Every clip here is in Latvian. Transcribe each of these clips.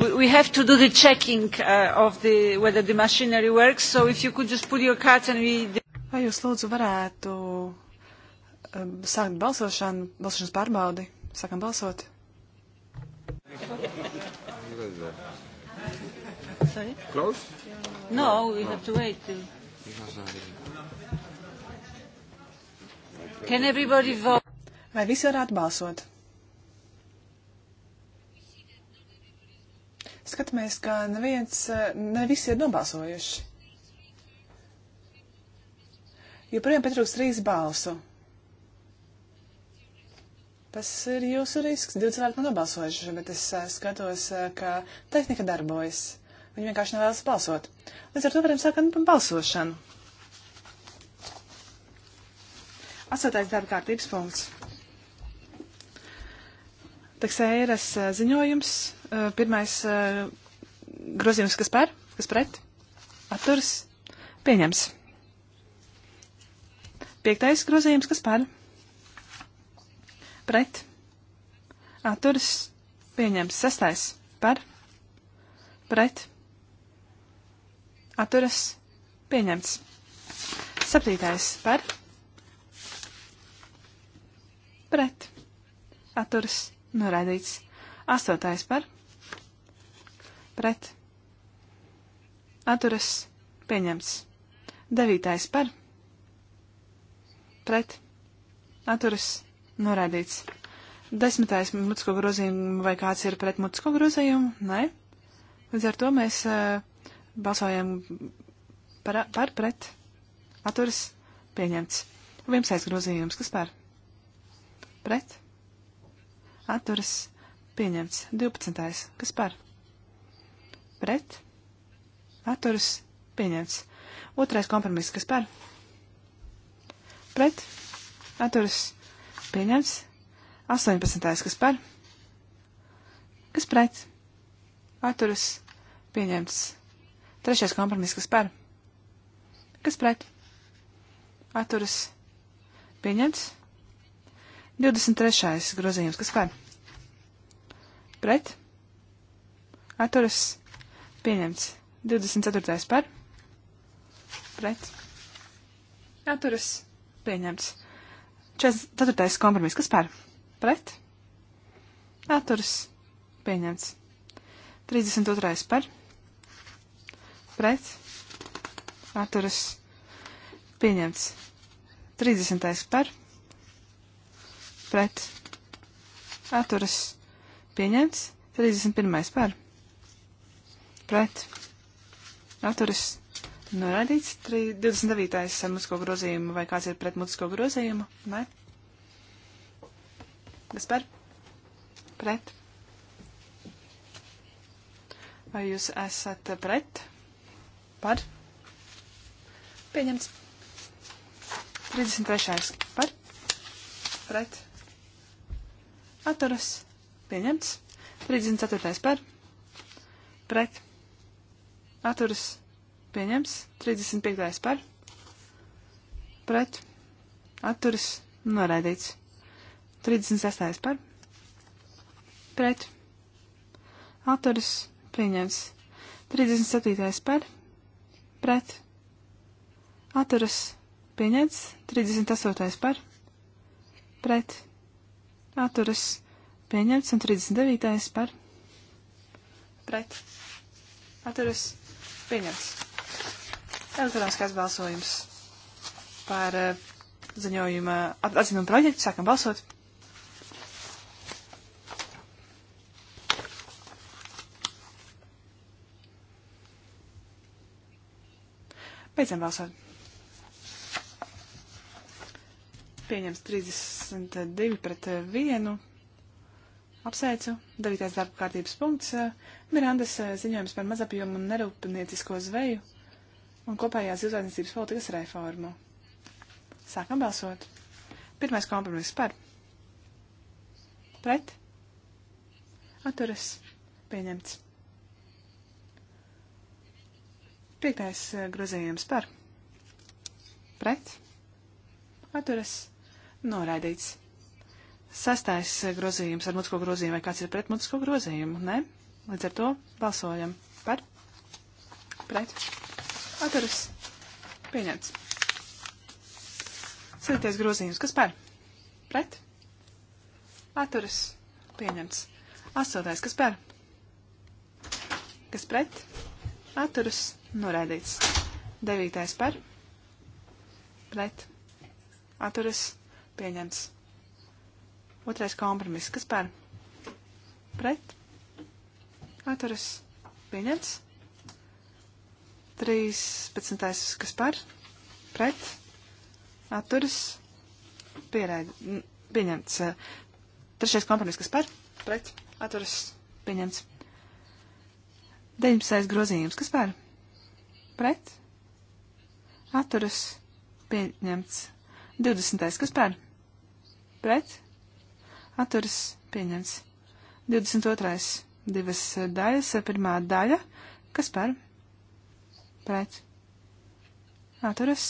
we, we have to do the checking uh, of the, whether the machinery works, so if you could just put your cards and we... Vai jūs lūdzu varētu um, sākt balsošanu, balsošanas pārbaudi? Sākam balsot. Sorry? Close? No, we no. have to wait. To... Can everybody vote? Vai visi varētu balsot? Skatāmies, ka neviens, ne visi ir nobalsojuši. Joprojām pietrūkst trīs balsu. Tas ir jūsu risks. Divi cilvēki nav nobalsojuši, bet es eh, skatos, eh, ka tehnika darbojas. Viņi vienkārši nevēlas balsot. Līdz ar to varam sākt ar balsošanu. Atsvētais darba kārtības punkts. Taksēras eh, ziņojums. Eh, pirmais eh, grozījums, kas par, kas pret, atturas, pieņems. Piektais grozījums, kas par, pret, atturas, pieņems. Sestais par, pret, atturas, pieņemts. Septītais par, pret, atturas, noraidīts. Astotais par, pret pret atturas pieņemts. Devītais par pret atturas norādīts. Desmitais mutisko grozījumu vai kāds ir pret mutisko grozījumu? Nē. Līdz ar to mēs uh, balsojam par, par pret atturas pieņemts. 11. grozījums, kas par? Pret? Atturas. Pieņemts. 12. kas par? pret, atturas, pieņemts. Otrais kompromiss, kas par, pret, atturas, pieņemts. 18. kas par, kas pret, atturas, pieņemts. Trešais kompromiss, kas par, kas pret, atturas, pieņemts. 23. grozījums, kas par, pret, atturas, pieņemts atturas Pieņemts. 24. par. Pret. Atturas. Pieņemts. 44. kompromiss. Kas par? Pret. Atturas. Pieņemts. 32. par. Pret. Atturas. Pieņemts. 30. par. Pret. Atturas. Pieņemts. 31. par pret atturas norādīts. 29. mutisko grozījumu vai kāds ir pret mutisko grozījumu? Nē. Kas par? Pret. Vai jūs esat pret? Par? Pieņemts. 33. Par? Pret. Atturas. Pieņemts. 34. Par? Pret atturas pieņems. 35. par pret atturas noraidīts. 36. par pret atturas pieņems. 37. par pret atturas pieņems. 38. par pret atturas pieņems. Un 39. par pret atturas pieņems. Atturas Pieņemts. Elektroniskais balsojums par eh, ziņojuma atzinumu projektu. Sākam balsot. Beidzam balsot. Pieņems 32 pret 1. Eh, Apsveicu. Devītais darba kārtības punkts eh, - Mirandas eh, ziņojums par mazapjomu un nerūpniecisko zveju un kopējās izvērtniecības politikas reformu. Sākam balsot. Pirmais kompromiss par. Pret. Atturas. Pieņemts. Piektais eh, grozījums par. Pret. Atturas. Noraidīts. Sastais grozījums ar mutisko grozījumu, vai kāds ir pret mutisko grozījumu? Nē? Līdz ar to balsojam par, pret, atturas, pieņemts. Sliktais grozījums, kas par, pret, atturas, pieņemts. Astotais, kas par, kas pret, atturas, noraidīts. Devītais par, pret, atturas, pieņemts. Otrais kompromiss. Kas par? Pret. Atturas. Pieņemts. 13. Kas par? Pret. Atturas. Pieraid. Pieņemts. Trešais kompromiss. Kas par? Pret. Atturas. Pieņemts. 19. grozījums. Kas par? Pret. Atturas. Pieņemts. 20. Kas par? Pret atturas pieņemts. 22. divas eh, daļas, pirmā daļa, kas par, pret, atturas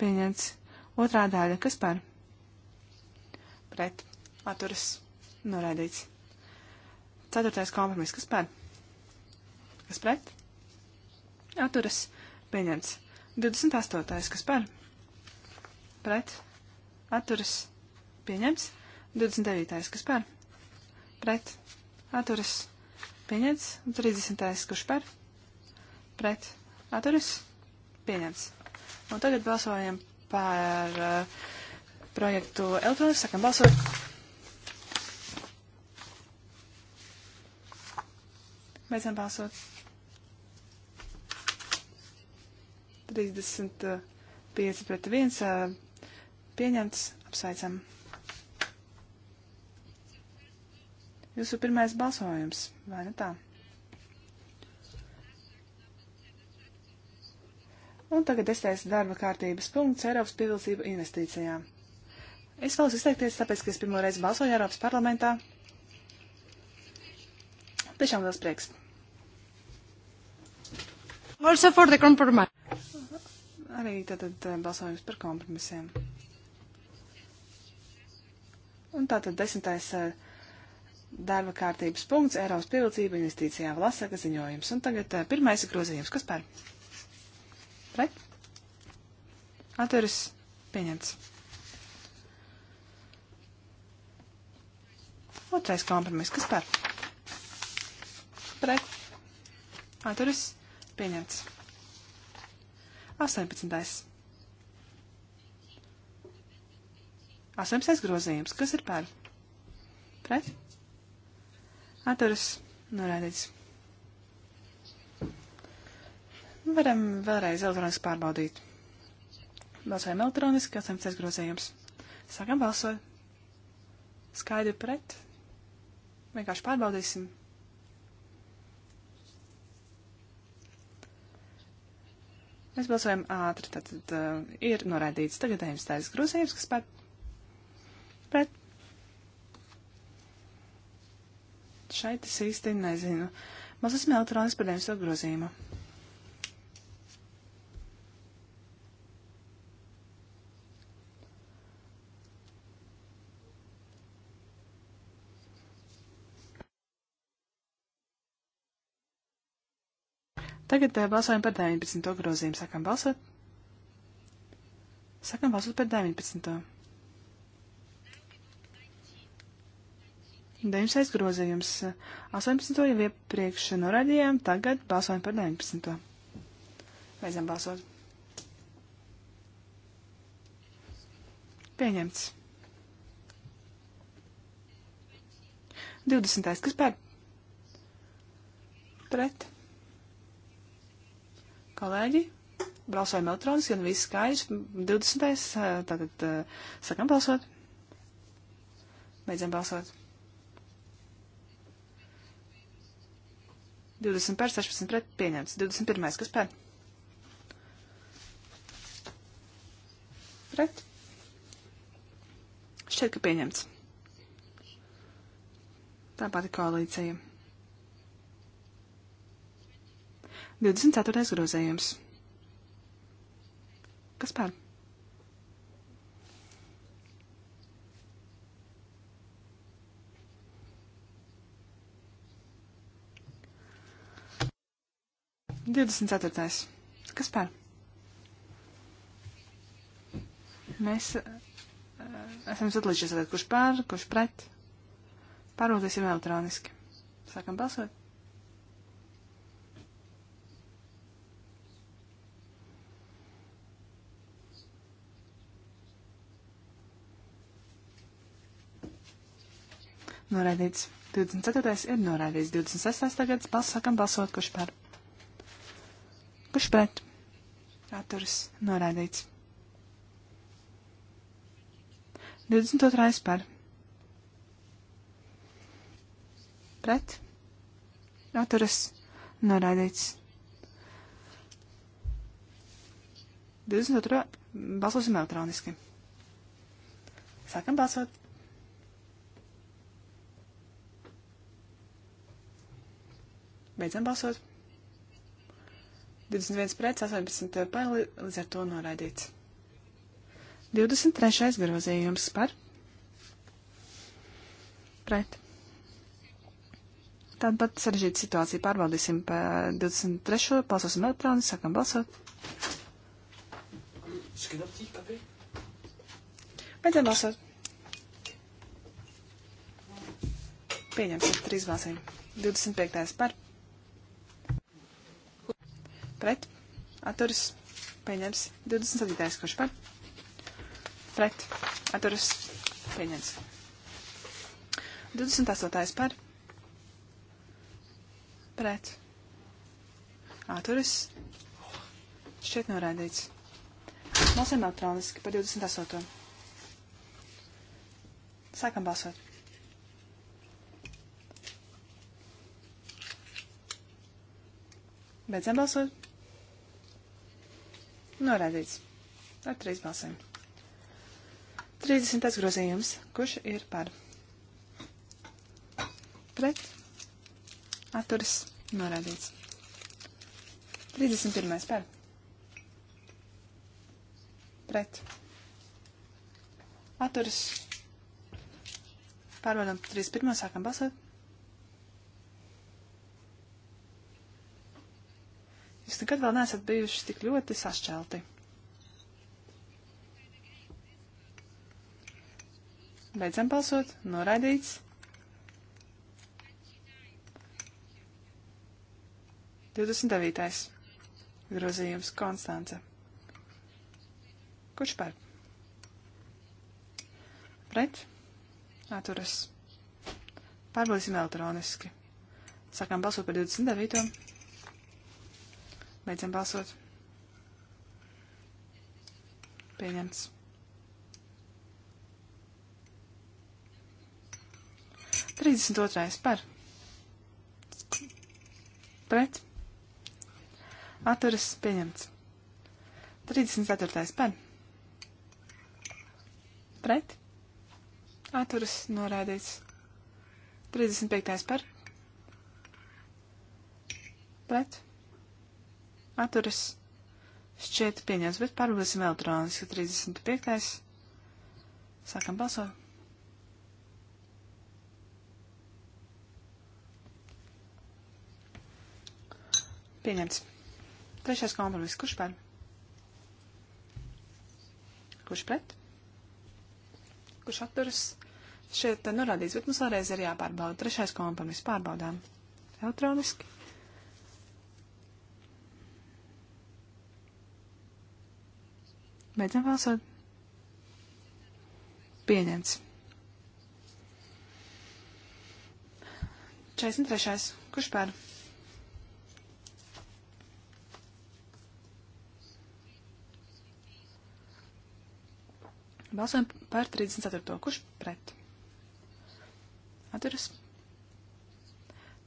pieņemts. Otrā daļa, kas par, pret, atturas noraidīts. 4. kompromiss, kas par, kas pret, atturas pieņemts. 28. kas par, pret, atturas pieņemts. 29. kas par? Pret. Atturas. Pieņemts. 30. kurš par? Pret. Atturas. Pieņemts. Un tagad balsojam par uh, projektu elektroniski. Sakam balsot. Beidzam balsot. 35 uh, pret 1 uh, pieņemts. Apsveicam. jūsu pirmais balsojums, vai ne nu tā? Un tagad desmitais darba kārtības punkts Eiropas pievilcība investīcijām. Es vēlos izteikties, tāpēc, ka es pirmo reizi balsoju Eiropas parlamentā. Tiešām liels prieks. Also for the compromise. Arī tātad eh, balsojums par kompromisiem. Un tātad desmitais uh, darba kārtības punkts - Eiropas pievilcība investīcijām Vlasaka ziņojums. Un tagad uh, pirmais ir grozījums. Kas pēr? Pret? Atveris pieņemts. Otrais kompromiss. Kas pēr? Pret? Atveris pieņemts. 18. 18. grozījums. Kas ir pēr? Pret? atturas norādīts. Varam vēlreiz elektroniski pārbaudīt. Balsojam elektroniski, kas ir grozījums. Sākam balsot. Skaidri pret. Vienkārši pārbaudīsim. Mēs balsojam ātri, tad uh, ir noraidīts tagadējums taisa grozījums, kas par pret Šeit es īsti nezinu. Mēs esam elektronisku padevis apgrozījumu. Tagad eh, balsojam par 19. grozījumu. Sākam balsot. Sākam balsot par 19. grozījumu. 19. grozījums. 18. jau iepriekš norādījām, tagad balsojam par 19. Beidzam balsot. Pieņemts. 20. Kas pēr? Pret. Kolēģi, balsojam elektroniski un viss skaidrs. 20. Tātad eh, sakam balsot. Beidzam balsot. 20 pār 16 pret pieņemts. 21. Kas pēr? Pret. Šķiet, ka pieņemts. Tā pati koalīcija. 24. grozējums. Kas pēr? 24. Kas par? Mēs uh, esam sadalījušies, kurš par, kurš pret. Pārvoties ir elektroniski. Sākam balsot. Noraidīts. 24. ir noraidīts. 26. tagad balsakam balsot, kurš par. Kurš pret? Atturas norādīts. 22. par. Pret. Atturas norādīts. 22. balsosim elektroniski. Sākam balsot. Beidzam balsot. 21 pret 18 eh, par, līdz ar to noraidīts. 23. grozījums par pret. Tāda pat sarežģīta situācija. Pārbaudīsim par 23. Balsosim elektroni, sākam balsot. Beidzam balsot. Pieņemsim trīs balsīm. 25. par. atturas pieņems 27. kurš par pret atturas pieņems 28. par pret atturas šķiet norādīts. Balsam elektroniski par 28. Sākam balsot. Beidzam balsot. Norādīts. Ar trīs balsīm. 30. grozījums. Kurš ir par? Pret. Atturas. Norādīts. 31. par. Pret. Atturas. Pārbaudām 31. sākam balsot. kontekstu. Nekad vēl neesat bijuši tik ļoti sašķelti. Beidzam balsot. Noraidīts. 29. grozījums Konstance. Kurš par? Pret? Atturas. Pārbaudīsim elektroniski. Sākām balsot par 29. Beidzam balsot. Pieņemts. Trīsdesmit otrais par. Pret. Atturas pieņemts. Trīsdesmit ceturtais par. Pret. Atturas norādīts. 35. par. Pret atturas šķiet pieņems, bet pārbaudīsim elektroniski 35. Sākam balsot. Pieņemts. Trešais kompromiss. Kurš par? Kurš pret? Kurš atturas? Šeit norādīts, bet mums vēlreiz ir jāpārbauda. Trešais kompromiss. Pārbaudām. Elektroniski. Beidzam balsot. Pieņemts. 43. Kurš pār? Balsojam par 34. Kurš pret? Atturas.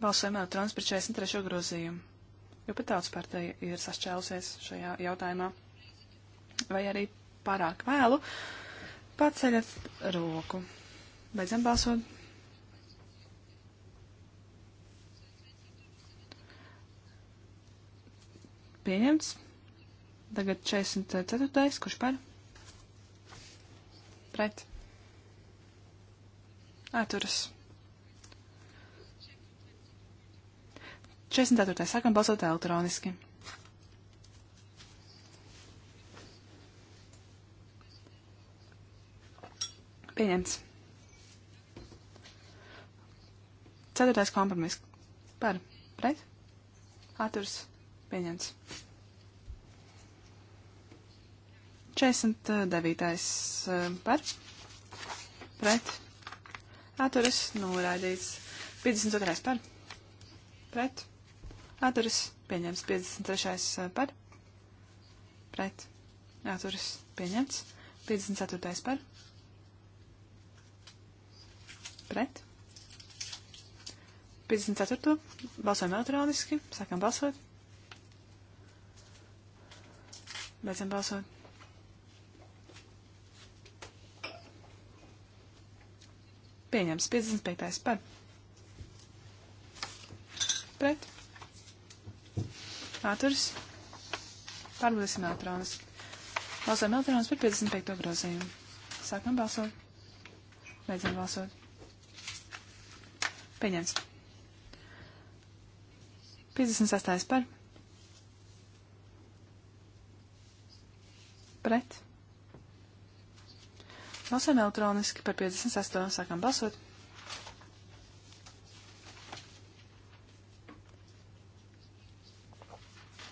Balsojam elektrons par 43. grozījumu, jo pat tautas partija ir sašķēlusies šajā jautājumā vai arī pārāk vēlu, paceļat roku. Beidzam balsot. Pieņemts. Tagad 44. Kurš par? Pret. Atturas. 44. Sākam balsot elektroniski. Pieņemts. Ceturtais kompromiss. Par. Pret. Atturs. Pieņemts. 49. Eh, par. Pret. Atturs. Noraidīts. 52. Par. Pret. Atturs. Pieņemts. 53. Eh, par. Pret. Atturs. Pieņemts. 54. Par pret. 54. balsojam elektroniski, sākam balsot. Beidzam balsot. Pieņems 55. par. Pret. Āturs. Pārbaudīsim elektroniski. Balsojam elektroniski par 55. grozījumu. Sākam balsot. Beidzam balsot. Pieņems. 56. par. Pret. Balsojam elektroniski par 58. Sākam balsot.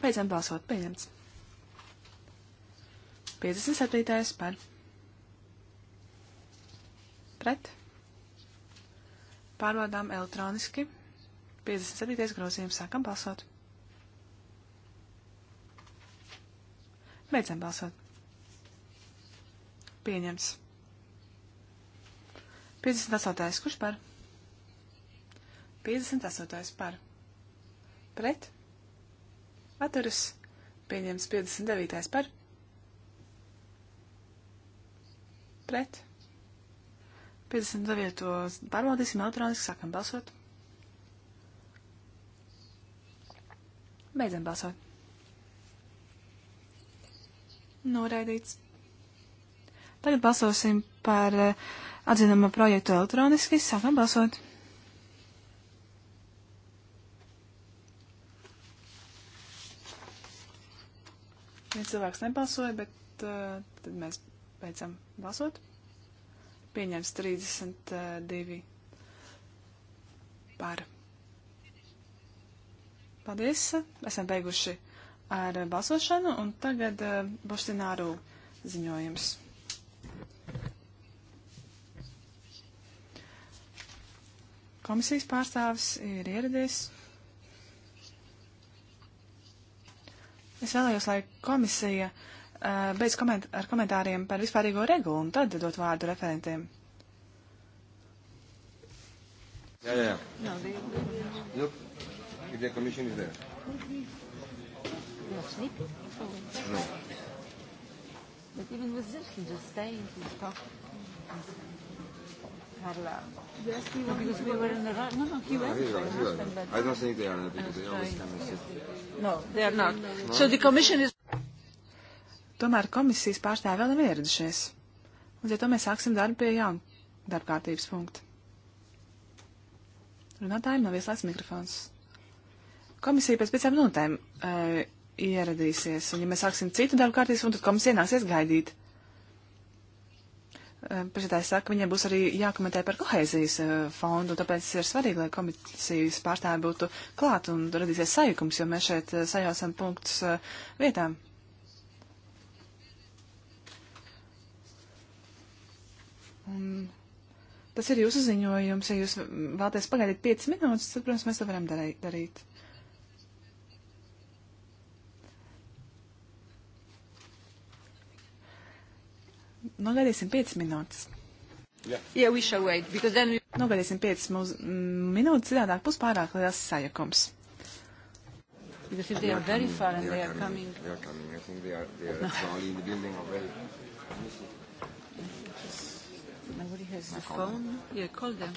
Beidzam balsot. Pieņemts. 57. par. Pret. Pārbaudām elektroniski. 57. grozījums sākam balsot. Beidzam balsot. Pieņemts. 58. Kurš par? 58. par. Pret. Atturas. Pieņemts 59. par. Pret. 59. pārbaudīsim elektroniski, sākam balsot. Beidzam balsot. Noraidīts. Tagad balsosim par eh, atzinuma projektu elektroniski, sākam balsot. Viens cilvēks nebalsoja, bet uh, tad mēs beidzam balsot. Pieņems 32 par. Paldies! Esam beiguši ar balsošanu, un tagad eh, Boštināru ziņojums. Komisijas pārstāvis ir ieradies. Es vēlējos, lai komisija uh, Eh, beidz koment ar komentāriem par vispārīgo regulu un tad dot vārdu referentiem. Jā, jā. No, they, they, they... Look, if the commission is there. You're sleeping? No. But even with this, he just stayed, he talked, had a laugh. Yes, he was. Because we were in the right. No, no, he no, went. He was, he was. I don't think they are, because they always come and sit. No, they are not. No. So the commission is. Tomēr komisijas pārstāvi vēl nav ieradušies. Līdz ar to mēs sāksim darbu pie jauna darbkārtības punkta. Runātājiem nav ieslēgts mikrofons. Komisija pēc piecām minūtēm e, ieradīsies, un ja mēs sāksim citu darbkārtības punktu, tad komisija nāksies gaidīt. E, Priekšsēdētājs saka, viņiem būs arī jākomentē par kohēzijas e, fondu, tāpēc ir svarīgi, lai komisijas pārstāvi būtu klāt un radīsies sajukums, jo mēs šeit e, sajaucam punktus vietām. Un tas ir jūsu ziņojums. Ja jūs vēlaties pagaidīt 5 minūtes, tad, protams, mēs to varam darīt. Nogaidīsim 5 minūtes. Yeah. Yeah, wait, then... We... Nogaidīsim 5 mūs, minūtes, citādāk būs pārāk liels sajakums. Because if they, they are, are very coming, far and they are, they are coming, coming. They are coming. I think they are, they are no. in the building already. Nobody has the phone. Yeah, call them.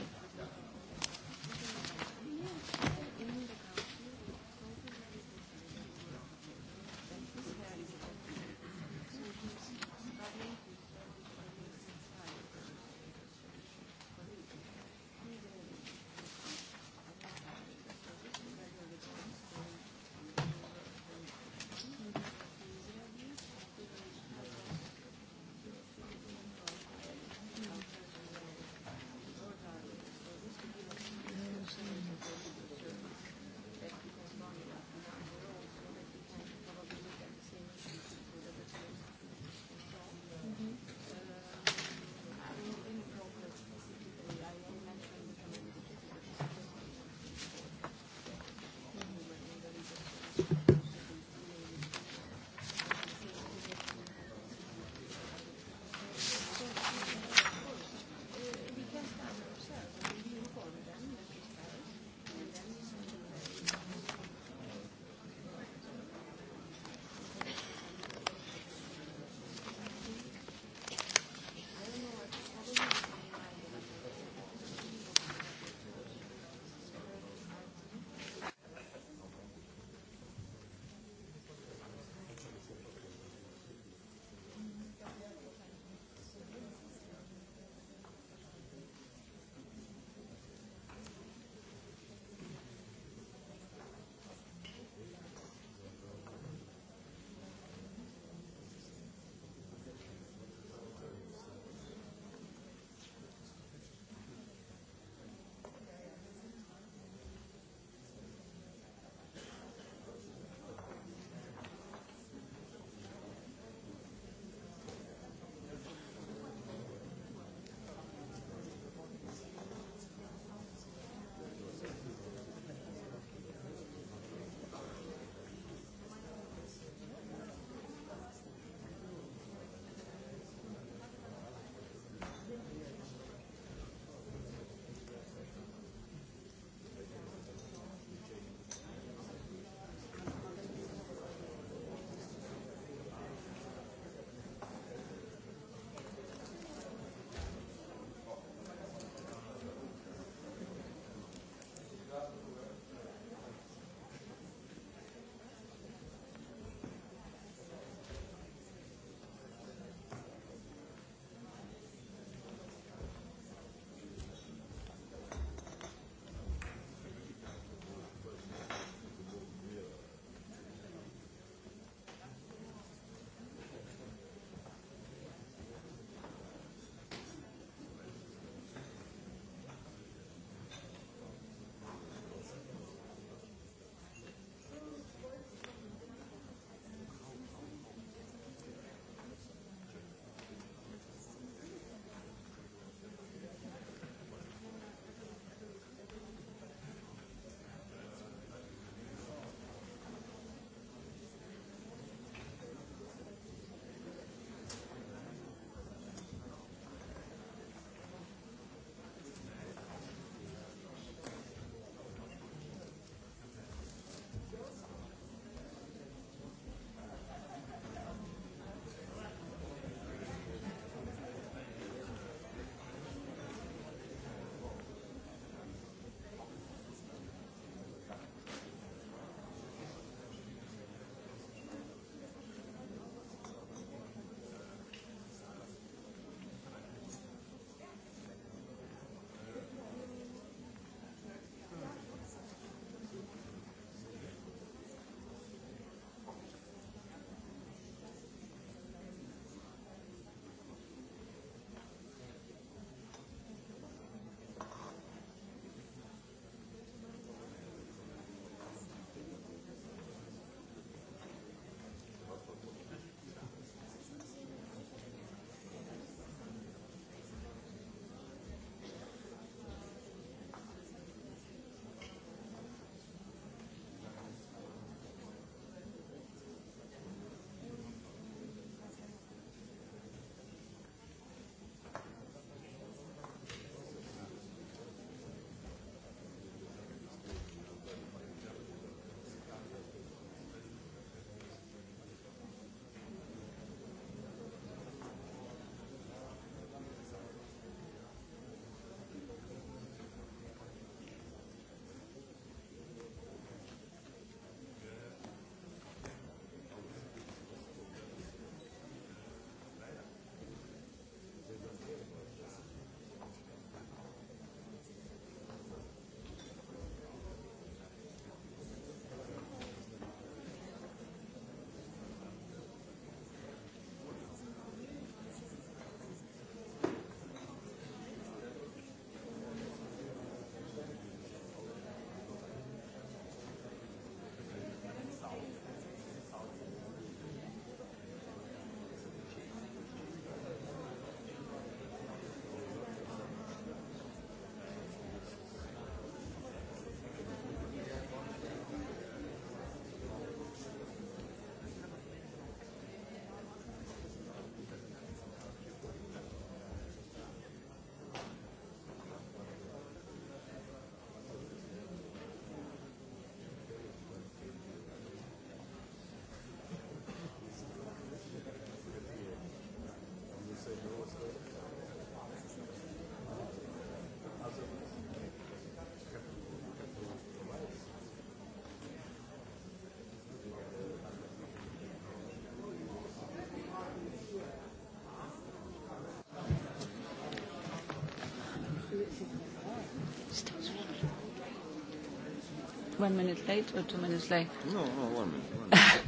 one minute late or two minutes late? No, no, one minute. One minute.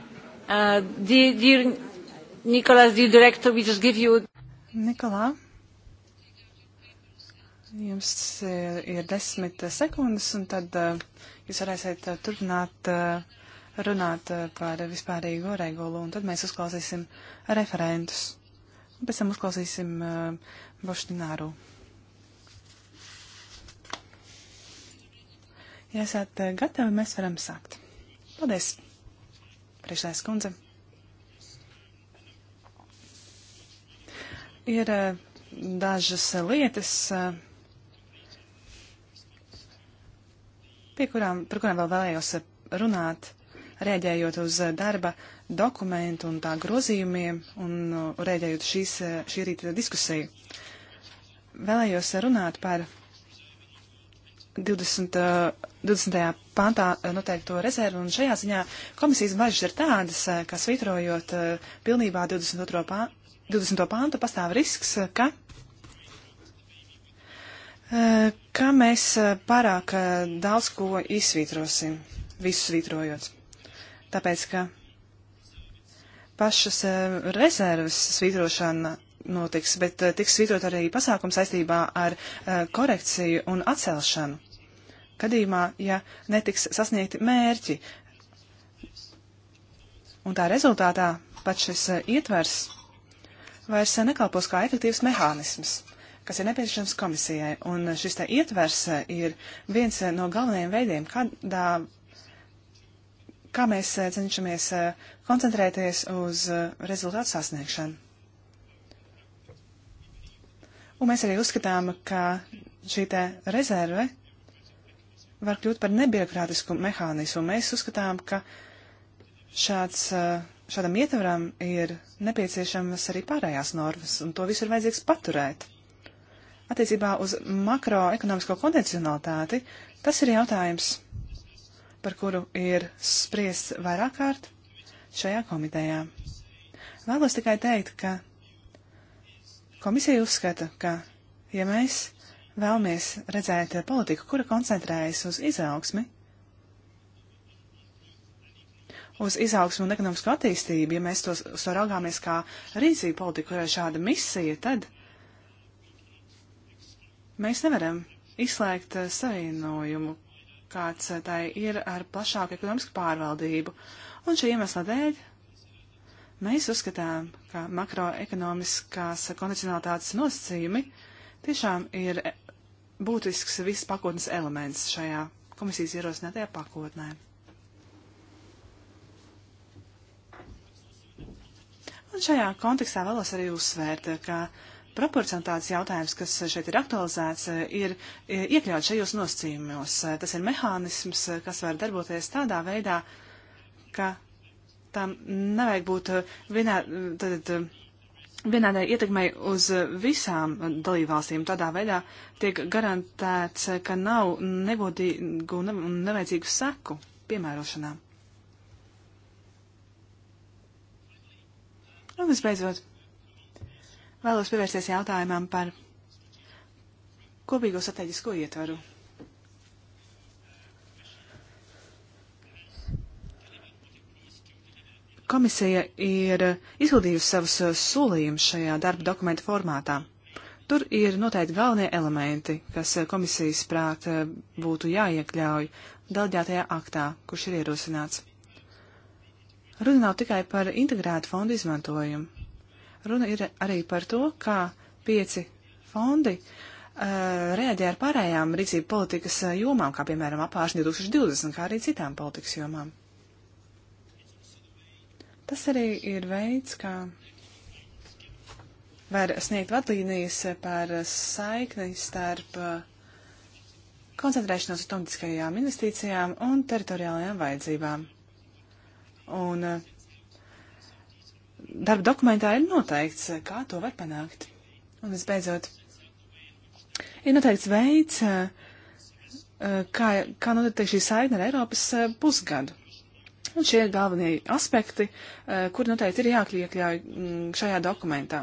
uh, dear, dear Nicolas, dear director, we just give you. Nikolā, jums eh, ir desmit sekundes, un tad uh, jūs varēsiet uh, turpināt uh, runāt uh, par vispārīgo regulu, un tad mēs uzklausīsim referentus. Un pēc tam uzklausīsim uh, Boštināru. Ja esat eh, gatavi, mēs varam sākt. Paldies, priekšlēs kundze. Ir eh, dažas lietas, eh, pie kurām, par kurām vēl vēlējos runāt, rēģējot uz darba dokumentu un tā grozījumiem un rēģējot šīs, šī rīta diskusiju. Vēlējos runāt par 20. 20. pantā noteikto rezervu, un šajā ziņā komisijas bažas ir tādas, ka svītrojot pilnībā 22. Pā, 20. pantu pastāv risks, ka, ka mēs pārāk daudz ko izsvītrosim, visu svītrojot. Tāpēc, ka pašas rezervas svītrošana notiks, bet eh, tiks svītot arī pasākums saistībā ar eh, korekciju un atcelšanu. Gadījumā, ja netiks sasniegti mērķi, un tā rezultātā pat šis eh, ietvers vairs nekalpos kā efektīvs mehānisms kas ir nepieciešams komisijai. Un šis te ietvers ir viens no galvenajiem veidiem, kādā, kā mēs cenšamies koncentrēties uz rezultātu sasniegšanu. Un mēs arī uzskatām, ka šī rezerve var kļūt par nebirokrātisku mehānismu. Mēs uzskatām, ka šāds, eh, šādam ietvaram ir nepieciešamas arī pārējās normas, un to visu ir vajadzīgs paturēt. Attiecībā uz makroekonomisko kondicionalitāti tas ir jautājums, par kuru ir spriests vairāk kārt šajā komitejā. Vēlos tikai teikt, ka Komisija uzskata, ka, ja mēs vēlamies redzēt politiku, kura koncentrējas uz izaugsmi, uz izaugsmu un ekonomisko attīstību, ja mēs tos, to raugāmies kā rīcību politiku, kurai šāda misija, tad mēs nevaram izslēgt savienojumu, kāds tai ir ar plašāku ekonomisku pārvaldību. Un šī iemesla dēļ Mēs uzskatām, ka makroekonomiskās kondicionalitātes nosacījumi tiešām ir būtisks viss pakotnes elements šajā komisijas ierosinātajā pakotnē. Un šajā kontekstā vēlos arī uzsvērt, ka proporcionāls jautājums, kas šeit ir aktualizēts, ir iekļauts šajos nosacījumos. Tas ir mehānisms, kas var darboties tādā veidā, ka tām nevajag būt uh, vienā, tad, uh, vienādai ietekmei uz uh, visām dalībvalstīm. Tādā veidā tiek garantēts, ka nav negodīgu un nevajadzīgu seku piemērošanā. Un visbeidzot, vēlos pievērsties jautājumam par kopīgo strateģisko ietvaru. Komisija ir izpildījusi savus eh, solījumus šajā darba dokumentu formātā. Tur ir noteikti galvenie elementi, kas eh, komisijas prāt eh, būtu jāiekļauj delģētajā aktā, kurš ir ierosināts. Runa nav tikai par integrētu fondu izmantojumu. Runa ir arī par to, kā pieci fondi uh, reaģē ar pārējām rīcību politikas jomām, kā piemēram apāršņi 2020, kā arī citām politikas jomām. Tas arī ir veids, kā var sniegt vadlīnijas par saikni starp uh, koncentrēšanos uz tomatiskajām investīcijām un teritoriālajām vajadzībām. Un uh, darba dokumentā ir noteikts, uh, kā to var panākt. Un visbeidzot, ir noteikts veids, kā, kā notiek šī saikne ar Eiropas pusgadu. Un šie ir galvenie aspekti, eh, kur noteikti ir jākļiekļauj mm, šajā dokumentā.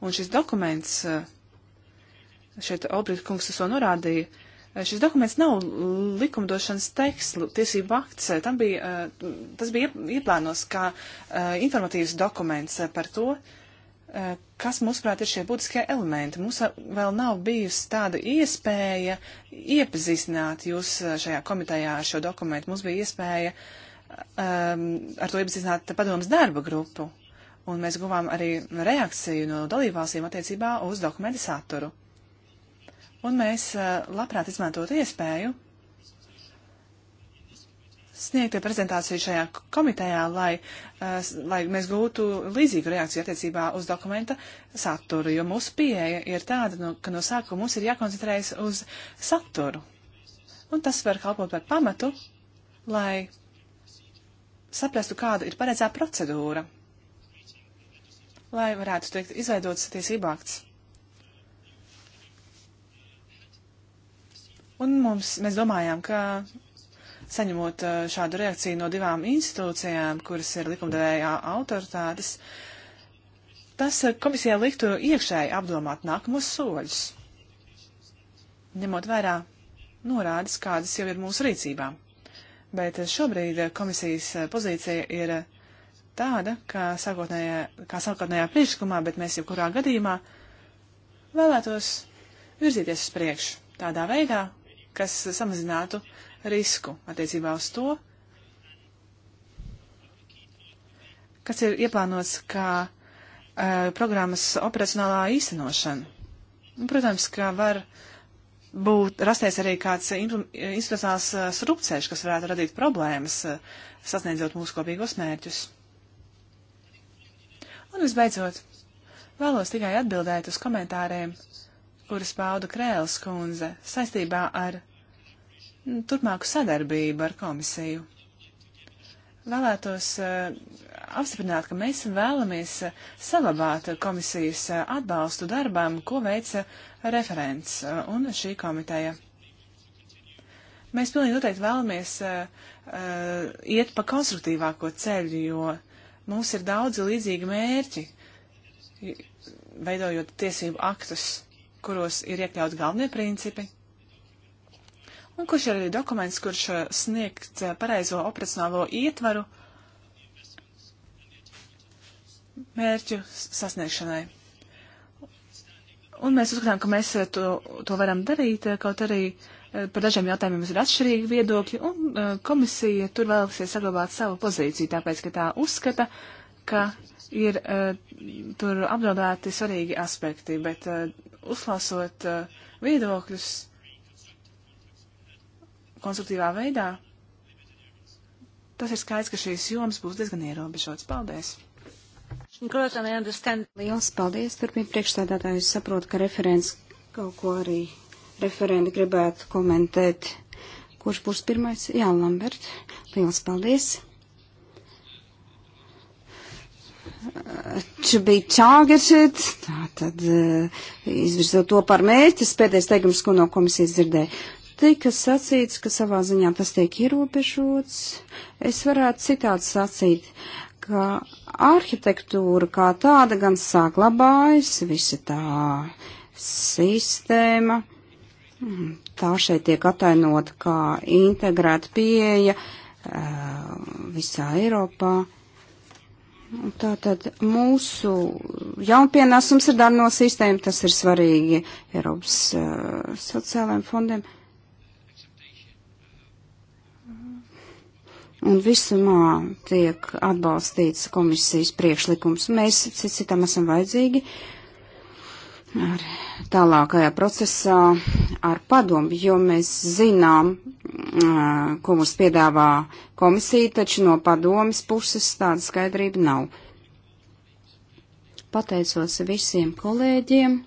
Un šis dokuments, eh, šeit Olbrīt kungs to norādīja, eh, šis dokuments nav likumdošanas teksts, tiesību akts, tam bija, tas bija ieplānos kā informatīvs dokuments par to, kas, mūsuprāt, ir šie būtiskie elementi. Mums vēl nav bijusi tāda iespēja iepazīstināt jūs šajā komitejā ar šo dokumentu. Mums bija iespēja uh, um, ar to iepazīstināt padomas darba grupu, un mēs guvām arī reakciju no dalībvalstīm attiecībā uz dokumentu saturu. Un mēs uh, labprāt izmantotu iespēju sniegt prezentāciju šajā komitejā, lai, uh, lai mēs gūtu līdzīgu reakciju attiecībā uz dokumenta saturu, jo mūsu pieeja ir tāda, no, nu, ka no sākuma mums ir jākoncentrējas uz saturu. Un tas var kalpot par pamatu, lai saprastu, kāda ir paredzēta procedūra, lai varētu tikt izveidots tiesību akts. Un mums, mēs domājām, ka saņemot uh, šādu reakciju no divām institūcijām, kuras ir likumdevējā autoritātes, tas uh, komisijai liktu iekšēji apdomāt nākamos soļus, ņemot vērā norādes, kādas jau ir mūsu rīcībā bet šobrīd komisijas pozīcija ir tāda, kā sākotnējā, kā sākotnējā priekšlikumā, bet mēs jau kurā gadījumā vēlētos virzīties uz priekšu tādā veidā, kas samazinātu risku attiecībā uz to, kas ir ieplānots kā uh, programmas operacionālā īstenošana. Un, protams, ka var uh, būt, rasties arī kāds institucionāls eh, strupceļš, kas varētu radīt problēmas, eh, sasniedzot mūsu kopīgos mērķus. Un visbeidzot, vēlos tikai atbildēt uz komentāriem, kuras pauda Krēls kundze saistībā ar mm, turpmāku sadarbību ar komisiju vēlētos eh, apstiprināt, ka mēs vēlamies eh, salabāt komisijas eh, atbalstu darbām, ko veica referents un šī komiteja. Mēs pilnīgi noteikti vēlamies uh, iet pa konstruktīvāko ceļu, jo mums ir daudzi līdzīgi mērķi, veidojot tiesību aktus, kuros ir iekļauts galvenie principi, un kurš ir arī dokuments, kurš eh, sniegt eh, pareizo operacionālo ietvaru mērķu sasniegšanai. Un mēs uzskatām, ka mēs eh, to, to varam darīt, kaut arī par dažiem jautājumiem mums ir atšķirīgi viedokļi, un komisija tur vēlasies saglabāt savu pozīciju, tāpēc, ka tā uzskata, ka ir tur apdraudēti svarīgi aspekti, bet uzklausot viedokļus, konstruktīvā veidā, tas ir skaidrs, ka šīs jomas būs diezgan ierobežotas. Paldies! Liels paldies! Turpin priekšstādātājus saprot, ka referents kaut ko arī referenti gribētu komentēt. Kurš būs pirmais? Jā, Lambert. Liels paldies! Čia bija targeted, tā tad eh, izvirzot to par mērķi, pēdējais teikums, ko no komisijas dzirdēju. Tika sacīts, ka savā ziņā tas tiek ierobežots. Es varētu citādi sacīt, ka arhitektūra kā tāda gan saglabājas, visa tā sistēma. Mm, tā šeit tiek atainota kā integrēta pieeja eh, visā Eiropā. Tātad mūsu jaunpienāsums ir daļa no sistēma, tas ir svarīgi Eiropas uh, sociālajiem fondiem. Uh, un visumā tiek atbalstīts komisijas priekšlikums. Mēs citam esam vajadzīgi ar tālākajā procesā ar padomu, jo mēs zinām, ko mums piedāvā komisija, taču no padomas puses tāda skaidrība nav. Pateicos visiem kolēģiem,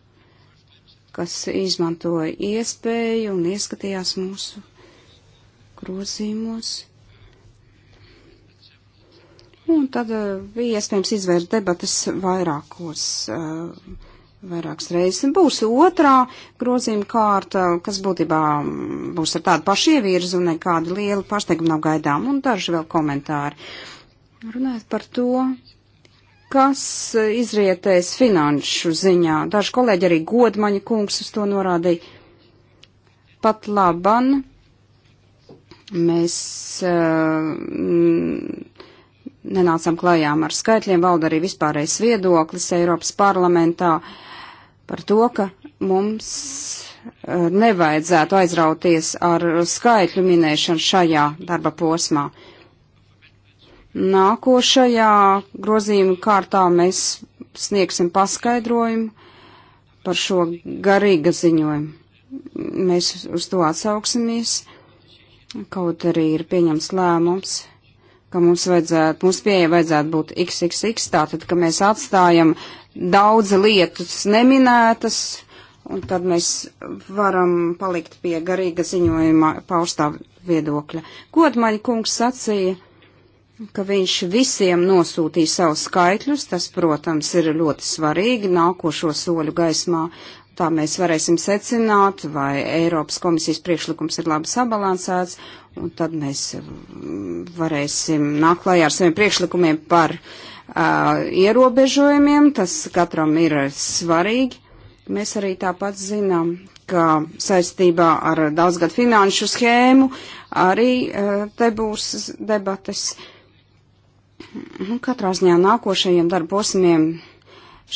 kas izmantoja iespēju un ieskatījās mūsu grozījumos Un tad eh, bija iespējams izvērst debatas vairākos, eh, vairākas reizes. Būs otrā grozījuma kārta, kas būtībā mm, būs ar tādu pašu ievirzu un nekādu lielu pārsteigumu nav gaidām. Un daži vēl komentāri. Runājot par to, kas eh, izrietēs finanšu ziņā. Daži kolēģi arī godmaņa kungs uz to norādīja. Pat laban mēs uh, nenācām klājām ar skaitļiem, valda arī vispārējais viedoklis Eiropas parlamentā par to, ka mums eh, nevajadzētu aizrauties ar skaitļu minēšanu šajā darba posmā. Nākošajā grozījuma kārtā mēs sniegsim paskaidrojumu par šo garīga ziņojumu. Mēs uz to atsauksimies, kaut arī ir pieņems lēmums ka mums vajadzētu, mums pieeja vajadzētu būt XXX, tātad, ka mēs atstājam daudz lietas neminētas, un tad mēs varam palikt pie garīga ziņojuma paustā viedokļa. Godmaņa kungs sacīja, ka viņš visiem nosūtīja savus skaitļus, tas, protams, ir ļoti svarīgi nākošo soļu gaismā, Tā mēs varēsim secināt, vai Eiropas komisijas priekšlikums ir labi sabalansēts, un tad mēs mm, varēsim nākt klajā ar saviem priekšlikumiem par uh, ierobežojumiem. Tas katram ir svarīgi. Mēs arī tāpat zinām, ka saistībā ar daudzgad finanšu schēmu arī uh, te būs debates. Nu, katrā ziņā nākošajiem darbosmiem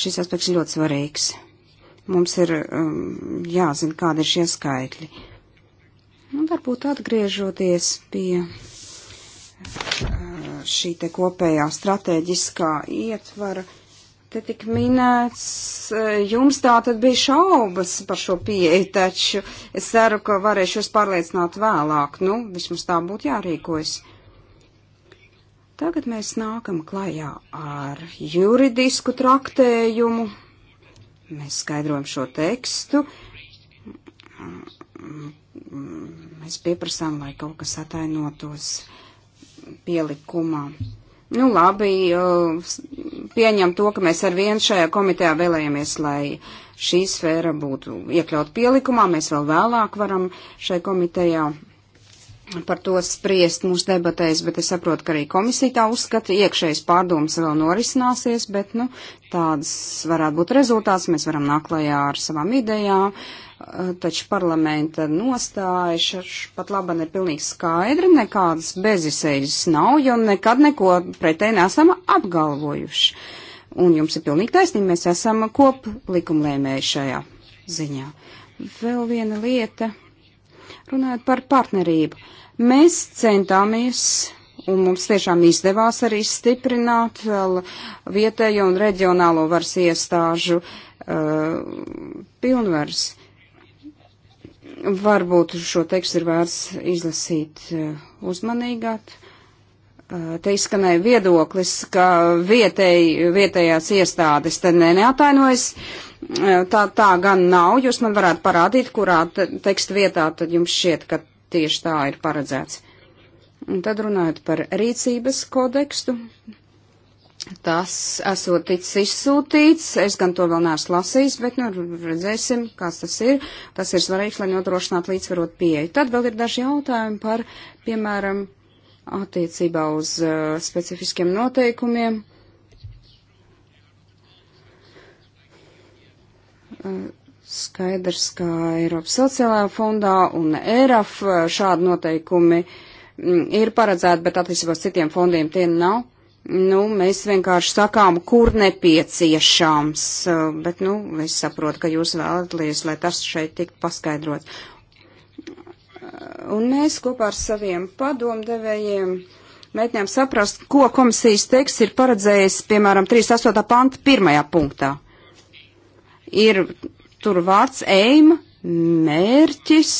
šis aspekts ļoti svarīgs. Mums ir um, jāzina, kādi ir šie skaitļi. Un nu, varbūt atgriežoties pie uh, šī te kopējā stratēģiskā ietvara, te tik minēts, uh, jums tā tad bija šaubas par šo pieeju, taču es ceru, ka varēšu jūs pārliecināt vēlāk, nu, vismaz tā būtu jārīkojas. Tagad mēs nākam klajā ar juridisku traktējumu Mēs skaidrojam šo tekstu. Mēs pieprasām, lai kaut kas atainotos pielikumā. Nu, labi, uh, pieņem to, ka mēs ar vienu šajā komitejā vēlējamies, lai šī sfēra būtu iekļaut pielikumā. Mēs vēl vēlāk varam šai komitejā par to spriest mūsu debatēs, bet es saprotu, ka arī komisija tā uzskata, iekšējas pārdomas vēl norisināsies, bet, nu, tādas varētu būt rezultāts, mēs varam nāklājā ar savām idejām, eh, taču parlamenta nostāja pat laban ir pilnīgi skaidra, nekādas bezisējas nav, jo nekad neko pretēji nesam apgalvojuši. Un jums ir pilnīgi taisnība, mēs esam kop likumlēmēji šajā ziņā. Vēl viena lieta, runājot par partnerību. Uh, Mēs centāmies, un mums tiešām izdevās arī stiprināt vietējo un reģionālo varas iestāžu uh, pilnvaras. Varbūt šo tekstu ir vērts izlasīt uh, uzmanīgāk. Uh, te izskanēja viedoklis, ka vietēj, vietējās iestādes te ne, neatainojas. Uh, tā, tā gan nav. Jūs man varētu parādīt, kurā te, teksta vietā tad jums šķiet, ka tieši tā ir paredzēts. Un tad runājot par rīcības kodekstu, tas esot ticis izsūtīts, es gan to vēl neesmu lasījis, bet nu redzēsim, kāds tas ir. Tas ir svarīgs, lai nodrošinātu līdzsvarot pieeju. Tad vēl ir daži jautājumi par, piemēram, attiecībā uz uh, specifiskiem noteikumiem. Uh, Skaidrs, ka Eiropas sociālajā fondā un ERAF eh, šādi noteikumi mm, ir paredzēti, bet attiecībā uz citiem fondiem tie nav. Nu, mēs vienkārši sakām, kur nepieciešams, eh, bet, nu, es saprotu, ka jūs vēlaties, lai tas šeit tiktu paskaidrots. Un mēs kopā ar saviem padomdevējiem mēģinām saprast, ko komisijas teksts ir paredzējis, piemēram, 38. panta pirmajā punktā. Ir tur vārds eima, mērķis,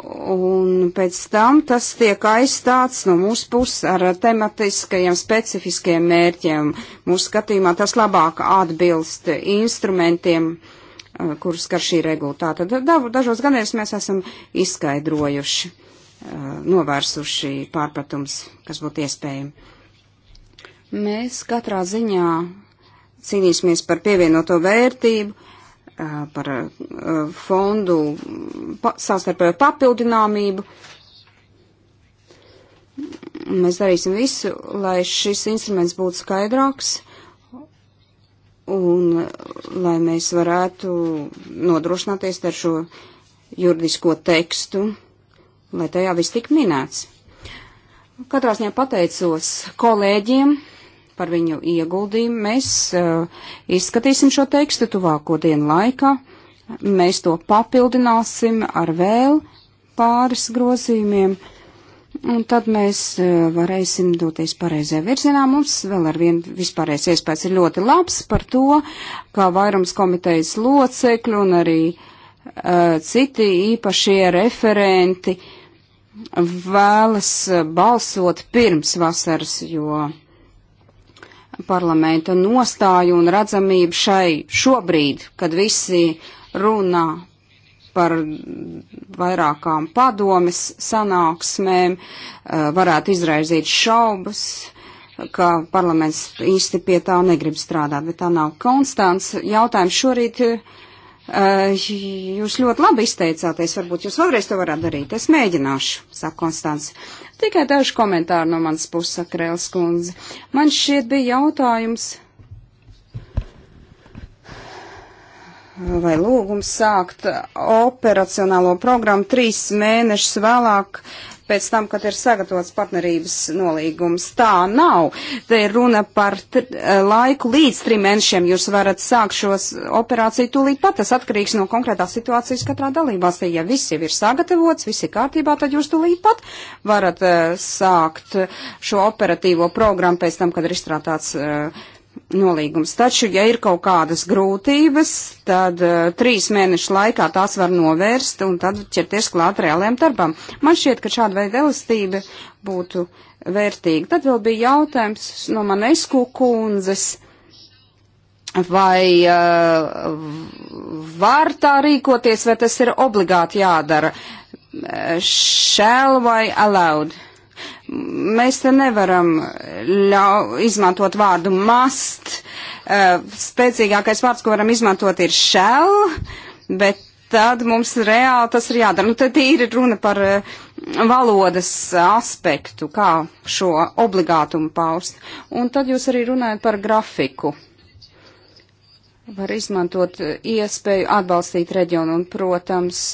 un pēc tam tas tiek aizstāts no mūsu puses ar tematiskajiem specifiskiem mērķiem. Mūsu skatījumā tas labāk atbilst instrumentiem, eh, kurus skar šī regula. Tātad dažos gadījumos mēs esam izskaidrojuši, eh, novērsuši pārpratums, kas būtu iespējami. Mēs katrā ziņā cīnīsimies par pievienoto vērtību, par fondu pa, savstarpējo papildināmību. Mēs darīsim visu, lai šis instruments būtu skaidrāks un lai mēs varētu nodrošināties ar šo juridisko tekstu, lai tajā viss tik minēts. Katrā ziņā pateicos kolēģiem par viņu ieguldījumu. Mēs uh, izskatīsim šo tekstu tuvāko dienu laikā. Mēs to papildināsim ar vēl pāris grozījumiem. Un tad mēs uh, varēsim doties pareizajā virzienā. Mums vēl ar vienu vispārējais iespējas ir ļoti labs par to, kā vairums komitejas locekļu un arī uh, citi īpašie referenti vēlas balsot pirms vasaras, jo parlamenta nostāju un redzamību šai šobrīd, kad visi runā par vairākām padomes sanāksmēm, eh, varētu izraizīt šaubas, ka parlaments īsti pie tā negrib strādāt, bet tā nav. Konstants, jautājums šorīt. Eh, jūs ļoti labi izteicāties, varbūt jūs vēlreiz to varat darīt. Es mēģināšu, saka Konstants. Tikai daži komentāri no manas puses, Akrēls kundze. Man šķiet bija jautājums vai lūgums sākt operacionālo programmu trīs mēnešus vēlāk pēc tam, kad ir sagatavots partnerības nolīgums. Tā nav. Te ir runa par eh, laiku līdz trim mēnešiem. Jūs varat sākt šos operāciju tūlīt pat. Tas atkarīgs no konkrētās situācijas katrā dalībvalstī. Ja viss jau ir sagatavots, viss ir kārtībā, tad jūs tūlīt pat varat uh, sākt šo operatīvo programmu pēc tam, kad ir izstrādāts. Uh, nolīgums. Taču, ja ir kaut kādas grūtības, tad uh, trīs mēnešu laikā tās var novērst un tad ķerties klāt reālajam darbam. Man šķiet, ka šāda veida elastība būtu vērtīga. Tad vēl bija jautājums no manesku kundzes. Vai uh, var tā rīkoties, vai tas ir obligāti jādara? Uh, shall vai allowed? Uh, Mēs te nevaram ļau, izmantot vārdu must. Eh, spēcīgākais vārds, ko varam izmantot, ir shell, bet tad mums reāli tas ir jādara. Nu, tad ir runa par eh, valodas aspektu, kā šo obligātumu paust. Un tad jūs arī runājat par grafiku. Var izmantot eh, iespēju atbalstīt reģionu un, protams,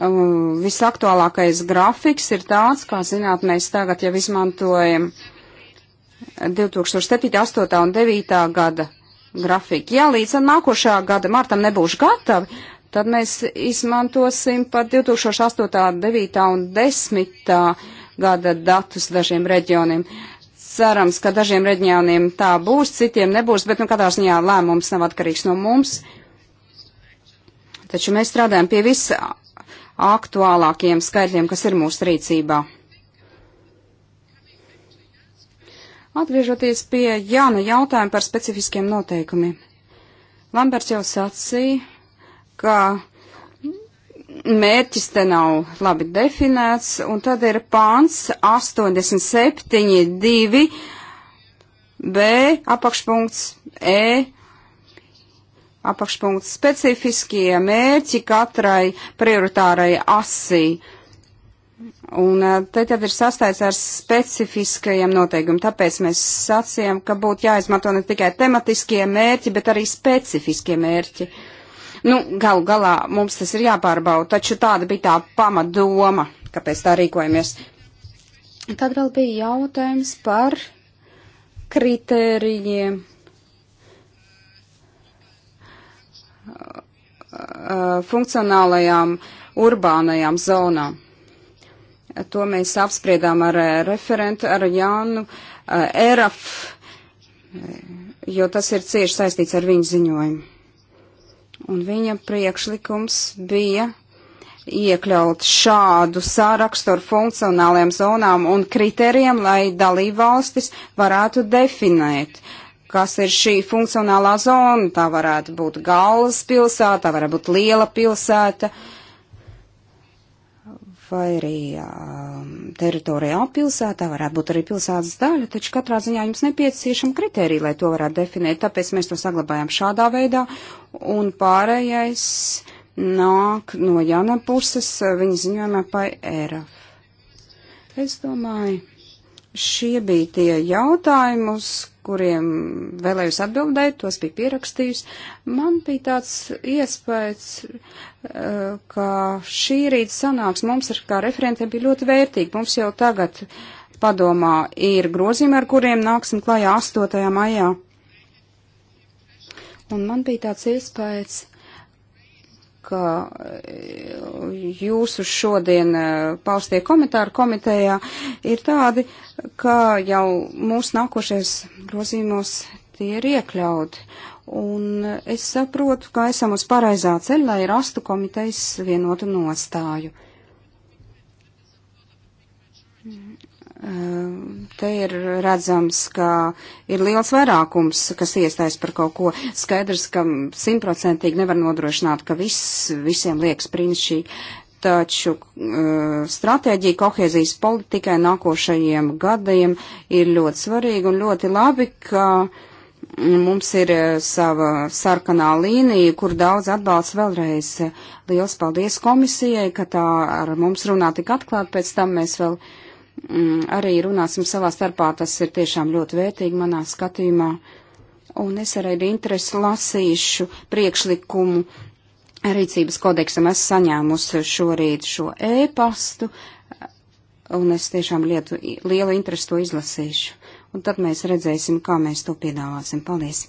visaktuālākais grafiks ir tāds, kā zināt, mēs tagad jau izmantojam 2007, 8 un 9 gada grafiku. Ja līdz nākošā gada martam nebūšu gatavi, tad mēs izmantosim pat 2008, 9 un 10 gada datus dažiem reģioniem. Cerams, ka dažiem reģioniem tā būs, citiem nebūs, bet nu katrā ziņā lēmums nav atkarīgs no mums. Taču mēs strādājam pie visa aktuālākiem skaitļiem, kas ir mūsu rīcībā. Atgriežoties pie Jāna jautājuma par specifiskiem noteikumiem. Lamberts jau sacīja, ka mērķis te nav labi definēts, un tad ir pāns 87.2b apakšpunkts E apakšpunkts specifiskie mērķi katrai prioritārai asī. Un eh, te tad ir sastājas ar specifiskajiem noteikumiem, tāpēc mēs sacījām, ka būtu jāizmanto ne tikai tematiskie mērķi, bet arī specifiskie mērķi. Nu, galu galā mums tas ir jāpārbauda, taču tāda bija tā pamatdoma, kāpēc tā rīkojamies. Tad vēl bija jautājums par kritērijiem funkcionālajām urbānajām zonām. To mēs apspriedām ar eh, referentu, ar Jānu eh, Eraf, jo tas ir cieši saistīts ar viņu ziņojumu. Un viņa priekšlikums bija iekļaut šādu sārakstu ar funkcionālajām zonām un kriterijiem, lai dalībvalstis varētu definēt uh, kas ir šī funkcionālā zona. Tā varētu būt galvas pilsēta, tā varētu būt liela pilsēta, vai arī um, teritorijā pilsētā varētu būt arī pilsētas daļa, taču katrā ziņā jums nepieciešama kriterija, lai to varētu definēt, tāpēc mēs to saglabājam šādā veidā, un pārējais nāk no Jana puses uh, viņa ziņojumā par ERAF. Es domāju Šie bija tie jautājumi, uz kuriem vēlējos atbildēt, tos bija pierakstījusi. Man bija tāds iespējas, eh, ka šī rīta sanāks mums ar kā referentiem bija ļoti vērtīgi. Mums jau tagad padomā ir grozījumi, ar kuriem nāksim klajā 8. maijā. Un man bija tāds iespējas, ka e, jūsu šodien e, paustie komentāri komitejā ir tādi, ka jau mūsu nākošais grozījumos tie ir iekļauti. Un es saprotu, ka esam uz pareizā ceļa, lai rastu komitejas vienotu nostāju. Te ir redzams, ka ir liels vairākums, kas iestājas par kaut ko. Skaidrs, ka simtprocentīgi nevar nodrošināt, ka viss visiem liekas brīnišķīgi, taču uh, stratēģija kohēzijas politikai nākošajiem gadiem ir ļoti svarīga un ļoti labi, ka mm, mums ir uh, sava sarkanā līnija, kur daudz atbalsts vēlreiz. Liels paldies komisijai, ka tā ar mums runā tik atklāt, pēc tam mēs vēl Mm, arī runāsim savā starpā. Tas ir tiešām ļoti vērtīgi manā skatījumā. Un es arī ar interesi lasīšu priekšlikumu rīcības kodeksam. Es saņēmusi šorīt šo ēpastu, un es tiešām lietu, lielu interesi to izlasīšu. Un tad mēs redzēsim, kā mēs to piedāvāsim. Paldies!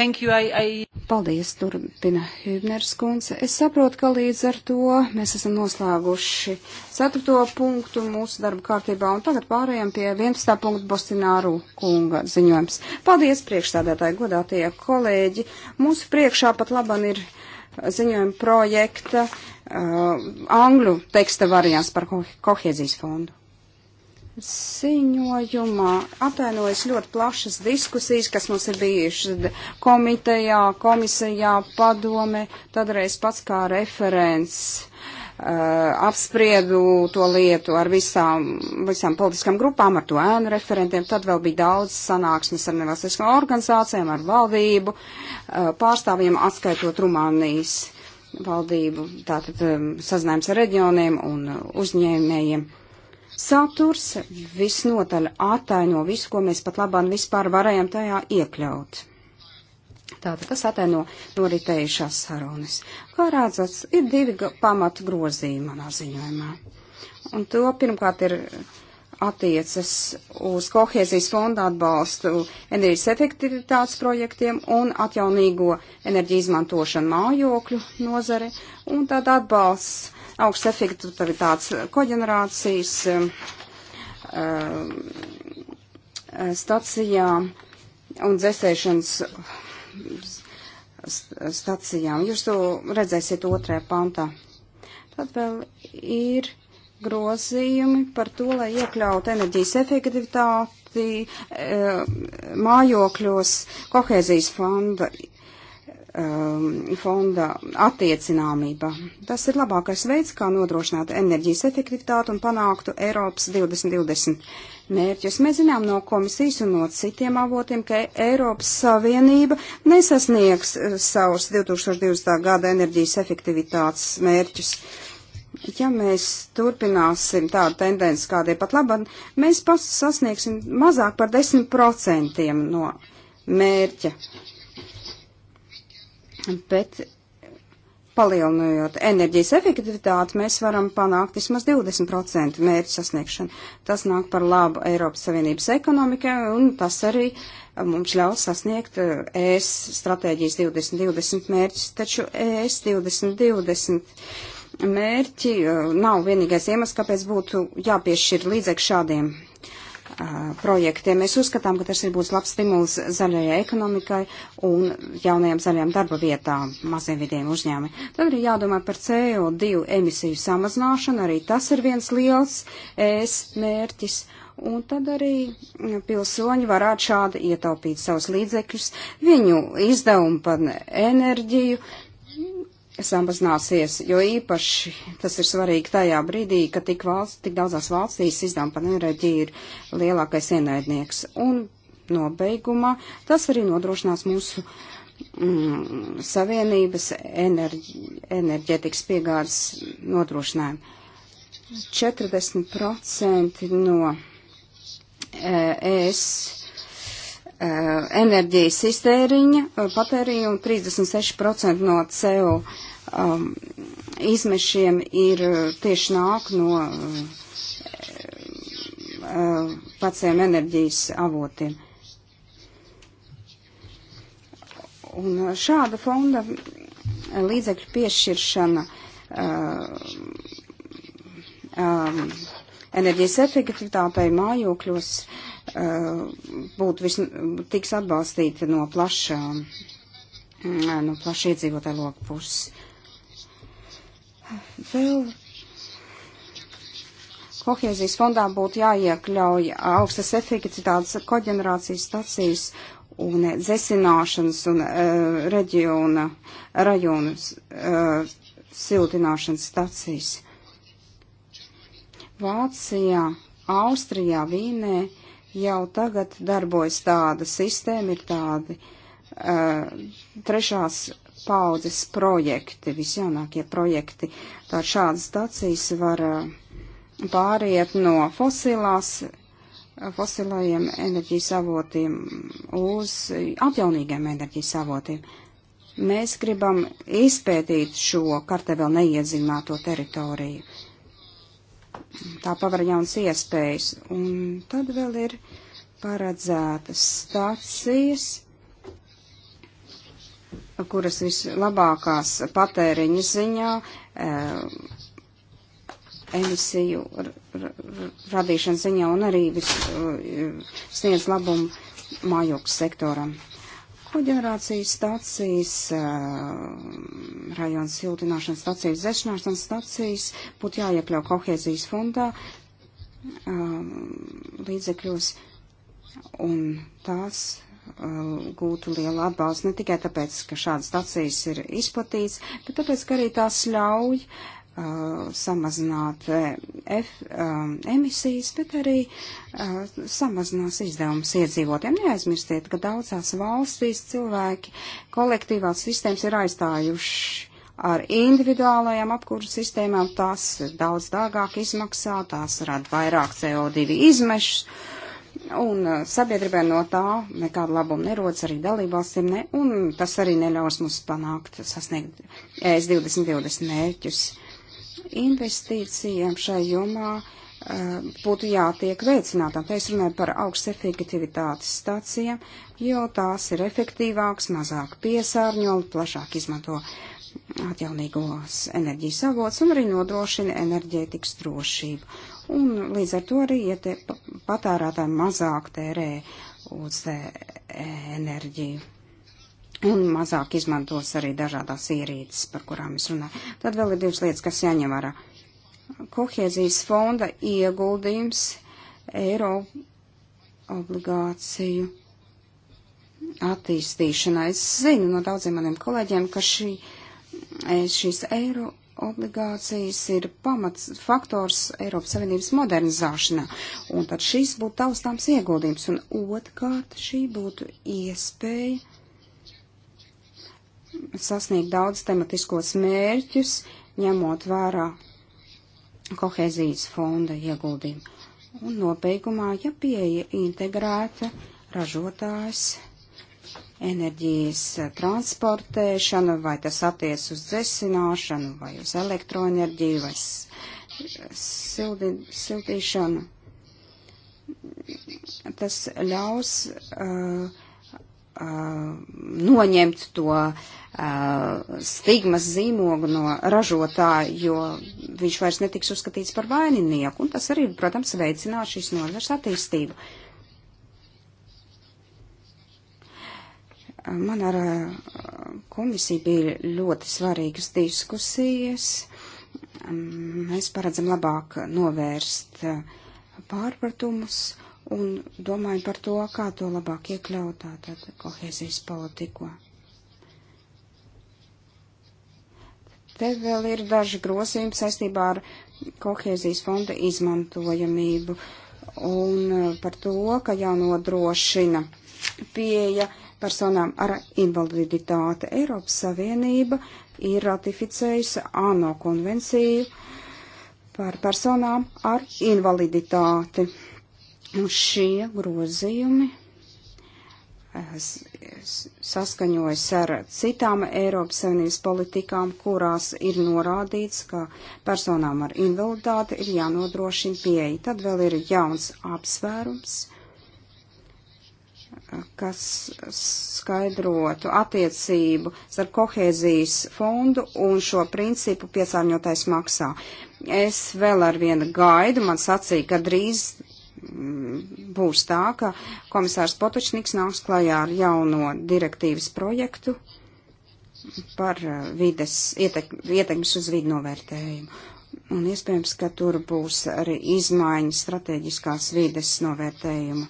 Thank you, I, I... Paldies, turpina Hübners kundze. Es saprotu, ka līdz ar to mēs esam noslēguši ceturto punktu mūsu darba kārtībā, un tagad pārējām pie 11. punktu Bostināru kunga ziņojums. Paldies, priekšstādātāji, godātie kolēģi. Mūsu priekšā pat laban ir ziņojuma projekta uh, angļu teksta variants par ko kohēzijas fondu ziņojumā atainojas ļoti plašas diskusijas, kas mums ir bijušas komitejā, komisijā, padome, tādreiz pats kā referents uh, apspriedu to lietu ar visām, visām politiskām grupām, ar to ēnu referentiem, tad vēl bija daudz sanāksmes ar nevalstiskām organizācijām, ar valdību, uh, pārstāvjiem atskaitot Rumānijas valdību, tātad um, sazinājums ar reģioniem un uzņēmējiem. Saturs visnotaļ attaino visu, ko mēs pat labāk vispār varējām tajā iekļaut. Tātad tas attaino noritējušās sarunas. Kā rādzats, ir divi pamata grozījumi manā ziņojumā. Un to pirmkārt ir attiecas uz kohēzijas fonda atbalstu enerģijas efektivitātes projektiem un atjaunīgo enerģiju izmantošanu mājokļu nozare, un tad atbalsts augsts efektivitātes koģenerācijas um, um, stacijām un dzēsēšanas stacijām. Jūs to redzēsiet otrajā pantā. Tad vēl ir grozījumi par to, lai iekļautu enerģijas efektivitāti eh, mājokļos kohēzijas fonda um, fonda attiecināmība. Tas ir labākais veids, kā nodrošināt enerģijas efektivitātu un panāktu Eiropas 2020 mērķus. Mēs zinām no komisijas un no citiem avotiem, ka Eiropas Savienība nesasniegs uh, savus 2020. gada enerģijas efektivitātes mērķus. Ja mēs turpināsim tādu tendenci, kādai pat labam, mēs pats sasniegsim mazāk par 10% no mērķa bet palielinot enerģijas efektivitāti, mēs varam panākt vismaz 20% mērķu sasniegšanu. Tas nāk par labu Eiropas Savienības ekonomikai, un tas arī uh, mums ļaus sasniegt uh, ES stratēģijas 2020 mērķus, taču e ES 2020 mērķi uh, nav vienīgais iemesls, kāpēc būtu jāpiešķir līdzekļi šādiem projektiem. Mēs uzskatām, ka tas ir būs labs stimuls zaļajai ekonomikai un jaunajām zaļajām darba vietām maziem vidiem uzņēmumi. Tad ir jādomā par CO2 emisiju samazināšanu, arī tas ir viens liels ES mērķis. Un tad arī pilsoņi varētu šādi ietaupīt savus līdzekļus, viņu izdevumu par enerģiju, samazināsies, jo īpaši tas ir svarīgi tajā brīdī, ka tik, valsts, tik daudzās valstīs izdevuma par enerģiju ir lielākais ienaidnieks. Un nobeigumā tas arī nodrošinās mūsu mm, savienības enerģi, enerģetikas piegādes nodrošinājumu. 40% no e, ES Eh, enerģijas iztēriņa, patēriņa eh, un 36% no CO um, izmešiem ir eh, tieši nāk no uh, paciem enerģijas avotiem. Un šāda fonda līdzekļu piešķiršana uh, um, enerģijas efektivitātei mājokļos uh, Uh, būtu vis, tiks atbalstīti no plaša, mm, no plaša iedzīvotāja loka puses. Vēl kohēzijas fondā būtu jāiekļauj augstas efektivitātes koģenerācijas stacijas un dzesināšanas un uh, reģiona, rajonu uh, siltināšanas stacijas. Vācijā, Austrijā, Vīnē jau tagad darbojas tāda sistēma, ir tādi uh, trešās paudzes projekti, visjaunākie projekti. Tā šādas stacijas var uh, pāriet no fosilās, eh, fosilajiem enerģijas avotiem uz atjaunīgiem enerģijas avotiem. Mēs gribam izpētīt šo kartē vēl neiezināto teritoriju tā paver jaunas iespējas. Un tad vēl ir paredzētas stācijas, kuras vislabākās patēriņa ziņā eh, emisiju radīšanas ziņā un arī vis, eh, sniedz labumu mājokļu sektoram koģenerācijas stācijas, uh, eh, rajona siltināšanas stācijas, zešināšanas stācijas būtu jāiekļau kohēzijas fondā uh, līdzekļos, un tās uh, gūtu lielu atbalstu ne tikai tāpēc, ka šādas stācijas ir izplatīts, bet tāpēc, ka arī tās ļauj uh, uh, samazināt F, um, emisijas, bet arī uh, samazinās izdevumus iedzīvotiem. Neaizmirstiet, ka daudzās valstīs cilvēki kolektīvās sistēmas ir aizstājuši ar individuālajām apkūras sistēmām. Tās ir daudz dārgāk izmaksā, tās rada vairāk CO2 izmešus. Un sabiedrībai no tā nekāda labuma nerodas arī dalībvalstīm, ne, un tas arī neļaus mums panākt, sasniegt e ES 2020 mērķus. Uh, investīcijām šai jomā eh, būtu jātiek veicinātām. Te es runāju par augstas efektivitātes stācijām, jo tās ir efektīvākas, mazāk piesārņo, plašāk izmanto atjaunīgos enerģijas avots un arī nodrošina enerģētikas drošību. Un līdz ar to arī ja patērētāji mazāk tērē uz enerģiju. Un mazāk izmantos arī dažādās ierīces, par kurām es runāju. Tad vēl ir divas lietas, kas jāņem vērā. Kohēzijas fonda ieguldījums eiro obligāciju attīstīšanā. Es zinu no daudziem maniem kolēģiem, ka šī, e, šīs eiro obligācijas ir pamats faktors Eiropas Savienības modernizāšanā. Un tad šīs būtu taustāms ieguldījums. Un otrkārt šī būtu iespēja sasniegt daudz tematiskos mērķus, ņemot vērā kohēzijas fonda ieguldījumu. Un nobeigumā, ja pieeja integrēta, ražotājs, enerģijas transportēšana, vai tas attiec uz dzesināšanu, vai uz elektroenerģiju, vai sildi, sildīšanu, tas ļaus uh, Uh, noņemt to uh, stigmas zīmogu no ražotāja, jo viņš vairs netiks uzskatīts par vaininieku, un tas arī, protams, veicinās šīs nozars attīstību. Uh, man ar komisiju bija ļoti svarīgas diskusijas. Um, mēs paredzam labāk novērst pārpratumus un domājam par to, kā to labāk iekļaut tātad kohēzijas politiko. Te vēl ir daži grozījumi saistībā ar kohēzijas fonda izmantojamību un e, par to, ka jānodrošina pieeja personām ar invaliditāti. Eiropas Savienība ir ratificējusi ANO konvenciju par personām ar invaliditāti. Un šie grozījumi eh, saskaņojas ar citām Eiropas Savienības politikām, kurās ir norādīts, ka personām ar invaliditāti ir jānodrošina pieeja. Tad vēl ir jauns apsvērums, eh, kas skaidrotu attiecību ar kohēzijas fondu un šo principu piesārņotais maksā. Es vēl ar vienu gaidu, man sacīja, ka drīz būs tā, ka komisārs Potočniks nāks klajā ar jauno direktīvas projektu par uh, vides ietek, ietekmes uz vidu novērtējumu. Un iespējams, ka tur būs arī izmaiņas strateģiskās vides novērtējuma.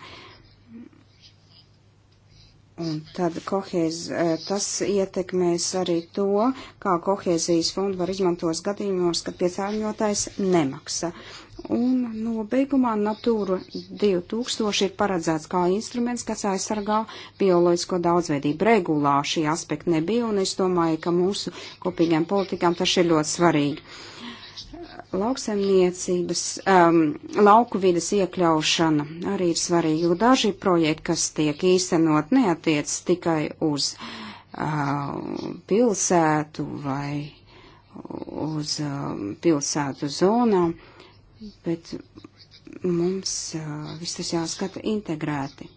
Un tad kohēz, eh, tas ietekmēs arī to, kā kohēzijas fondu var izmantos gadījumos, kad piesārņotājs nemaksā. Un nobeigumā Natūra 2000 ir paredzēts kā instruments, kas aizsargā bioloģisko daudzveidību. Regulā šī aspekta nebija, un es domāju, ka mūsu kopīgiem politikām tas ir ļoti svarīgi. Lauksemniecības, um, lauku vides iekļaušana arī ir svarīga. Daži projekti, kas tiek īstenot, neatiec tikai uz uh, pilsētu vai uz uh, pilsētu zonām. Uh, bet mums uh, viss tas jāskata integrēti.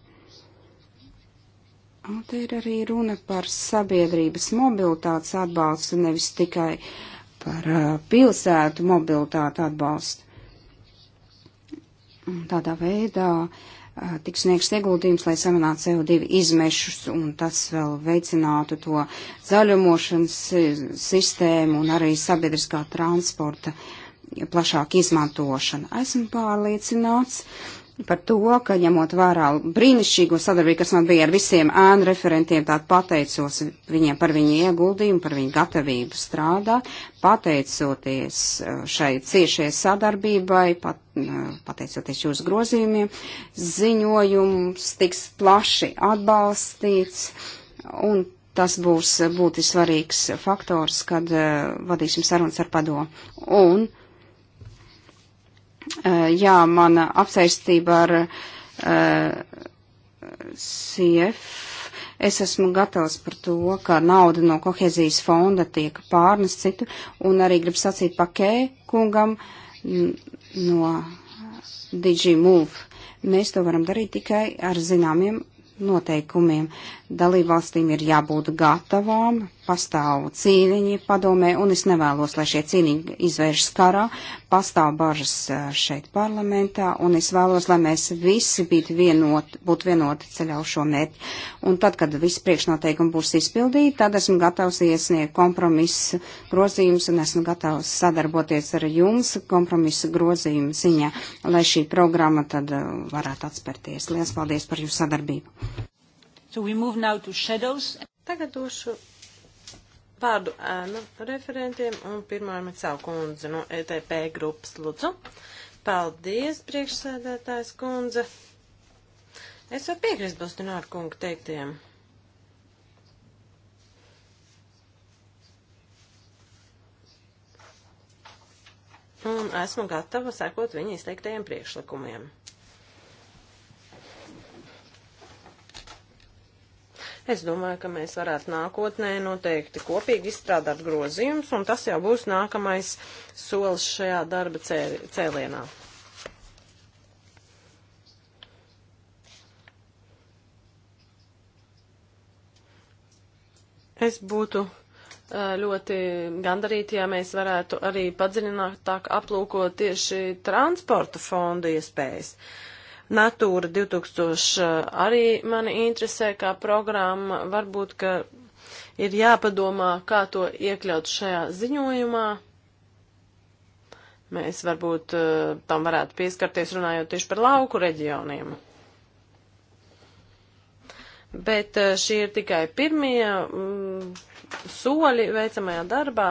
Un te ir arī runa par sabiedrības mobilitātes atbalstu, nevis tikai par uh, pilsētu mobilitāti atbalstu. Un tādā veidā uh, tiks sniegts ieguldījums, lai samazinātu CO2 izmešus, un tas vēl veicinātu to zaļumošanas sistēmu un arī sabiedriskā transporta uh, plašāka izmantošana. Esmu pārliecināts par to, ka ņemot vērā brīnišķīgo sadarbību, kas man bija ar visiem ēnu referentiem, tātad pateicos viņiem par viņu ieguldījumu, par viņu gatavību strādāt, pateicoties uh, šai ciešajai sadarbībai, pat, uh, pateicoties jūsu grozījumiem, ziņojums tiks plaši atbalstīts un tas būs būtis svarīgs faktors, kad uh, vadīsim sarunas ar padomu. Un Eh, jā, mana apsaistība ar eh, CF es esmu gatavs par to, ka nauda no kohezijas fonda tiek pārnest citu, un arī gribu sacīt pakē kungam no DigiMove. Mēs to varam darīt tikai ar zināmiem noteikumiem dalībvalstīm ir jābūt gatavām, pastāv cīniņi padomē, un es nevēlos, lai šie cīniņi izvēršas karā, pastāv bažas eh, šeit parlamentā, un es vēlos, lai mēs visi būtu vienoti, būtu vienoti ceļā uz šo mērķi. Un tad, kad visi priekšnoteikumi būs izpildīti, tad esmu gatavs iesniegt kompromisu grozījumus, un esmu gatavs sadarboties ar jums kompromisu grozījumu ziņā, lai šī programma tad eh, varētu atspērties. Lielas paldies par jūsu sadarbību! So we move now to shadows. Tagad došu vārdu ēnu referentiem un pirmajam atsau kundze no ETP grupas lūdzu. Paldies, priekšsēdētājs kundze. Es varu piekrist Bostināru kungu teiktiem. Un esmu gatava sekot viņa izteiktajiem priekšlikumiem. Es domāju, ka mēs varētu nākotnē noteikti kopīgi izstrādāt grozījumus, un tas jau būs nākamais solis šajā darba cēlienā. Es būtu ļoti gandarīti, ja mēs varētu arī padziļinātāk aplūkot tieši transporta fondu iespējas. Ja Natūra 2000 eh, arī mani interesē kā programma. Varbūt, ka ir jāpadomā, kā to iekļaut šajā ziņojumā. Mēs varbūt eh, tam varētu pieskarties runājot tieši par lauku reģioniem. Bet eh, šie ir tikai pirmie mm, soļi veicamajā darbā.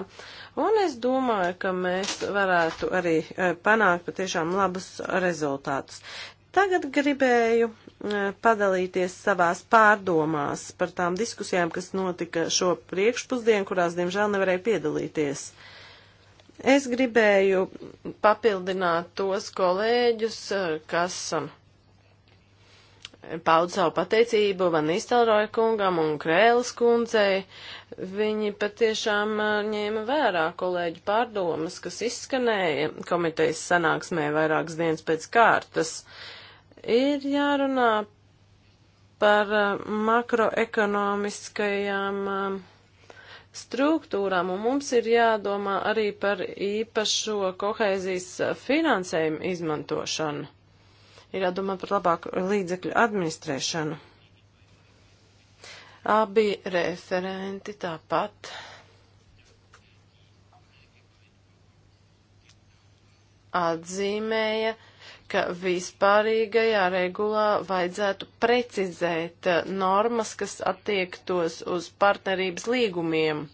Un es domāju, ka mēs varētu arī panākt patiešām labus rezultātus. Tagad gribēju e, padalīties savās pārdomās par tām diskusijām, kas notika šo priekšpusdienu, kurās, diemžēl, nevarēju piedalīties. Es gribēju papildināt tos kolēģus, e, kas e, paudz savu pateicību Van Nistelroja kungam un Krēlas kundzei. Viņi patiešām ņēma vērā kolēģu pārdomas, kas izskanēja komitejas sanāksmē vairākas dienas pēc kārtas. Uh, Ir jārunā par eh, makroekonomiskajām eh, struktūrām, un mums ir jādomā arī par īpašo kohēzijas eh, finansējumu izmantošanu. Ir jādomā par labāku līdzekļu administrēšanu. Abi referenti tāpat. Atzīmēja, ka vispārīgajā regulā vajadzētu precizēt eh, normas, kas attiektos uz partnerības līgumiem.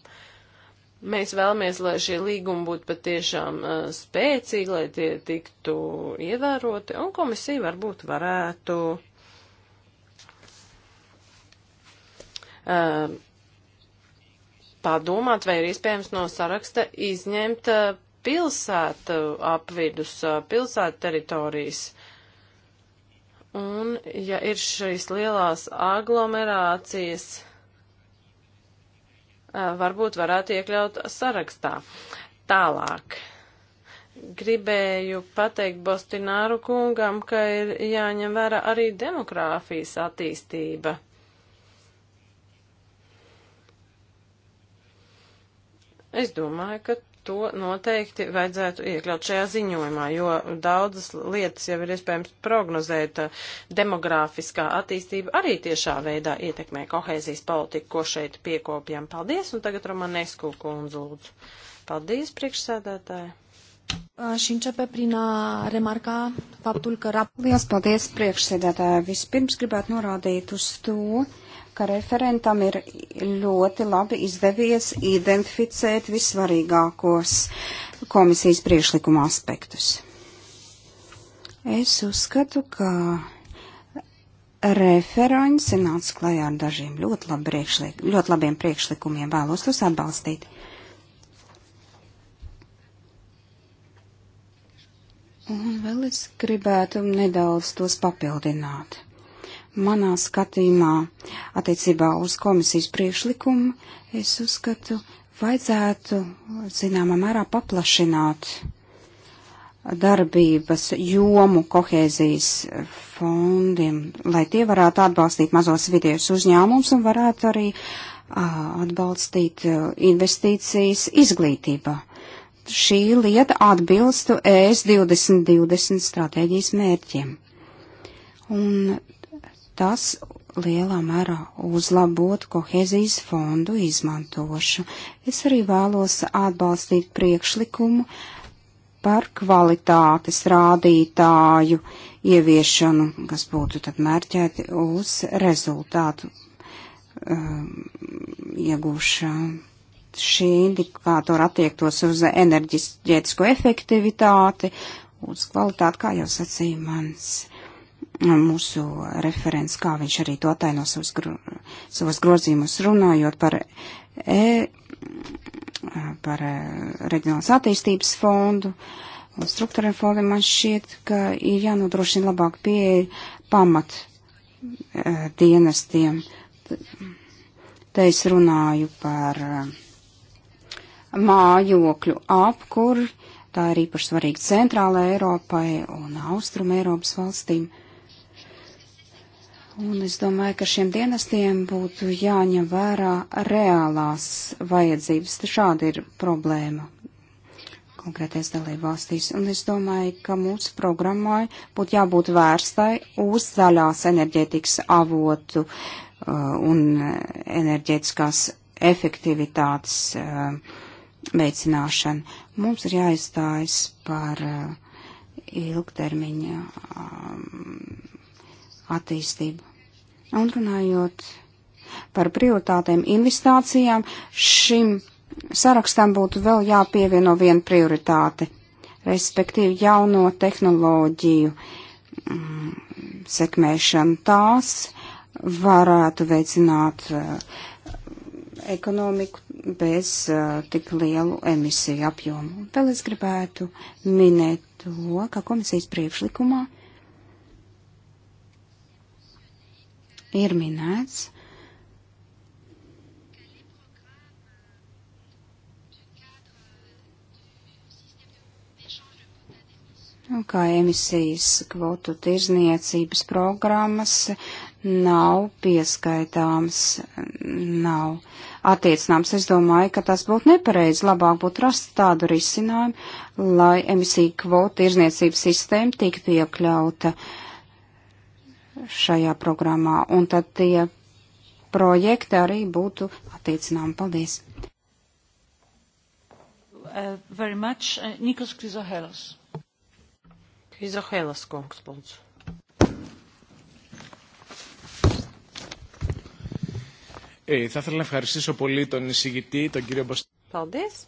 Mēs vēlamies, lai šie līgumi būtu patiešām uh, spēcīgi, lai tie tiktu ievēroti, un komisija varbūt varētu uh, padomāt, vai ir iespējams no saraksta izņemt uh, pilsētu apvidus, pilsētu teritorijas. Un, ja ir šīs lielās aglomerācijas, varbūt varētu iekļaut sarakstā. Tālāk. Gribēju pateikt Bostināru kungam, ka ir jāņem vērā arī demokrāfijas attīstība. Es domāju, ka to noteikti vajadzētu iekļaut šajā ziņojumā, jo daudzas lietas jau ir iespējams prognozēt. Eh, demogrāfiskā attīstība arī tiešā veidā ietekmē kohēzijas politiku, ko šeit piekopjam. Paldies, un tagad Romanesku kundzu lūdzu. Paldies, priekšsēdētāji. Și începe prin a remarca faptul că rap... Liels paldies priekšsēdētāji. Vispirms gribētu norādīt uz to, uh, ka referentam ir ļoti labi izdevies identificēt vissvarīgākos komisijas priešlikuma aspektus. Es uzskatu, ka referents ir nācis klajā ar dažiem ļoti, labi priekšlik, ļoti labiem priekšlikumiem. Vēlos tos atbalstīt. Un vēl es gribētu nedaudz tos papildināt. Manā skatījumā attiecībā uz komisijas priekšlikumu es uzskatu, vajadzētu zināmā mērā paplašināt darbības jomu kohēzijas fondiem, lai tie varētu atbalstīt mazos vidējos uzņēmumus un varētu arī atbalstīt investīcijas izglītībā. Šī lieta atbilstu e ES 2020 stratēģijas mērķiem. Un tas lielā mērā uzlabot kohezijas fondu izmantošu. Es arī vēlos atbalstīt priekšlikumu par kvalitātes rādītāju ieviešanu, kas būtu tad mērķēti uz rezultātu um, iegūšanu šī indikātori attiektos uz enerģisko efektivitāti, uz kvalitāti, kā jau sacīja mans mūsu referents, kā viņš arī to ataino savas, gro, savas grozījumus runājot par, e, par eh, reģionālas attīstības fondu un struktūriem fondiem, man šķiet, ka ir jānodrošina labāk pieeja pamat e, dienestiem. Te es runāju par eh, mājokļu apkuri, tā ir īpaši svarīga Centrāla Eiropai un Austruma Eiropas valstīm Un es domāju, ka šiem dienestiem būtu jāņem vērā reālās vajadzības. Šāda ir problēma konkrētais dalībvalstīs. Un es domāju, ka mūsu programmai būtu jābūt vērstai uz zaļās enerģētikas avotu uh, un enerģētiskās efektivitātes uh, veicināšanu. Mums ir jāizstājas par uh, ilgtermiņa um, attīstību. Un runājot par prioritātēm investācijām, šim sarakstam būtu vēl jāpievieno viena prioritāte, respektīvi jauno tehnoloģiju mm, sekmēšana. Tās varētu veicināt uh, ekonomiku bez uh, tik lielu emisiju apjomu. Vēl es gribētu minēt to, ka komisijas priekšlikumā ir minēts, nu, kā emisijas kvotu tirzniecības programmas nav pieskaitāms, nav attiecināms. Es domāju, ka tas būtu nepareizi. Labāk būtu rast tādu risinājumu, lai emisiju kvotu tirzniecības sistēma tiktu iekļauta uh, šajā programmā, un tad tie projekti arī būtu attiecināmi. Paldies! Uh, very much. Uh, Nikos Krizohelos. Krizohelos kungs, lūdzu. Ε, θα ήθελα να ευχαριστήσω πολύ τον εισηγητή, τον κύριο Μποστέλη. Paldies!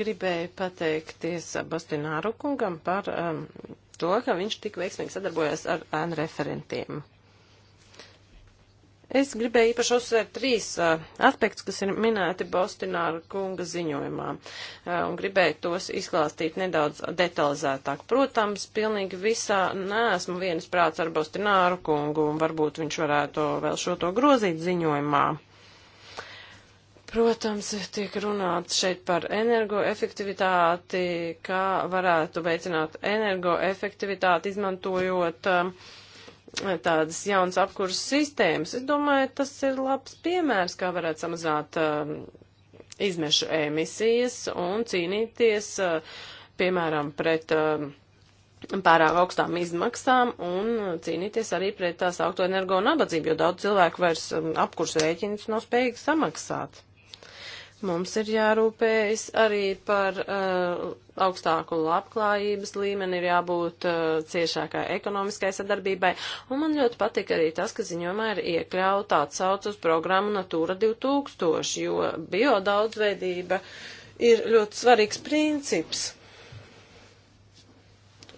Gribēju pateikties Bastināru kungam par um, to, ka viņš tik veiksmīgi sadarbojās ar ēnu referentiem. Es gribēju īpaši uzsvērt trīs uh, aspektus, kas ir minēti Bostināra kunga ziņojumā, uh, un gribēju tos izklāstīt nedaudz detalizētāk. Protams, pilnīgi visā neesmu vienas prāts ar Bostināru kungu, un varbūt viņš varētu vēl šo to grozīt ziņojumā. Protams, tiek runāts šeit par energoefektivitāti, kā varētu veicināt energoefektivitāti, izmantojot um, tādas jaunas apkurses sistēmas. Es domāju, tas ir labs piemērs, kā varētu samazināt um, izmešu emisijas un cīnīties, uh, piemēram, pret um, pārāk augstām izmaksām un cīnīties arī pret tās augto energo nabadzību, jo daudz cilvēku vairs um, apkursu rēķinus nav spējīgi samaksāt. Mums ir jārūpējas arī par uh, augstāku labklājības līmeni, ir jābūt uh, ciešākai ekonomiskai sadarbībai. Un man ļoti patika arī tas, ka ziņojumā ir iekļauta atsauc uz programmu Natūra 2000, jo biodaudzveidība ir ļoti svarīgs princips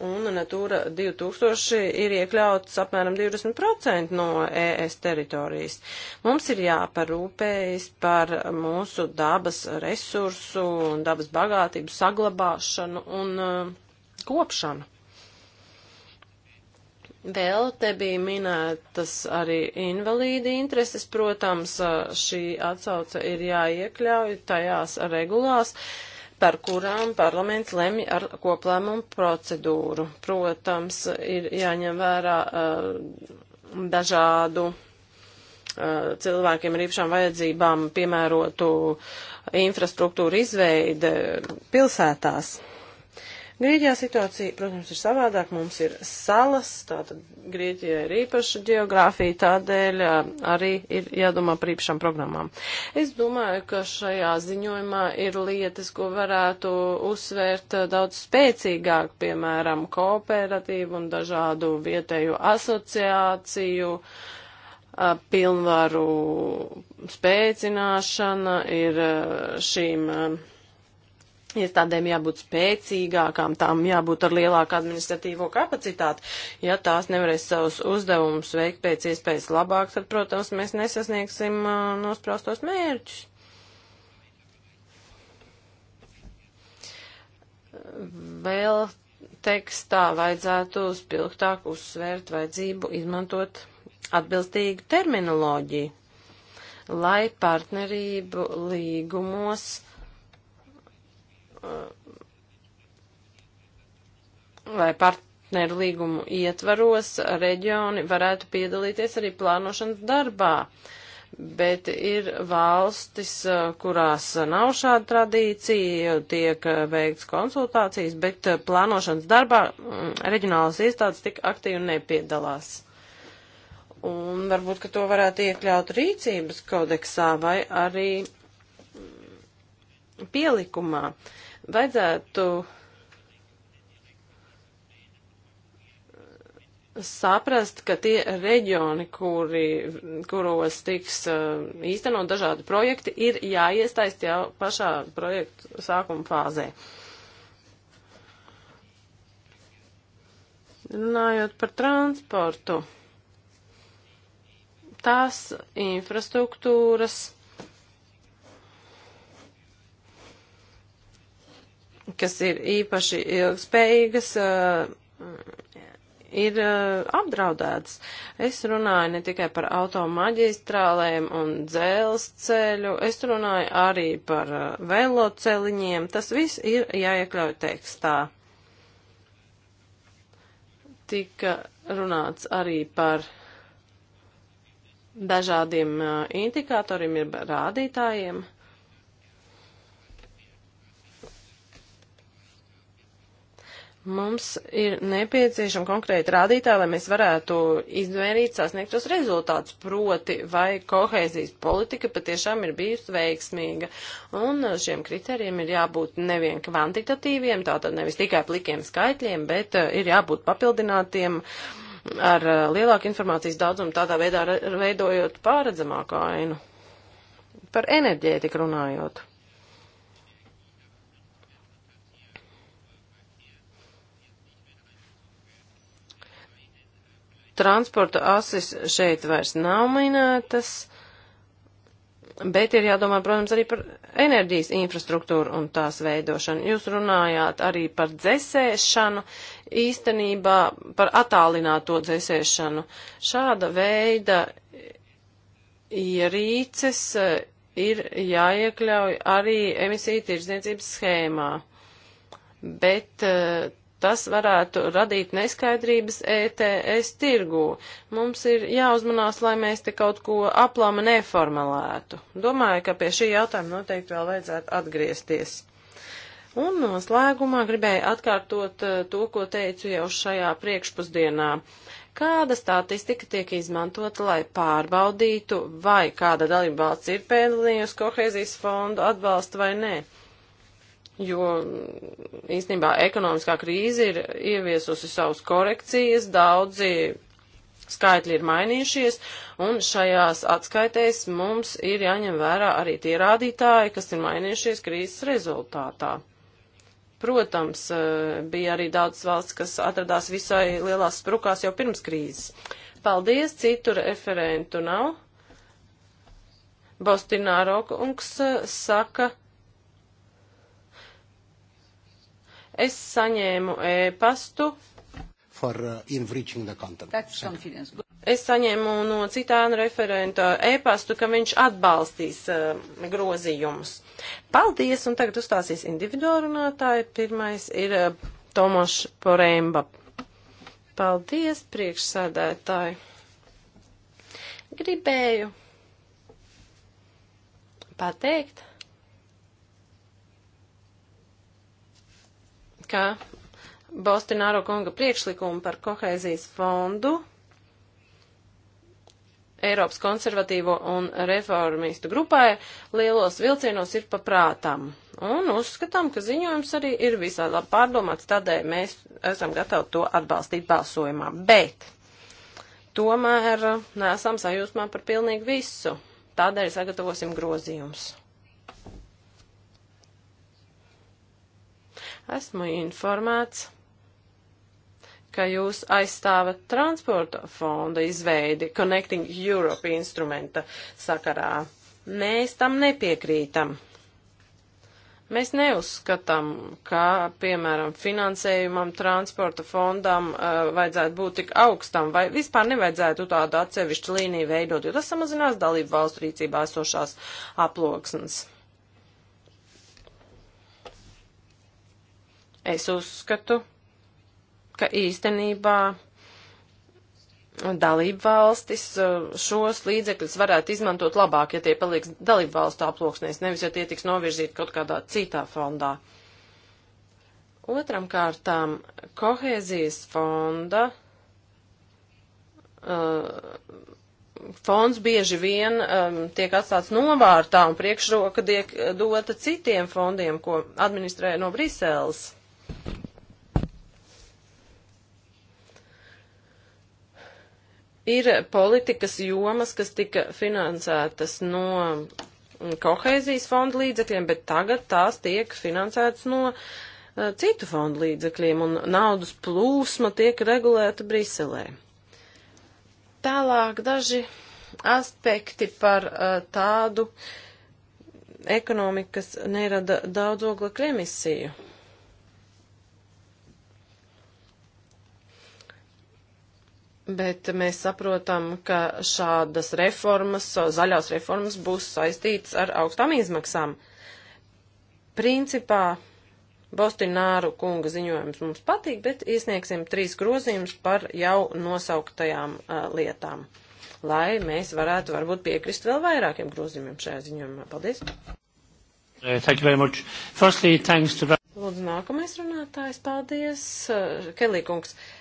un Natūra 2000 ir iekļauts apmēram 20% no ES teritorijas. Mums ir jāparūpējas par mūsu dabas resursu un dabas bagātību saglabāšanu un uh, kopšanu. Vēl te bija minētas arī invalīdi intereses, protams, uh, šī atsauce ir jāiekļauj tajās regulās, uh, par kurām parlaments lemj ar koplēmumu procedūru. Protams, ir jāņem vērā uh, dažādu uh, cilvēkiem ar īpašām vajadzībām piemērotu infrastruktūru izveide pilsētās. Grieķijā situācija, protams, ir savādāk. Mums ir salas, tātad Grieķijā ir īpaša geogrāfija, tādēļ arī ir jādomā par īpašām programmām. Es domāju, ka šajā ziņojumā ir lietas, ko varētu uzsvērt daudz spēcīgāk, piemēram, kooperatīvu un dažādu vietēju asociāciju pilnvaru spēcināšana, ir šīm Iestādēm jābūt spēcīgākām, tām jābūt ar lielāku administratīvo kapacitāti. Ja tās nevarēs savus uzdevumus veikt pēc iespējas labāk, tad, protams, mēs nesasniegsim nospraustos mērķus. Vēl tekstā vajadzētu spilgtāk uzsvērt vajadzību izmantot atbilstīgu terminoloģiju, lai partnerību līgumos Uh, lai partneru līgumu ietvaros reģioni varētu piedalīties arī plānošanas darbā. Bet ir valstis, uh, kurās nav šāda tradīcija, tiek uh, veikts konsultācijas, bet plānošanas darbā mm, reģionālas iestādes tik aktīvi nepiedalās. Un varbūt, ka to varētu iekļaut rīcības kodeksā vai arī mm, pielikumā. Uh, Vajadzētu saprast, ka tie reģioni, kuri, kuros tiks uh, īstenot dažādi projekti, ir jāiestaist jau pašā projektu sākuma fāzē. Runājot par transportu, tās infrastruktūras kas ir īpaši ilgspējīgas, eh, ir eh, apdraudētas. Es runāju ne tikai par automaģistrālēm un dzelzceļu, es runāju arī par eh, veloceliņiem. Tas viss ir jāiekļauj tekstā. Tika runāts arī par dažādiem indikatoriem, ir rādītājiem. Mums ir nepieciešama konkrēta rādītāja, lai mēs varētu izmērīt sasniegtos rezultātus, proti, vai kohēzijas politika patiešām ir bijusi veiksmīga. Un šiem kriterijiem ir jābūt nevien kvantitatīviem, tātad nevis tikai plikiem skaitļiem, bet eh, ir jābūt papildinātiem ar eh, lielāku informācijas daudzumu, tādā veidā veidojot pāredzamāku ainu. Par enerģētiku runājot. Transporta asis šeit vairs nav minētas, bet ir jādomā, protams, arī par enerģijas infrastruktūru un tās veidošanu. Jūs runājāt arī par dzesēšanu, īstenībā par attālināto dzesēšanu. Šāda veida ierīces eh, ir jāiekļauj arī emisiju tirdzniecības schēmā. Bet eh, tas varētu radīt neskaidrības ETS tirgū. Mums ir jāuzmanās, lai mēs te kaut ko aplama neformalētu. Domāju, ka pie šī jautājuma noteikti vēl vajadzētu atgriezties. Un noslēgumā gribēju atkārtot eh, to, ko teicu jau šajā priekšpusdienā. Kāda statistika tiek izmantota, lai pārbaudītu, vai kāda dalība valsts ir pelnījusi kohēzijas fondu atbalstu vai nē? jo īstenībā ekonomiskā krīze ir ieviesusi savus korekcijas, daudzi skaitļi ir mainījušies, un šajās atskaitēs mums ir jāņem vērā arī tie rādītāji, kas ir mainījušies krīzes rezultātā. Protams, e, bija arī daudz valsts, kas atradās visai lielās sprukās jau pirms krīzes. Paldies, citu referentu nav. Bostināro kungs e, saka, Es saņēmu e-pastu. For, uh, es saņēmu no citāna referenta e-pastu, ka viņš atbalstīs uh, grozījumus. Paldies, un tagad uzstāsies individuāli runātāji. Pirmais ir uh, Tomašs Poremba. Paldies, priekšsēdētāji. Gribēju pateikt ka Bostināro kunga priekšlikumu par kohēzijas fondu Eiropas konservatīvo un reformistu grupai lielos vilcienos ir paprātām. Un uzskatām, ka ziņojums arī ir visai labi pārdomāts, tādēļ mēs esam gatavi to atbalstīt balsojumā. Bet tomēr nesam sajūsmā par pilnīgi visu. Tādēļ sagatavosim grozījumus. Esmu informēts, ka jūs aizstāvat transporta fonda izveidi Connecting Europe instrumenta sakarā. Mēs tam nepiekrītam. Mēs neuzskatām, ka, piemēram, finansējumam transporta fondam uh, vajadzētu būt tik augstam, vai vispār nevajadzētu tādu atsevišķu līniju veidot, jo tas samazinās dalību valstu rīcībā esošās aploksnes. Es uzskatu, ka īstenībā dalību valstis uh, šos līdzekļus varētu izmantot labāk, ja tie paliks dalību valstu aploksnēs, nevis ja tie tiks novirzīti kaut kādā citā fondā. Otram kārtām kohēzijas fonda. Uh, fonds bieži vien um, tiek atstāts novārtā un priekšroka tiek uh, dota citiem fondiem, ko administrē no Briseles. Ir politikas jomas, kas tika finansētas no kohēzijas fonda līdzekļiem, bet tagad tās tiek finansētas no uh, citu fondu līdzekļiem, un naudas plūsma tiek regulēta Briselē. Tālāk daži aspekti par uh, tādu ekonomiku, kas nerada daudz oglekļa emisiju. Bet mēs saprotam, ka šādas reformas, zaļās reformas būs saistītas ar augstām izmaksām. Principā Bostināru kunga ziņojums mums patīk, bet iesniegsim trīs grozījumus par jau nosauktajām uh, lietām, lai mēs varētu varbūt piekrist vēl vairākiem grozījumiem šajā ziņojumā. Paldies! Uh, thank you very much. Firstly, thanks to... Lūdzu, nākamais runātājs, paldies. Uh, Kelī kungs. Uh,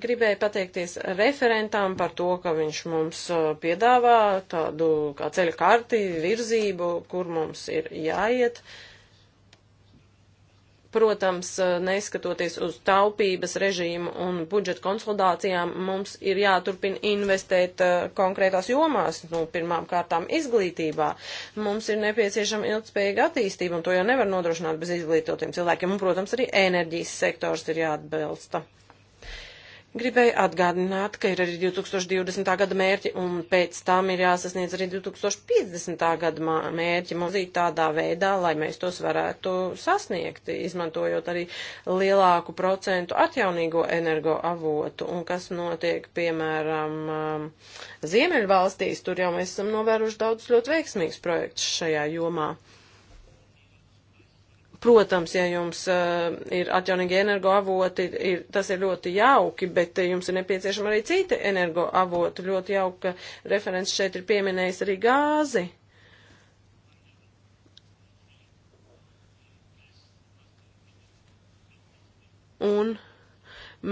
Gribēju pateikties referentām par to, ka viņš mums uh, piedāvā tādu kā ceļa karti, virzību, kur mums ir jāiet. Protams, uh, neskatoties uz taupības režīmu un budžeta konsolidācijām, mums ir jāturpina investēt uh, konkrētās jomās, nu, pirmām kārtām izglītībā. Mums ir nepieciešama ilgspējīga attīstība, un to jau nevar nodrošināt bez izglītotiem cilvēkiem, un, protams, arī enerģijas sektors ir jāatbalsta. Gribēju atgādināt, ka ir arī 2020. gada mērķi, un pēc tam ir jāsasniedz arī 2050. gada mērķi mozīt tādā veidā, lai mēs tos varētu sasniegt, izmantojot arī lielāku procentu atjaunīgo energoavotu. Un kas notiek, piemēram, um, Ziemeļvalstīs, tur jau mēs esam novēruši daudz ļoti veiksmīgs projekts šajā jomā. Protams, ja jums uh, ir atjaunīgi energoavoti, ir, tas ir ļoti jauki, bet jums ir nepieciešama arī cita energoavota. Ļoti jauka referents šeit ir pieminējis arī gāzi. Un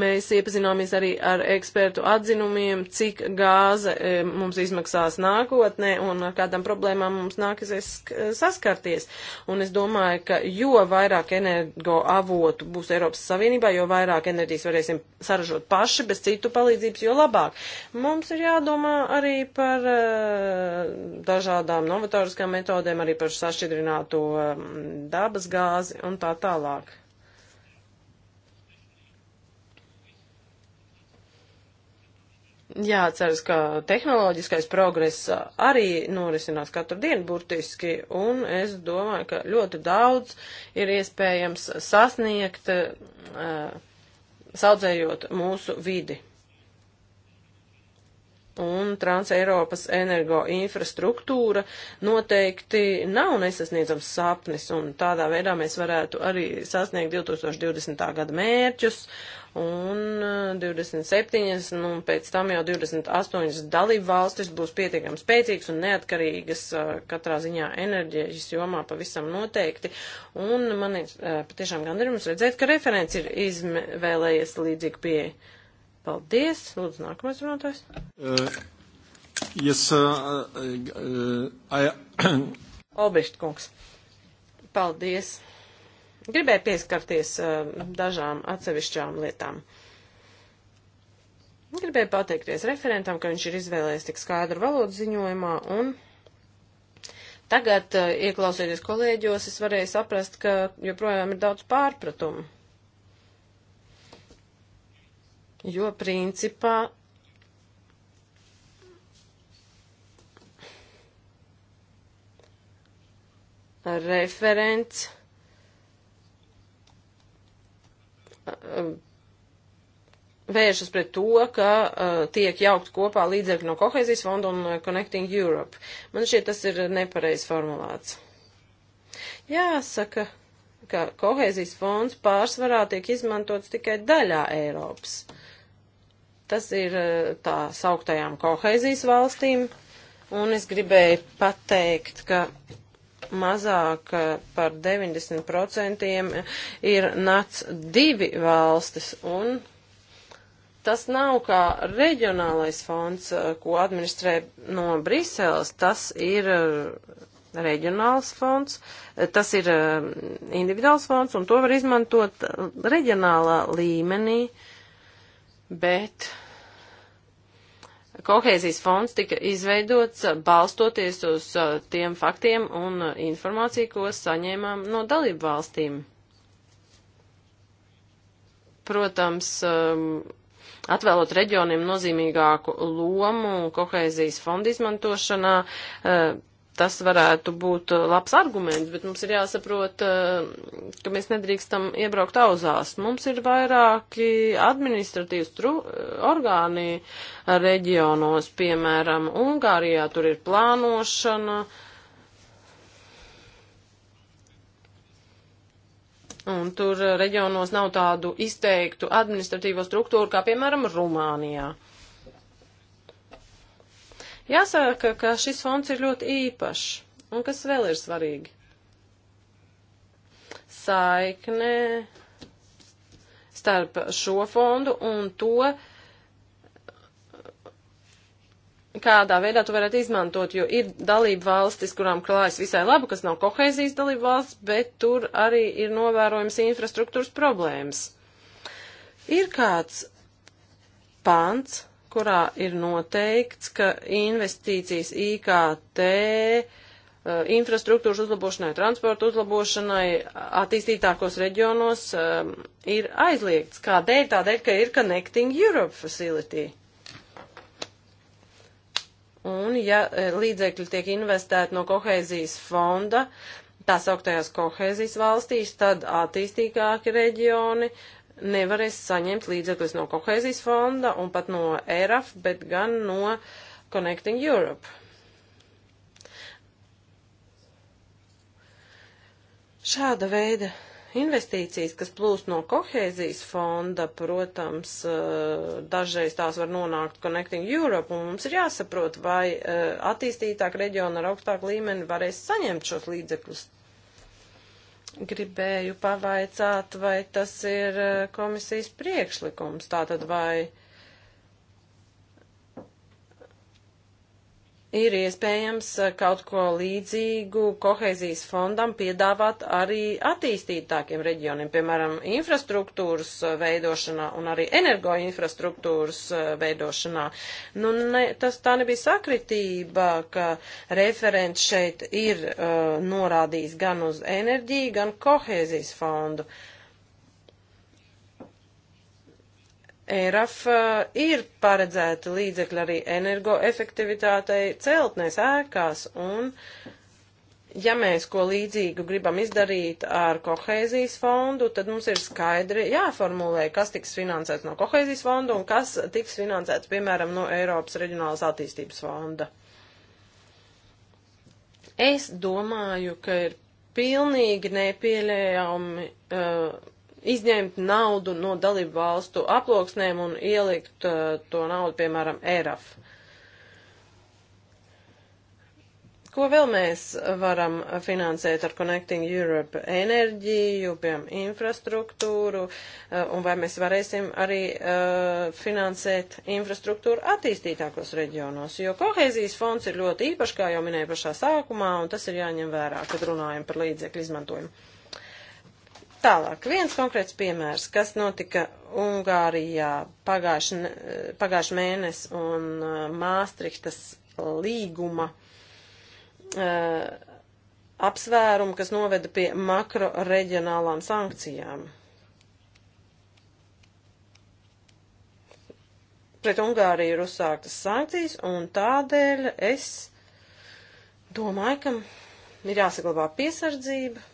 Mēs iepazināmies arī ar ekspertu atzinumiem, cik gāze e, mums izmaksās nākotnē un ar kādām problēmām mums nāksies e, saskarties. Un es domāju, ka jo vairāk energo avotu būs Eiropas Savienībā, jo vairāk enerģijas varēsim saražot paši bez citu palīdzības, jo labāk. Mums ir jādomā arī par e, dažādām novatoriskām metodēm, arī par sašķidrināto dabas gāzi un tā tālāk. jāatceras, ka tehnoloģiskais progress arī norisinās katru dienu burtiski, un es domāju, ka ļoti daudz ir iespējams sasniegt, uh, saudzējot mūsu vidi un Transeiropas energo infrastruktūra noteikti nav nesasniedzams sapnis, un tādā veidā mēs varētu arī sasniegt 2020. gada mērķus, un 27, eh, nu, pēc tam jau 28 dalību valstis būs pietiekami spēcīgas un neatkarīgas eh, katrā ziņā enerģijas jomā pavisam noteikti, un man ir eh, patiešām gandarījums redzēt, ka referents ir izvēlējies līdzīgi pieeja. Paldies. Lūdzu, nākamais runātājs. Uh, yes, uh, uh, I... Uh, Olbišķi kungs. Paldies. Gribēju pieskarties uh, dažām atsevišķām lietām. Gribēju pateikties referentam, ka viņš ir izvēlējies tik skaidru valodu ziņojumā un tagad, uh, ieklausoties kolēģos, es varēju saprast, ka joprojām ir daudz pārpratumu. jo principā referents um, vēršas pret to, ka uh, tiek jaukt kopā līdzekļi no kohēzijas fonda un uh, Connecting Europe. Man šķiet, tas ir nepareiz formulēts. Jāsaka, ka kohēzijas fonds pārsvarā tiek izmantots tikai daļā Eiropas. Uh, Tas ir eh, tā sauktajām koheizijas valstīm, un es gribēju pateikt, ka mazāk eh, par 90% eh, ir nats divi valstis, un tas nav kā reģionālais fonds, ko administrē no Briseles, tas ir reģionāls fonds, tas ir individuāls fonds, un to var izmantot reģionālā līmenī. Uh, bet kohēzijas fonds tika izveidots balstoties uz uh, tiem faktiem un uh, informāciju, ko saņēmām no dalību valstīm. Protams, um, atvēlot reģioniem nozīmīgāku lomu kohēzijas fonda izmantošanā, uh, tas varētu būt uh, labs arguments, bet mums ir jāsaprot, uh, ka mēs nedrīkstam iebraukt auzās. Mums ir vairāki administratīvas uh, orgāni reģionos, piemēram, Ungārijā tur ir plānošana. Un tur reģionos nav tādu izteiktu administratīvo struktūru kā, piemēram, Rumānijā. Uh, Jāsaka, ka šis fonds ir ļoti īpašs. Un kas vēl ir svarīgi? Saiknē starp šo fondu un to, kādā veidā tu varētu izmantot, jo ir dalība valstis, kurām klājas visai labi, kas nav kohēzijas dalība valsts, bet tur arī ir novērojams infrastruktūras problēmas. Ir kāds pants, kurā ir noteikts, ka investīcijas IKT eh, infrastruktūras uzlabošanai, transporta uzlabošanai attīstītākos reģionos um, ir aizliegts. Kādēļ? Tādēļ, ka ir Connecting Europe Facility. Un ja eh, līdzekļi tiek investēti no kohēzijas fonda, tā sauktajās kohēzijas valstīs, tad attīstīgāki reģioni nevarēs saņemt līdzekļus no kohēzijas fonda un pat no ERAF, bet gan no Connecting Europe. Šāda veida investīcijas, kas plūst no kohēzijas fonda, protams, eh, dažreiz tās var nonākt Connecting Europe, un mums ir jāsaprot, vai eh, attīstītāk reģiona ar augstāku līmeni varēs saņemt šos līdzekļus. Gribēju pavaicāt, vai tas ir eh, komisijas priekšlikums, tātad vai. Uh, ir iespējams eh, kaut ko līdzīgu kohēzijas fondam piedāvāt arī attīstītākiem reģioniem, piemēram, infrastruktūras eh, veidošanā un arī energoinfrastruktūras eh, veidošanā. Nu, ne, tas tā nebija sakritība, ka referents šeit ir uh, norādījis gan uz enerģiju, gan kohēzijas fondu. Uh, ERAF eh, ir paredzēti līdzekļi arī energoefektivitātei celtnēs ēkās, un ja mēs ko līdzīgu gribam izdarīt ar kohēzijas fondu, tad mums ir skaidri jāformulē, kas tiks finansēts no kohēzijas fonda un kas tiks finansēts, piemēram, no Eiropas reģionālas attīstības fonda. Es domāju, ka ir pilnīgi nepieļaujami. Uh, izņemt naudu no dalību valstu aploksnēm un ielikt uh, to naudu, piemēram, ERAF. Ko vēl mēs varam finansēt ar Connecting Europe enerģiju, piemēram, infrastruktūru, uh, un vai mēs varēsim arī uh, finansēt infrastruktūru attīstītākos reģionos, jo kohēzijas fonds ir ļoti īpašs, kā jau minēju pašā sākumā, un tas ir jāņem vērā, kad runājam par līdzekļu izmantojumu. Tālāk, viens konkrēts piemērs, kas notika Ungārijā pagājuši, pagājuši mēnesi un uh, Māstrihtas līguma uh, apsvērumu, kas noveda pie makro reģionālām sankcijām. pret Ungāriju ir uzsāktas sankcijas, un tādēļ es domāju, ka ir jāsaglabā piesardzība,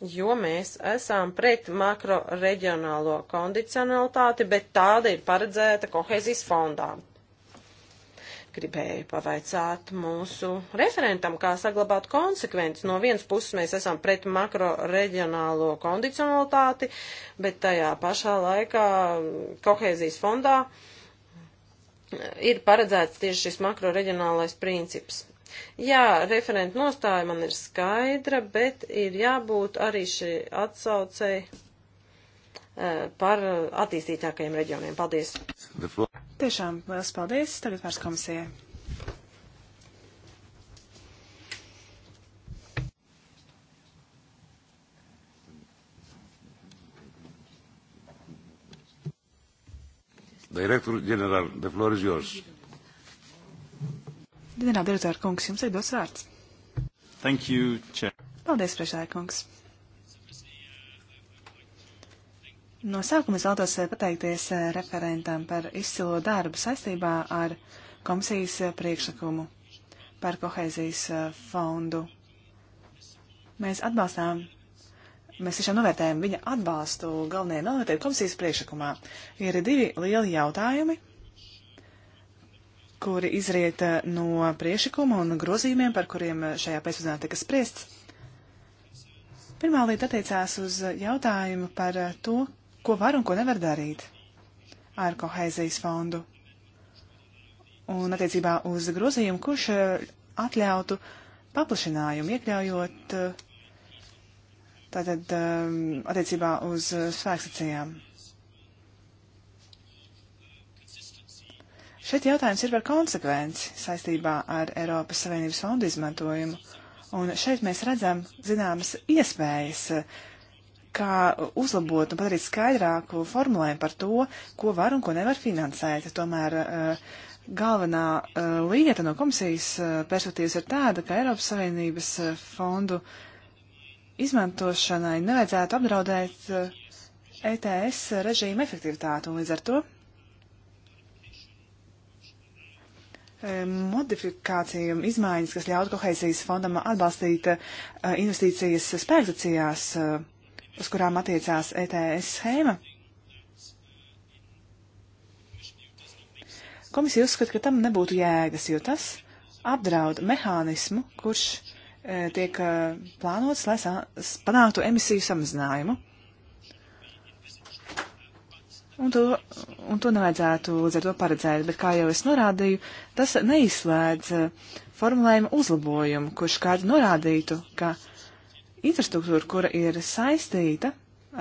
jo mēs esam pret makro reģionālo kondicionalitāti, bet tāda ir paredzēta kohēzijas fondā. Gribēju pavaicāt mūsu referentam, kā saglabāt konsekvences. No vienas puses mēs esam pret makro reģionālo kondicionalitāti, bet tajā pašā laikā kohēzijas fondā ir paredzēts tieši šis makro reģionālais princips. Jā, referenta nostāja man ir skaidra, bet ir jābūt arī šī atsaucei eh, par eh, attīstītākajiem reģioniem. Paldies! Tiešām liels paldies! Tagad vairs komisijai. Director General, the floor is yours. Ģenerāldirektora kungs, jums ir dos vārds. Thank you, Chair. Paldies, priekšsēkungs. No sākuma es vēlos eh, pateikties eh, referentam par izcilo darbu saistībā ar komisijas eh, priekšlikumu par kohēzijas fondu. Mēs atbalstām, mēs tiešām novērtējam viņa atbalstu galvenajai novērtējumu komisijas priekšlikumā. Ir divi lieli jautājumi, kuri izriet eh, no priešakuma un grozījumiem, par kuriem eh, šajā pēcpusdienā tika spriests. Pirmā lieta attiecās uz jautājumu par eh, to, ko var un ko nevar darīt ar kohēzijas fondu. Un attiecībā uz grozījumu, kurš atļautu paplašinājumu, iekļaujot tātad attiecībā uz spēkstacijām. Šeit jautājums ir par konsekvenci saistībā ar Eiropas Savienības fondu izmantojumu. Un šeit mēs redzam zināmas iespējas, kā uzlabot un padarīt skaidrāku formulējumu par to, ko var un ko nevar finansēt. Tomēr eh, galvenā eh, lieta no komisijas eh, perspektīvas ir tāda, ka Eiropas Savienības fondu izmantošanai nevajadzētu apdraudēt ETS e režīmu efektivitāti, un līdz ar to E, modifikāciju, izmaiņas, kas ļautu kohēzijas fondam atbalstīt e, investīcijas spēkstacijās, e, uz kurām attiecās ETS schēma. Komisija uzskata, ka tam nebūtu jēgas, jo tas apdraud mehānismu, kurš tiek plānots, lai panāktu emisiju samazinājumu un to, un to nevajadzētu līdz ar to paredzēt, bet, kā jau es norādīju, tas neizslēdz eh, formulējuma uzlabojumu, kurš kāds norādītu, ka infrastruktūra, kura ir saistīta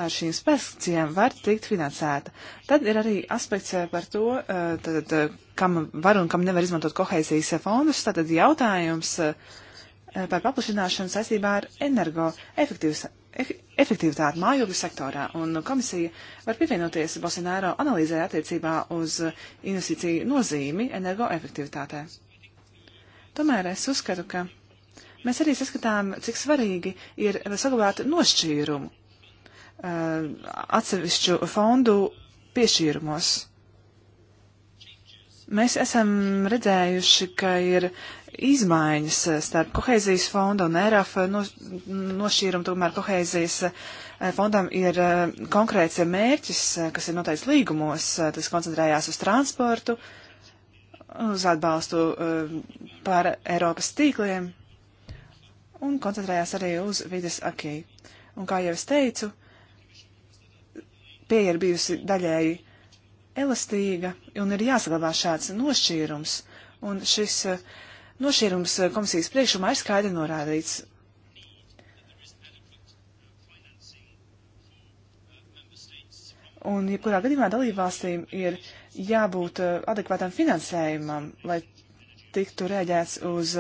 ar šīm spēkstacijām, var tikt finansēta. Tad ir arī aspekts eh, par to, eh, tad, kam var un kam nevar izmantot kohēzijas fondus, tad jautājums. Uh, Eh, par paplašināšanu saistībā ar energoefektivitāti eh, mājokļu sektorā, un komisija var pievienoties Bolsonaro analīzē attiecībā uz eh, investīciju nozīmi energoefektivitātē. Tomēr es uzskatu, ka mēs arī saskatām, cik svarīgi ir saglabāt nošķīrumu atsevišķu fondu piešķīrumos Mēs esam redzējuši, ka ir izmaiņas eh, starp kohēzijas fonda un ERAF nošķīrumu, tomēr kohēzijas eh, fondam ir eh, konkrēts mērķis, kas ir noteikts līgumos, tas koncentrējās uz transportu, uz atbalstu pār Eiropas tīkliem un koncentrējās arī uz vides akī. Un kā jau es teicu, pieeja ir bijusi daļēji elastīga un ir jāsaglabā šāds nošķīrums. Un šis eh, nošķīrums eh, komisijas priekšumā ir skaidri norādīts. Un, ja kurā gadījumā dalībvalstīm ir jābūt eh, adekvātam finansējumam, lai tiktu rēģēts uz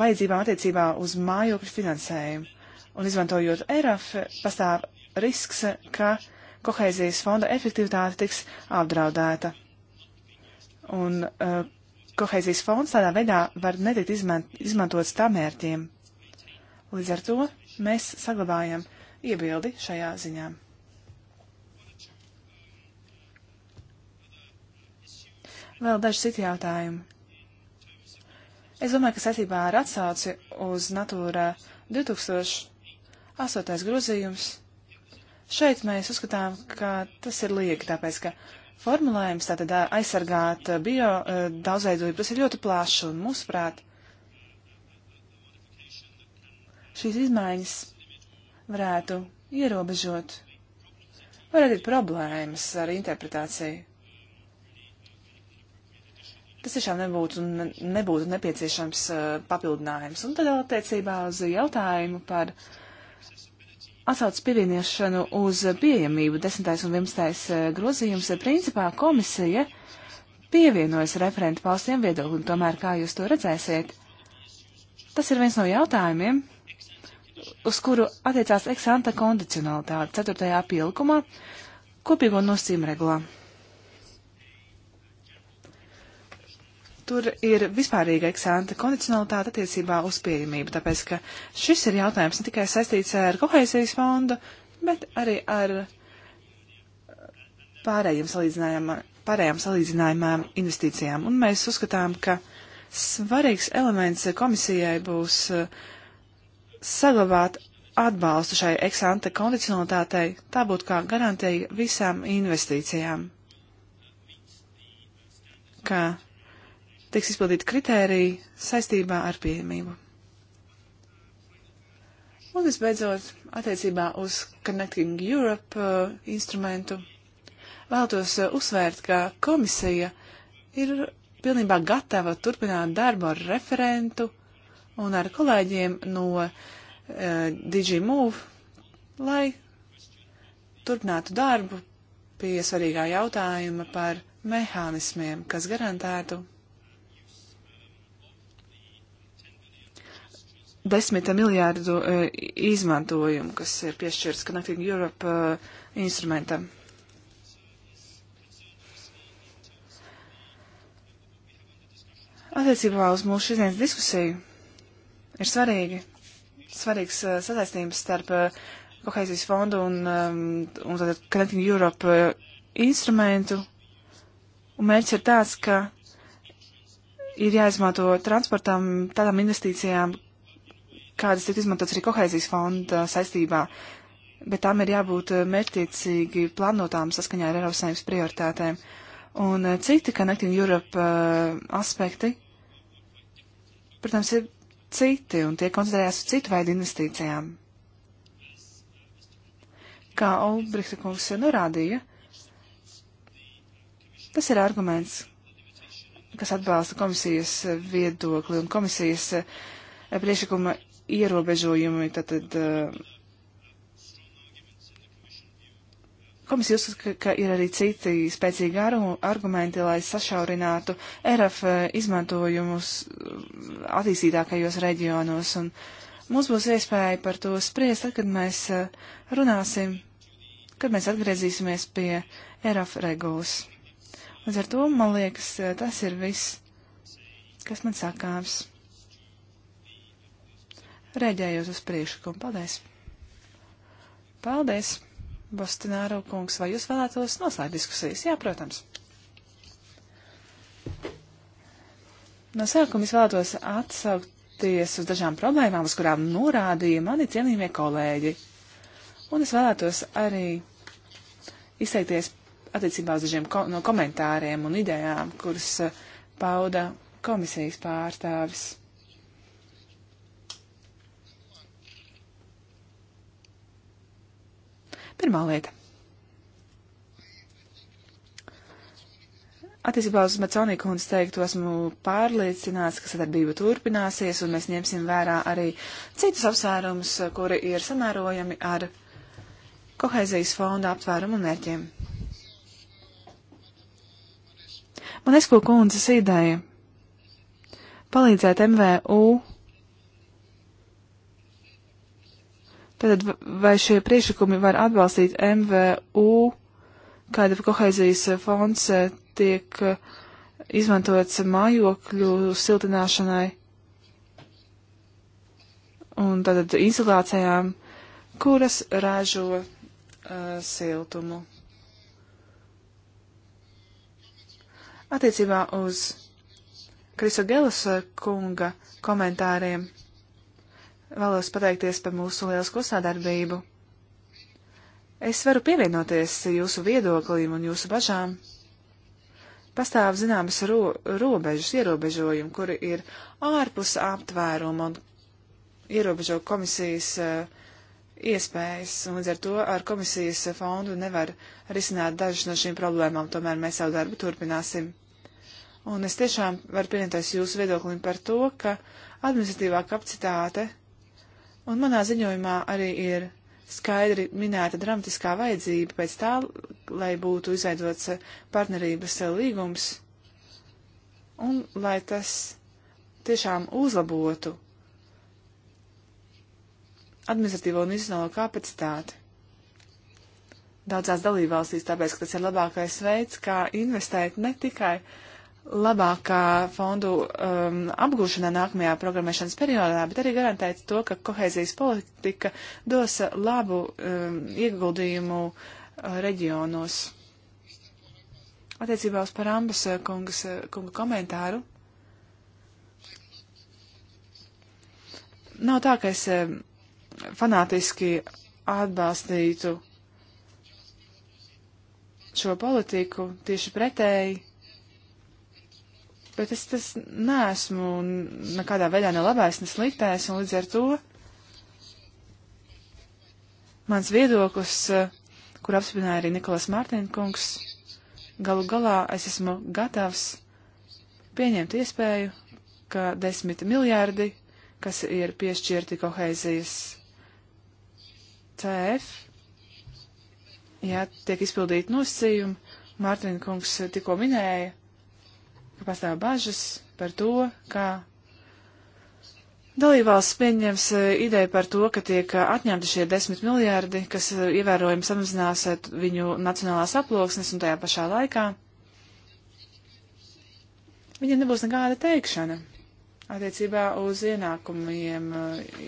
vajadzībām attiecībā uz mājokļu finansējumu. Un izmantojot ERAF, pastāv risks, ka uh, kohēzijas fonda efektivitāte tiks apdraudēta. Un uh, kohēzijas fonds tādā veidā var netikt izmant, izmantots tā mērķiem. Līdz ar to mēs saglabājam iebildi šajā ziņā. Vēl daži citi jautājumi. Es domāju, ka saistībā ar atsauci uz Natūra 2008. grozījums Šeit mēs uzskatām, ka tas ir lieki, tāpēc, ka formulējums tātad aizsargāt bio daudzveidību, tas ir ļoti plašs un mūsuprāt šīs izmaiņas varētu ierobežot var radīt problēmas ar interpretāciju. Tas tiešām nebūtu, nebūtu nepieciešams uh, papildinājums. Un tad attiecībā uz jautājumu par uh, atsaucas pievienošanu uz pieejamību 10. un 11. Eh, grozījums, principā komisija pievienojas referentu valstiem viedokli, tomēr kā jūs to redzēsiet, tas ir viens no jautājumiem, uz kuru attiecās eksanta kondicionalitāte 4. pielikumā kopīgo nosīm regulā. tur ir vispārīga eksanta kondicionalitāte attiecībā uz pieejamību, tāpēc ka šis ir jautājums ne tikai saistīts ar kohēzijas fondu, bet arī ar pārējiem salīdzinājumiem, pārējām salīdzinājumām investīcijām. Un mēs uzskatām, ka svarīgs elements komisijai būs eh, saglabāt atbalstu šai eksanta kondicionalitātei, tā būtu kā garantija visām investīcijām. Kā tiks izpildīti kritēriji saistībā ar pieejamību. Un visbeidzot, attiecībā uz Connecting Europe uh, instrumentu, vēlētos uh, uzsvērt, ka komisija ir pilnībā gatava turpināt darbu ar referentu un ar kolēģiem no uh, DigiMove, lai turpinātu darbu pie svarīgā jautājuma par mehānismiem, kas garantētu desmit miljārdu uh, izmantojumu, kas ir piešķirts Connecting Europe uh, instrumentam. Attiecībā uz mūsu šodienas diskusiju ir svarīgi, svarīgs uh, sasaistības starp uh, kohēzijas fondu un, um, un tātad Connecting Europe uh, instrumentu. Un mērķis ir tāds, ka ir jāizmanto transportam tādām investīcijām, kādas tiek izmantotas arī kohēzijas fonda saistībā, bet tām ir jābūt eh, mērķtiecīgi plānotām saskaņā ar Eiropas saimnes prioritātēm. Un eh, citi Connecting Europe uh, aspekti, protams, ir citi un tie koncentrējās uz citu veidu investīcijām. Kā Olbrihta kungs norādīja, tas ir arguments, kas atbalsta komisijas viedokli un komisijas priekšlikuma ierobežojumi, tātad eh, komisija uzskata, ka ir arī citi spēcīgi argumenti, lai sašaurinātu ERF eh, izmantojumus eh, attīstītākajos reģionos. Un mums būs iespēja par to spriest, tad, kad mēs runāsim, kad mēs atgriezīsimies pie ERF regulas. Līdz ar to, man liekas, tas ir viss, kas man sakāms reģējot uz priekšlikumu. Paldies! Paldies, Bostināro kungs! Vai jūs vēlētos noslēgt diskusijas? Jā, protams. No sākuma es vēlētos atsaukties uz dažām problēmām, uz kurām norādīja mani cienījamie kolēģi. Un es vēlētos arī izteikties attiecībā uz dažiem ko no komentāriem un idejām, kuras eh, pauda komisijas pārstāvis. Pirmā lieta. Attiecībā uz Maconīku kundzes teiktu, esmu pārliecināts, ka sadarbība turpināsies, un mēs ņemsim vērā arī citus apsvērumus, kuri ir samērojami ar kohēzijas fonda aptvērumu un mērķiem. Manesko kundzes ideja palīdzēt MVU Tātad vai šie priekšlikumi var atbalstīt MVU, kāda kohēzijas fonds eh, tiek eh, izmantots mājokļu siltināšanai un tātad instalācijām, kuras ražo uh, siltumu. Attiecībā uz Krisogelas kunga komentāriem Vēlos pateikties par mūsu lielisko sadarbību. Es varu pievienoties jūsu viedoklim un jūsu bažām. Pastāv zināmas ro robežas, ierobežojumi, kuri ir ārpus aptvēruma un ierobežo komisijas uh, iespējas, un līdz ar to ar komisijas fondu nevar risināt dažas no šīm problēmām, tomēr mēs savu darbu turpināsim. Un es tiešām varu pieņemties jūsu viedoklim par to, ka administratīvā kapacitāte Un manā ziņojumā arī ir skaidri minēta dramatiskā vajadzība pēc tā, lai būtu izveidots partnerības līgums un lai tas tiešām uzlabotu administratīvo un institucionālo kapacitāti. Daudzās dalībvalstīs, tāpēc, ka tas ir labākais veids, kā investēt ne tikai uh, labākā fondu um, apgūšanā nākamajā programmēšanas periodā, bet arī garantēt to, ka kohēzijas politika dos labu um, ieguldījumu uh, reģionos. Attiecībā uz par ambas uh, kungas, uh, kunga komentāru. Nav tā, ka es um, fanātiski atbalstītu šo politiku tieši pretēji bet es tas neesmu nekādā veidā ne labais, ne sliktais, un līdz ar to mans viedoklis, kur apspināja arī Nikolas Mārtiņkungs, galu galā es esmu gatavs pieņemt iespēju, ka desmit miljārdi, kas ir piešķirti kohēzijas CF, ja tiek izpildīti nosacījumi, Mārtiņkungs tikko minēja, ka pastāv bažas par to, kā dalībvalsts pieņems e, ideju par to, ka tiek e, atņemti šie desmit miljārdi, kas e, ievērojami samazinās viņu nacionālās aploksnes un tajā pašā laikā. Viņiem nebūs nekāda teikšana attiecībā uz ienākumiem,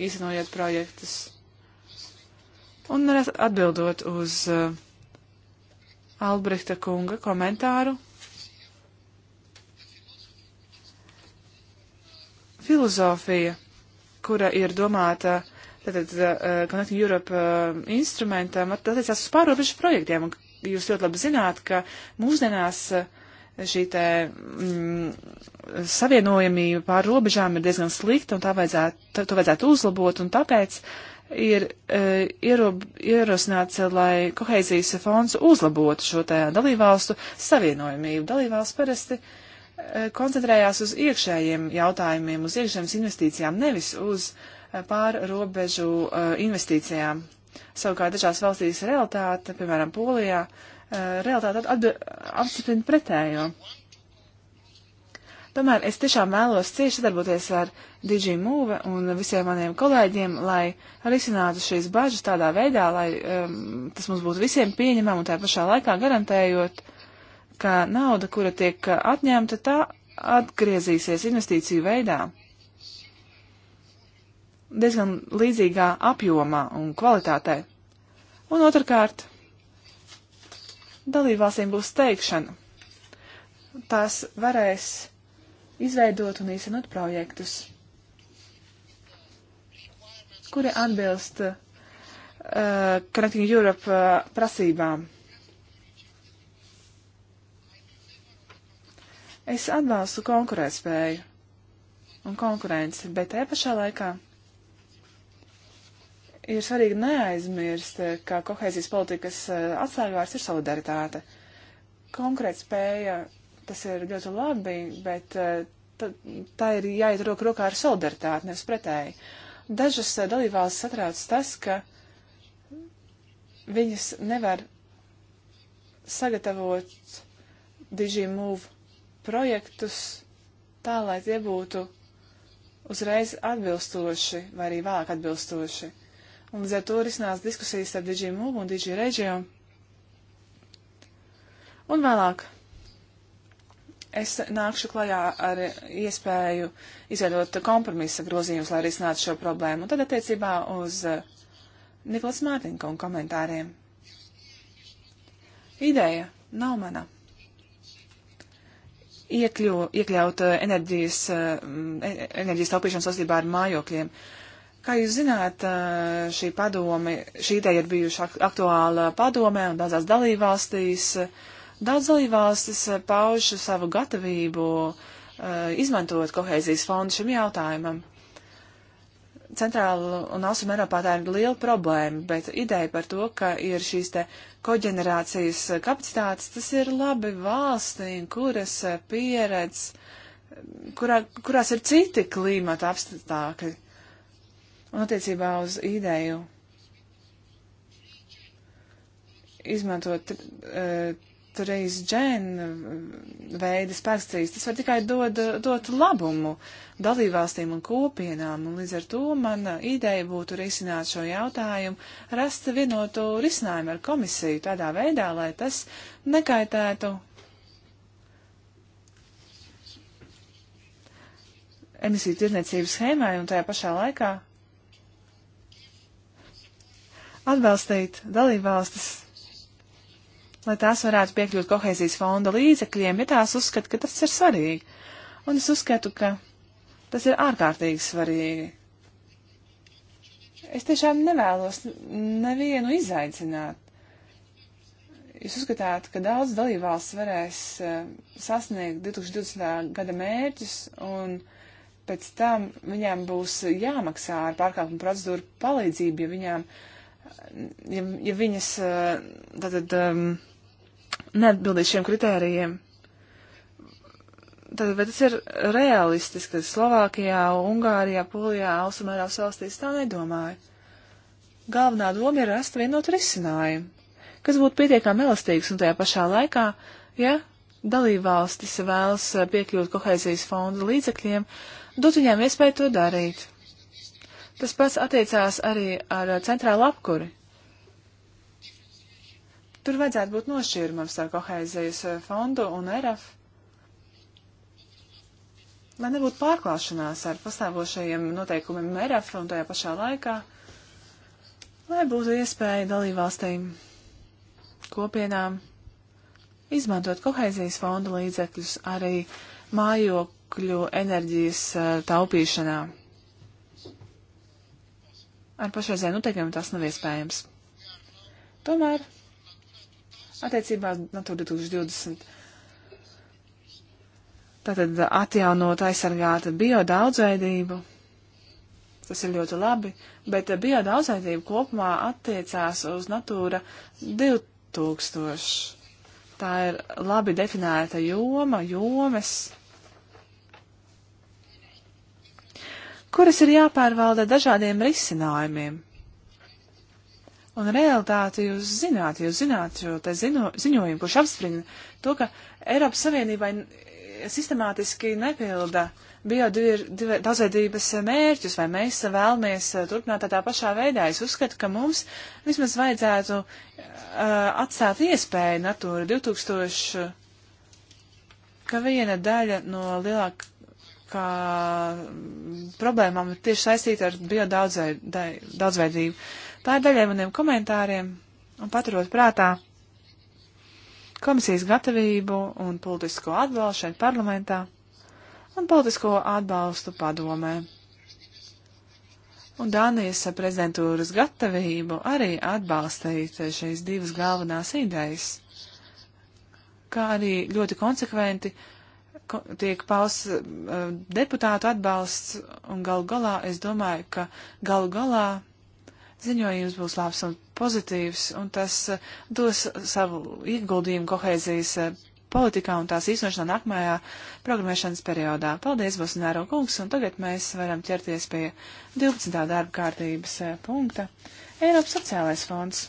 īstenojot projektus. Un atbildot uz Albrehta kunga komentāru, filozofija, kura ir domāta tātad uh, eh, Connecting Europe uh, instrumentam, attiecās uz pārobežu projektiem. Un jūs ļoti labi zināt, ka mūsdienās eh, šī te mm, savienojamība pār robežām ir diezgan slikta, un tā vajadzētu, tā, to vajadzētu uzlabot, un tāpēc ir uh, ierob, ierosināts, lai kohēzijas fonds uzlabotu šo te dalībvalstu savienojamību. Dalībvalsts parasti uh, Eh, koncentrējās uz iekšējiem jautājumiem, uz iekšējām investīcijām, nevis uz eh, pārrobežu eh, investīcijām. Savukārt dažās valstīs realitāte, piemēram, Polijā, realitāte apstiprina pretējo. Tomēr es tiešām vēlos cieši sadarboties ar DJ Move un visiem maniem kolēģiem, lai risinātu šīs bažas tādā veidā, lai um, tas mums būtu visiem pieņemam un tā pašā laikā garantējot ka nauda, kura tiek uh, atņemta, tā atgriezīsies investīciju veidā. Diezgan līdzīgā apjomā un kvalitātē. Un otrkārt, dalībvalstīm būs teikšana. Tās varēs izveidot un īstenot projektus, kuri atbilst uh, Connecting Europe uh, prasībām. Es atbalstu konkurētspēju un konkurenci, bet te pašā laikā ir svarīgi neaizmirst, ka kohēzijas politikas eh, atslēgvārds ir solidaritāte. Konkurētspēja, tas ir ļoti labi, bet eh, tā ir jāiet roku rokā ar solidaritāti, nevis pretēji. Dažas eh, dalībvalstis satrauc tas, ka viņas nevar sagatavot DigiMove projektus tā, lai tie būtu uzreiz atbilstoši vai arī vēlāk atbilstoši. Un līdz ar to risinās diskusijas ar DigiMove un DigiRegio. Un vēlāk es nākšu klajā ar iespēju izveidot kompromisa grozījumus, lai risinātu šo problēmu. Un tad attiecībā uz uh, Niklas Mārtiņkungu komentāriem. Ideja nav mana iekļu, iekļaut eh, enerģijas, eh, e, enerģijas taupīšanu sasībā ar mājokļiem. Kā jūs zināt, eh, šī padome, šī ideja ir bijuši aktuāla padomē un daudzās dalībvalstīs. Daudz dalībvalstis pauž savu gatavību izmantot kohēzijas fondu šim jautājumam. Centrāla un Austrum Eiropā tā ir liela problēma, bet ideja par to, ka ir šīs te koģenerācijas kapacitātes, tas ir labi valstī, kuras pieredz, kurā, kurās ir citi klimata apstākļi. Un attiecībā uz ideju izmantot uh, treisģēna veida spēkstrīs, tas var tikai dod, dot labumu dalībvalstīm un kopienām, un līdz ar to mana ideja būtu risināt šo jautājumu, rast vienotu risinājumu ar komisiju tādā veidā, lai tas nekaitētu emisiju tirniecības schēmai un tajā pašā laikā atbalstīt dalībvalstis lai tās varētu piekļūt kohēzijas fonda līdzekļiem, ja tās uzskata, ka tas ir svarīgi. Un es uzskatu, ka tas ir ārkārtīgi svarīgi. Es tiešām nevēlos nevienu izaicināt. Jūs uzskatāt, ka daudz dalībvalsts varēs uh, sasniegt 2020. gada mērķus, un pēc tam viņām būs jāmaksā ar pārkāpumu procedūru palīdzību, ja viņām, ja, ja viņas, uh, tātad, um, neatbildīs šiem kritērijiem. Tad, bet tas ir realistiski, ka Slovākijā, Ungārijā, Polijā, Austrumērās valstīs tā nedomāju. Galvenā doma ir rast vienot risinājumu, kas būtu pietiekami elastīgs un tajā pašā laikā, ja dalībvalstis vēlas piekļūt kohēzijas fonda līdzekļiem, dot viņām iespēju to darīt. Tas pats attiecās arī ar centrālu apkuri. Tur vajadzētu būt nošķīrumam starp kohēzijas eh, fondu un ERF, lai nebūtu pārklāšanās ar pastāvošajiem noteikumiem ERF un tajā pašā laikā, lai būtu iespēja dalībvalstīm kopienām izmantot kohēzijas fonda līdzekļus arī mājokļu enerģijas eh, taupīšanā. Ar pašreizēju noteikumiem tas nav iespējams. Tomēr attiecībā Natūra 2020. Tātad atjaunot, aizsargāt biodaudzveidību. Tas ir ļoti labi, bet biodaudzveidība kopumā attiecās uz Natūra 2000. Tā ir labi definēta joma, jomas, kuras ir jāpārvalda dažādiem risinājumiem. Un realitāti jūs zināt, jūs zināt, jo te zino, ziņojumi, kurš apsprina to, ka Eiropas Savienībai sistemātiski nepilda biodaudzveidības mērķus, vai mēs vēlamies uh, turpināt tādā pašā veidā. Es uzskatu, ka mums vismaz vajadzētu uh, atstāt iespēju Natūra 2000, ka viena daļa no lielākā problēmām ir tieši saistīta ar biodaudzveidību. Tā ir daļai maniem komentāriem un paturot prātā komisijas gatavību un politisko atbalstu šeit parlamentā un politisko atbalstu padomē. Un Dānijas prezidentūras gatavību arī atbalstīt šīs divas galvenās idejas, kā arī ļoti konsekventi ko, tiek pausts uh, eh, deputātu atbalsts, un galu galā es domāju, ka galu galā ziņojums būs labs un pozitīvs, un tas eh, dos savu ieguldījumu kohēzijas eh, politikā un tās īstenošanā nākamajā programmēšanas periodā. Paldies, Bosnēro kungs, un tagad mēs varam ķerties pie 12. darba kārtības eh, punkta. Eiropas sociālais fonds.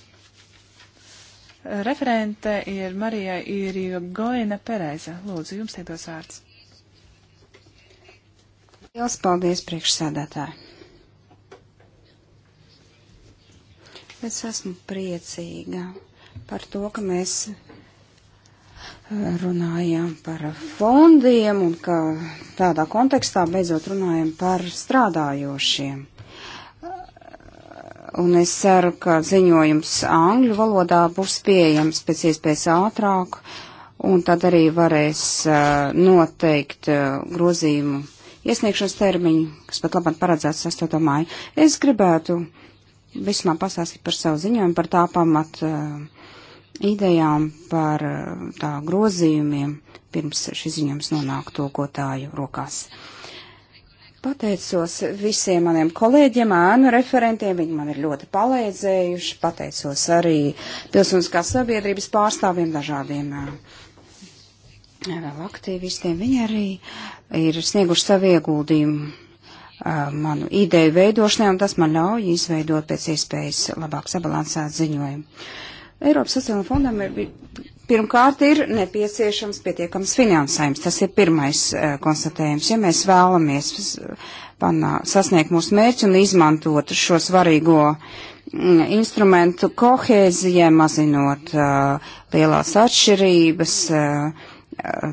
Referente ir Marija Irija Goina Pereza. Lūdzu, jums tiek dos vārds. Liels paldies, priekšsēdētāji! Es esmu priecīga par to, ka mēs eh, runājām par fondiem un ka tādā kontekstā beidzot runājam par strādājošiem. Eh, un es ceru, ka ziņojums angļu valodā būs pieejams pēc iespējas ātrāk, un tad arī varēs eh, noteikt grozījumu iesniegšanas termiņu, kas pat labāk paredzēts 8. māju. Es gribētu uh, vislām pastāstīt par savu ziņojumu, par tā pamat eh, idejām, par eh, tā grozījumiem, pirms šis ziņojums nonāk tulkotāju rokās. Pateicos visiem maniem kolēģiem, ēnu referentiem, viņi man ir ļoti palīdzējuši. Pateicos arī pilsoniskās sabiedrības pārstāvjiem, dažādiem vēl eh, aktīvistiem. Viņi arī ir snieguši savu ieguldījumu Uh, manu ideju veidošanai, un tas man ļauj izveidot pēc iespējas labāk sabalansētu ziņojumu. Eiropas sociālajiem fondam ir pirmkārt ir nepieciešams pietiekams finansējums. Tas ir pirmais uh, konstatējums. Ja mēs vēlamies uh, panā, sasniegt mūsu mērķi un izmantot šo svarīgo mm, instrumentu kohēzijai, mazinot uh, lielās atšķirības, uh, uh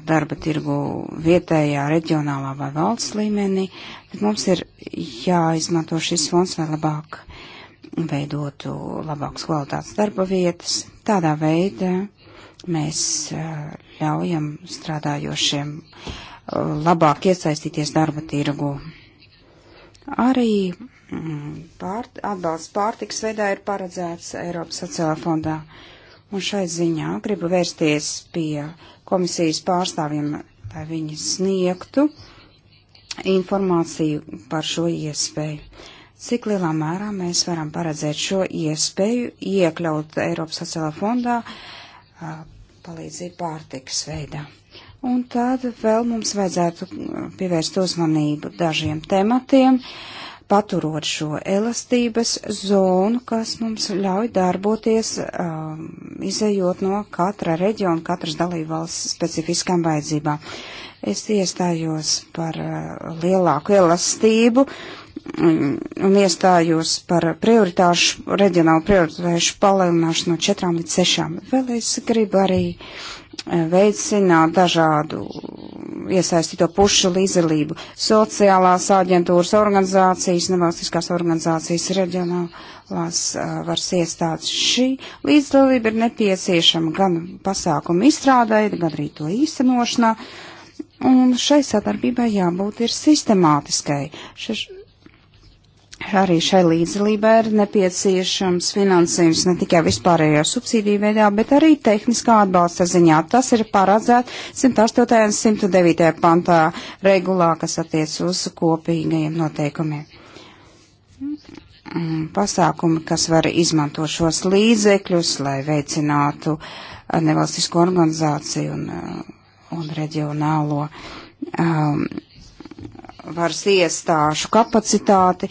darba tirgu vietējā, reģionālā vai valsts līmenī, uh, Bet mums ir jāizmanto šis fonds, lai labāk veidotu labākas kvalitātes darba vietas. Tādā veidā mēs eh, ļaujam strādājošiem eh, labāk iesaistīties darba tirgu. Arī mm, pārt, atbalsts pārtiks veidā ir paredzēts Eiropas sociālā fondā. Un šai ziņā gribu vērsties pie komisijas pārstāvjiem, lai viņi sniegtu uh, informāciju par šo iespēju. Cik lielā mērā mēs varam paredzēt šo iespēju iekļaut Eiropas sociālā fondā palīdzību pārtikas veidā? Un tad vēl mums vajadzētu pievērst uzmanību dažiem tematiem, paturot šo elastības zonu, kas mums ļauj darboties, um, izējot no katra reģiona, katras dalībvalsts specifiskām vajadzībām. Es iestājos par uh, lielāku elastību un iestājos par prioritāšu, reģionālu prioritāšu palielināšanu no četrām līdz sešām. Vēl es gribu arī uh, veicināt dažādu iesaistīto pušu līdzdalību - sociālās aģentūras organizācijas, nevalstiskās organizācijas, reģionālās uh, varas iestādes. Šī līdzdalība ir nepieciešama gan pasākumu izstrādē, gan arī to īstenošanā. Uh, Un šai sadarbībai jābūt ir sistemātiskai. Šeš, arī šai līdzdalībai ir nepieciešams finansējums ne tikai vispārējo subsīdiju veidā, bet arī tehniskā atbalsta ziņā. Tas ir paredzēts 108. un 109. pantā regulā, kas attiec uz kopīgajiem noteikumiem. Mm, pasākumi, kas var izmanto šos līdzekļus, lai veicinātu nevalstisko organizāciju un uh, un reģionālo um, varas iestāžu kapacitāti,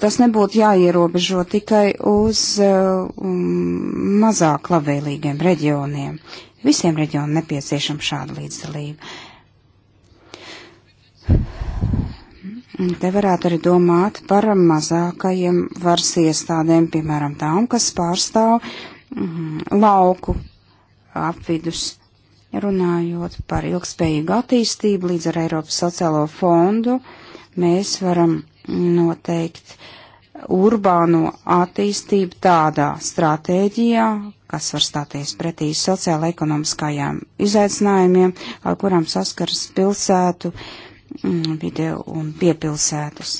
tas nebūtu jāierobežo tikai uz uh, um, mazāk labvēlīgiem reģioniem. Visiem reģioniem nepieciešama šāda līdzdalība. Te varētu arī domāt par mazākajiem varas iestādēm, piemēram, tām, kas pārstāv mm, lauku apvidus. Runājot par ilgspējīgu attīstību līdz ar Eiropas sociālo fondu, mēs varam noteikt urbāno attīstību tādā stratēģijā, kas var stāties pretī sociāla ekonomiskajām izaicinājumiem, ar kurām saskaras pilsētu mm, video un piepilsētas.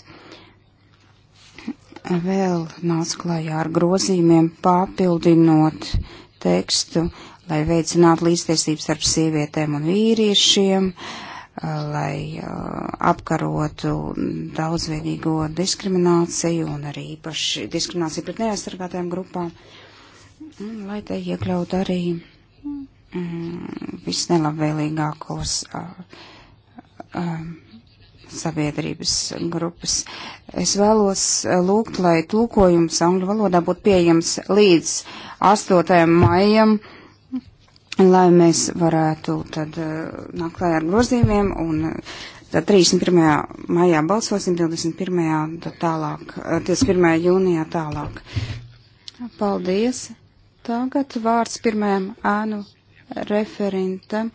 Vēl nāc klājā ar grozījumiem, papildinot tekstu lai veicinātu līdztiesības starp sievietēm un vīriešiem, lai apkarotu daudzveidīgo diskrimināciju un arī īpaši diskrimināciju pret neaizsargātajām grupām, lai te iekļaut arī mm, visnelabvēlīgākos sabiedrības grupas. Es vēlos lūgt, lai tulkojums angļu valodā būtu pieejams līdz 8. maijam lai mēs varētu tad eh, nākt klājā ar grozījumiem un eh, tad 31. maijā balsosim, 21. tālāk, 21. Eh, jūnijā tālāk. Paldies! Tagad vārds pirmajam ēnu referentam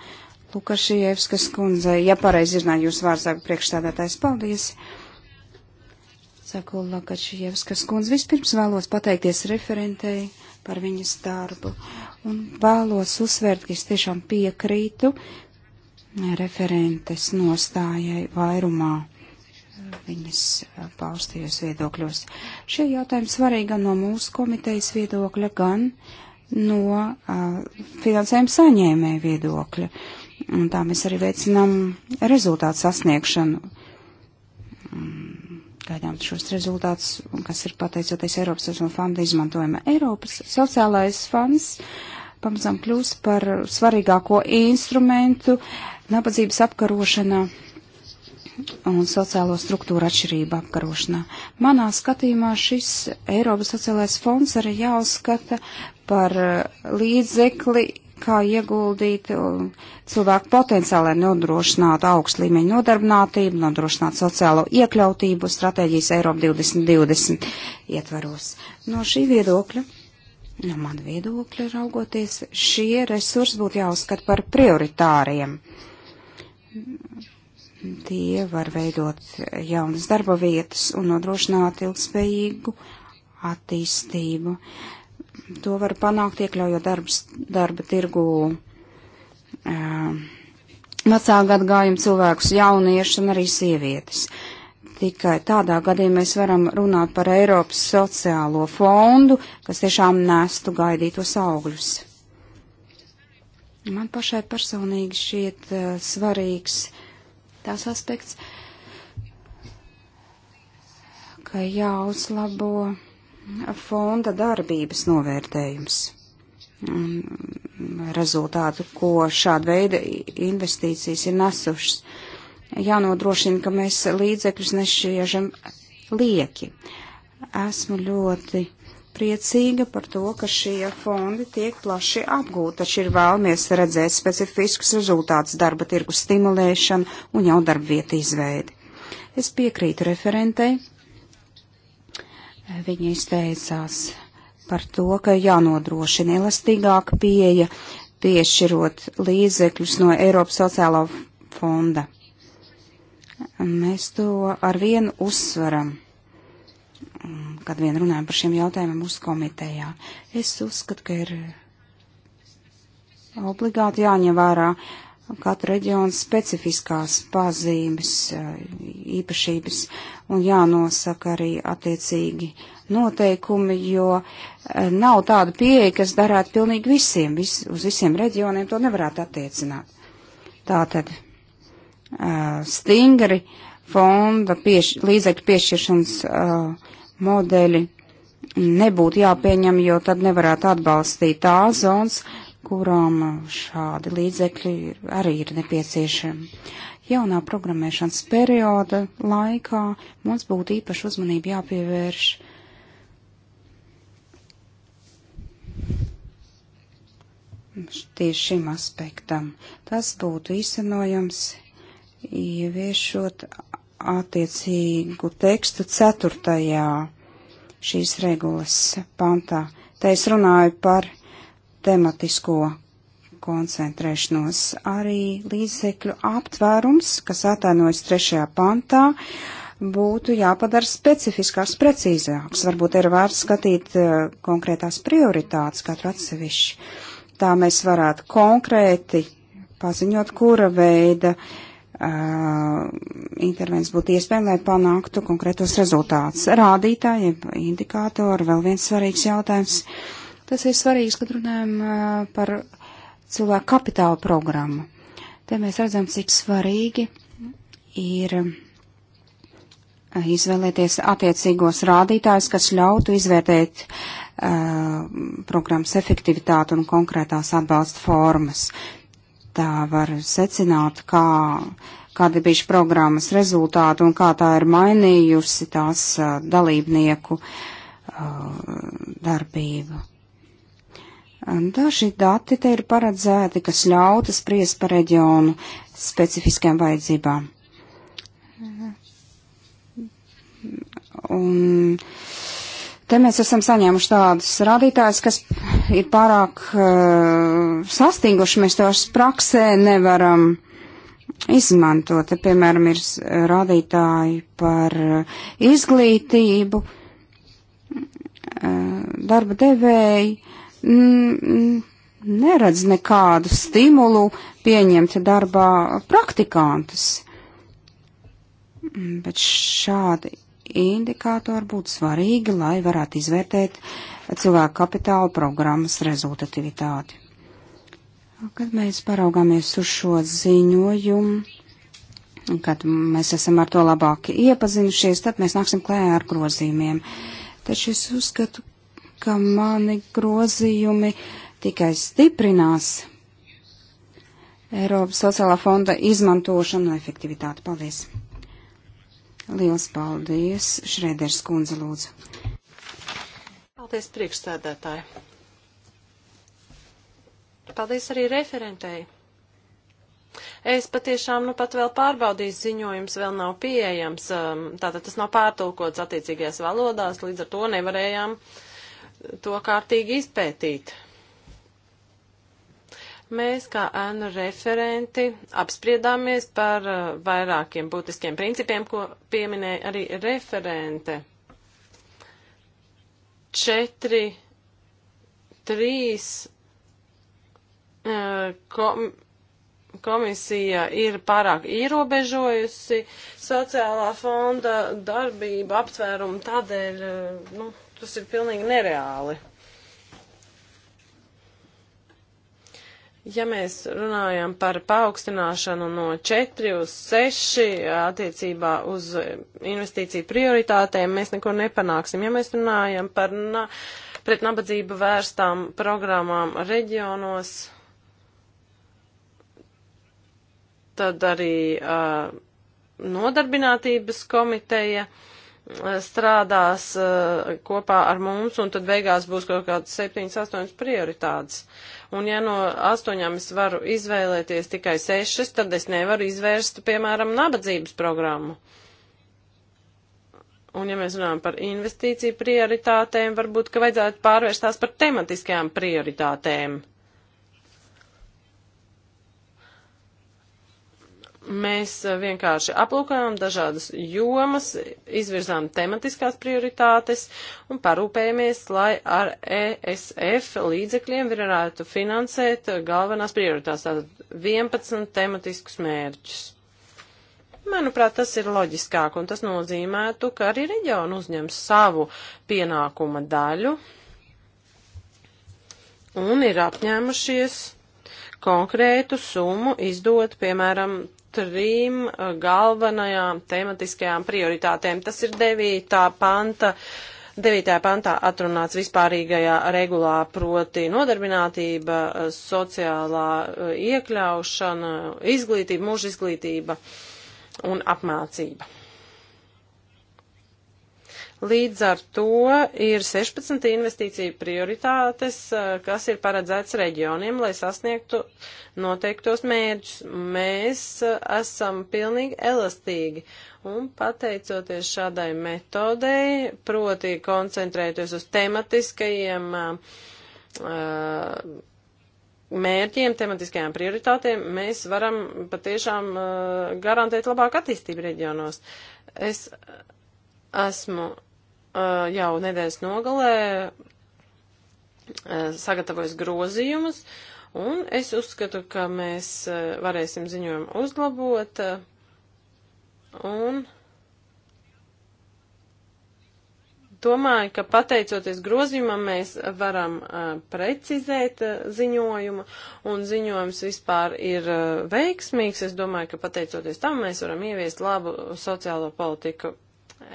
Lukašievskas kundzei. Ja pareizi zināju jūs vārds, saka priekšstādātājs, paldies! Saku Lukašievskas kundze, vispirms vēlos pateikties referentei par viņas darbu. Uh, un vēlos uzsvērt, ka es tiešām piekrītu referentes nostājai vairumā viņas paustajos viedokļos. Šie jautājumi svarīgi gan no mūsu komitejas viedokļa, gan no uh, finansējuma saņēmēja viedokļa. Un tā mēs arī veicinām rezultātu sasniegšanu. Um, gaidām šos rezultātus, kas ir pateicoties Eiropas sociālā fonda izmantojuma. Eiropas sociālais fonds pamazām kļūst par svarīgāko instrumentu nabadzības apkarošanā un sociālo struktūru atšķirību apkarošanā. Manā skatījumā šis Eiropas sociālais fonds arī jāuzskata par līdzekli kā ieguldīt cilvēku potenciāli, lai nodrošinātu augstu līmeņu nodarbinātību, nodrošinātu sociālo iekļautību stratēģijas Eiropa 2020 ietvaros. No šī viedokļa, no man viedokļa raugoties, šie resursi būtu jāuzskata par prioritāriem. Tie var veidot jaunas darba vietas un nodrošināt ilgspējīgu attīstību. Uh, To var panākt, iekļaujot darbs, darba tirgu vecāku atgājumu cilvēkus, jauniešus un arī sievietes. Tikai tādā gadījumā mēs varam runāt par Eiropas sociālo fondu, kas tiešām nestu gaidītos augļus. Man pašai personīgi šķiet uh, svarīgs tās aspekts, ka jāuzlabo fonda darbības novērtējums. Rezultātu, ko šāda veida investīcijas ir nesušas. Jānodrošina, ka mēs līdzekļus nešiežam lieki. Esmu ļoti priecīga par to, ka šie fondi tiek plaši apgūti, taču ir vēlamies redzēt specifiskus rezultātus darba tirgu stimulēšanu un jau darba vietu izveidi. Es piekrītu referentei Viņa izteicās par to, ka jānodrošina elastīgāka pieeja, piešķirot līdzekļus no Eiropas sociālā fonda. Mēs to ar vienu uzsvaram, kad vien runājam par šiem jautājumiem mūsu komitejā. Es uzskatu, ka ir obligāti jāņem vērā katra reģiona specifiskās pazīmes, eh, īpašības un jānosaka arī attiecīgi noteikumi, jo eh, nav tāda pieeja, kas darētu pilnīgi visiem, vis, uz visiem reģioniem to nevarētu attiecināt. Tātad eh, stingri fonda pieš, līdzekļu piešķiršanas modeļi nebūtu jāpieņem, jo tad nevarētu atbalstīt tā zonas, kurām šādi līdzekļi arī ir nepieciešami. Jaunā programmēšanas perioda laikā mums būtu īpaši uzmanība jāpievērš tieši šim aspektam. Tas būtu izcenojams, ieviešot attiecīgu tekstu ceturtajā šīs regulas pantā. Te es runāju par tematisko koncentrēšanos. Arī līdzekļu aptvērums, kas atainojas trešajā pantā, būtu jāpadara specifiskāks, precīzāks. Varbūt ir vērts skatīt eh, konkrētās prioritātes katru atsevišķi. Tā mēs varētu konkrēti paziņot, kura veida uh, eh, intervences būtu iespējama, lai panāktu konkrētos rezultātus. Rādītāji, indikātori, vēl viens svarīgs jautājums. Uh, Tas ir svarīgs, kad runājam par cilvēku kapitāla programmu. Te mēs redzam, cik svarīgi ir izvēlēties attiecīgos rādītājus, kas ļautu izvērtēt uh, programmas efektivitāti un konkrētās atbalsta formas. Tā var secināt, kā, kāda bija šī programmas rezultāta un kā tā ir mainījusi tās uh, dalībnieku uh, darbību. Daži dati te ir paredzēti, kas ļauta spriest par reģionu specifiskajām vajadzībām. Un te mēs esam saņēmuši tādus rādītājus, kas ir pārāk uh, sastinguši, mēs tos praksē nevaram izmantot. Te, piemēram, ir rādītāji par eh, izglītību, uh, darba devēju neredz nekādu stimulu pieņemt darbā praktikantus. Bet šādi indikātori būtu svarīgi, lai varētu izvērtēt cilvēku kapitāla programmas rezultativitāti. Kad mēs paraugāmies uz šo ziņojumu, kad mēs esam ar to labāk iepazinušies, tad mēs nāksim klējā ar grozījumiem. Taču es uzskatu, ka mani grozījumi tikai stiprinās Eiropas sociālā fonda izmantošanu un efektivitāti. Paldies! Liels paldies, Šrēders kundze lūdzu. Paldies, priekšstādātāji. Paldies arī referentēji. Es patiešām nu pat vēl pārbaudīju, ziņojums vēl nav pieejams, um, tātad tas nav pārtulkots attiecīgajās valodās, līdz ar to nevarējām uh, to kārtīgi izpētīt. Mēs, kā ēnu referenti, apspriedāmies par uh, vairākiem būtiskiem principiem, ko pieminēja arī referente. Četri, trīs uh, kom, komisija ir pārāk ierobežojusi sociālā fonda darbību aptvērumu, tādēļ uh, nu, tas ir pilnīgi nereāli. Ja mēs runājam par paaugstināšanu no 4 uz 6 attiecībā uz investīciju prioritātēm, mēs neko nepanāksim. Ja mēs runājam par na pret nabadzību vērstām programmām reģionos, tad arī uh, nodarbinātības komiteja. Uh, strādās uh, kopā ar mums, un tad beigās būs kaut kāds 7, 8 prioritātes. Un ja no astoņām es varu izvēlēties tikai sešas, tad es nevaru izvērst, piemēram, nabadzības programmu. Un ja mēs runājam par investīciju prioritātēm, varbūt, ka vajadzētu pārvērst tās par tematiskajām prioritātēm. Mēs eh, vienkārši aplūkojām dažādas jomas, izvirzām tematiskās prioritātes un parūpējamies, lai ar ESF līdzekļiem varētu finansēt eh, galvenās prioritātes, tātad 11 tematiskus mērķus. Manuprāt, tas ir loģiskāk, un tas nozīmētu, ka arī reģionu uzņem savu pienākuma daļu un ir apņēmušies konkrētu summu izdot, piemēram, trim eh, galvenajām tematiskajām prioritātēm. Tas ir 9. panta. 9. pantā atrunāts vispārīgajā regulā proti nodarbinātība, eh, sociālā eh, iekļaušana, izglītība, mūža izglītība un apmācība. Līdz ar to ir 16 investīcija prioritātes, eh, kas ir paredzēts reģioniem, lai sasniegtu noteiktos mērķus. Mēs eh, esam pilnīgi elastīgi un pateicoties šādai metodei, proti koncentrēties uz tematiskajiem uh, mērķiem, tematiskajām prioritātēm, mēs varam patiešām uh, garantēt labāku attīstību reģionos. Es esmu jau nedēļas nogalē sagatavojas grozījumus, un es uzskatu, ka mēs varēsim ziņojumu uzlabot, un domāju, ka pateicoties grozījumam mēs varam precizēt ziņojumu, un ziņojums vispār ir veiksmīgs. Es domāju, ka pateicoties tam mēs varam ieviest labu sociālo politiku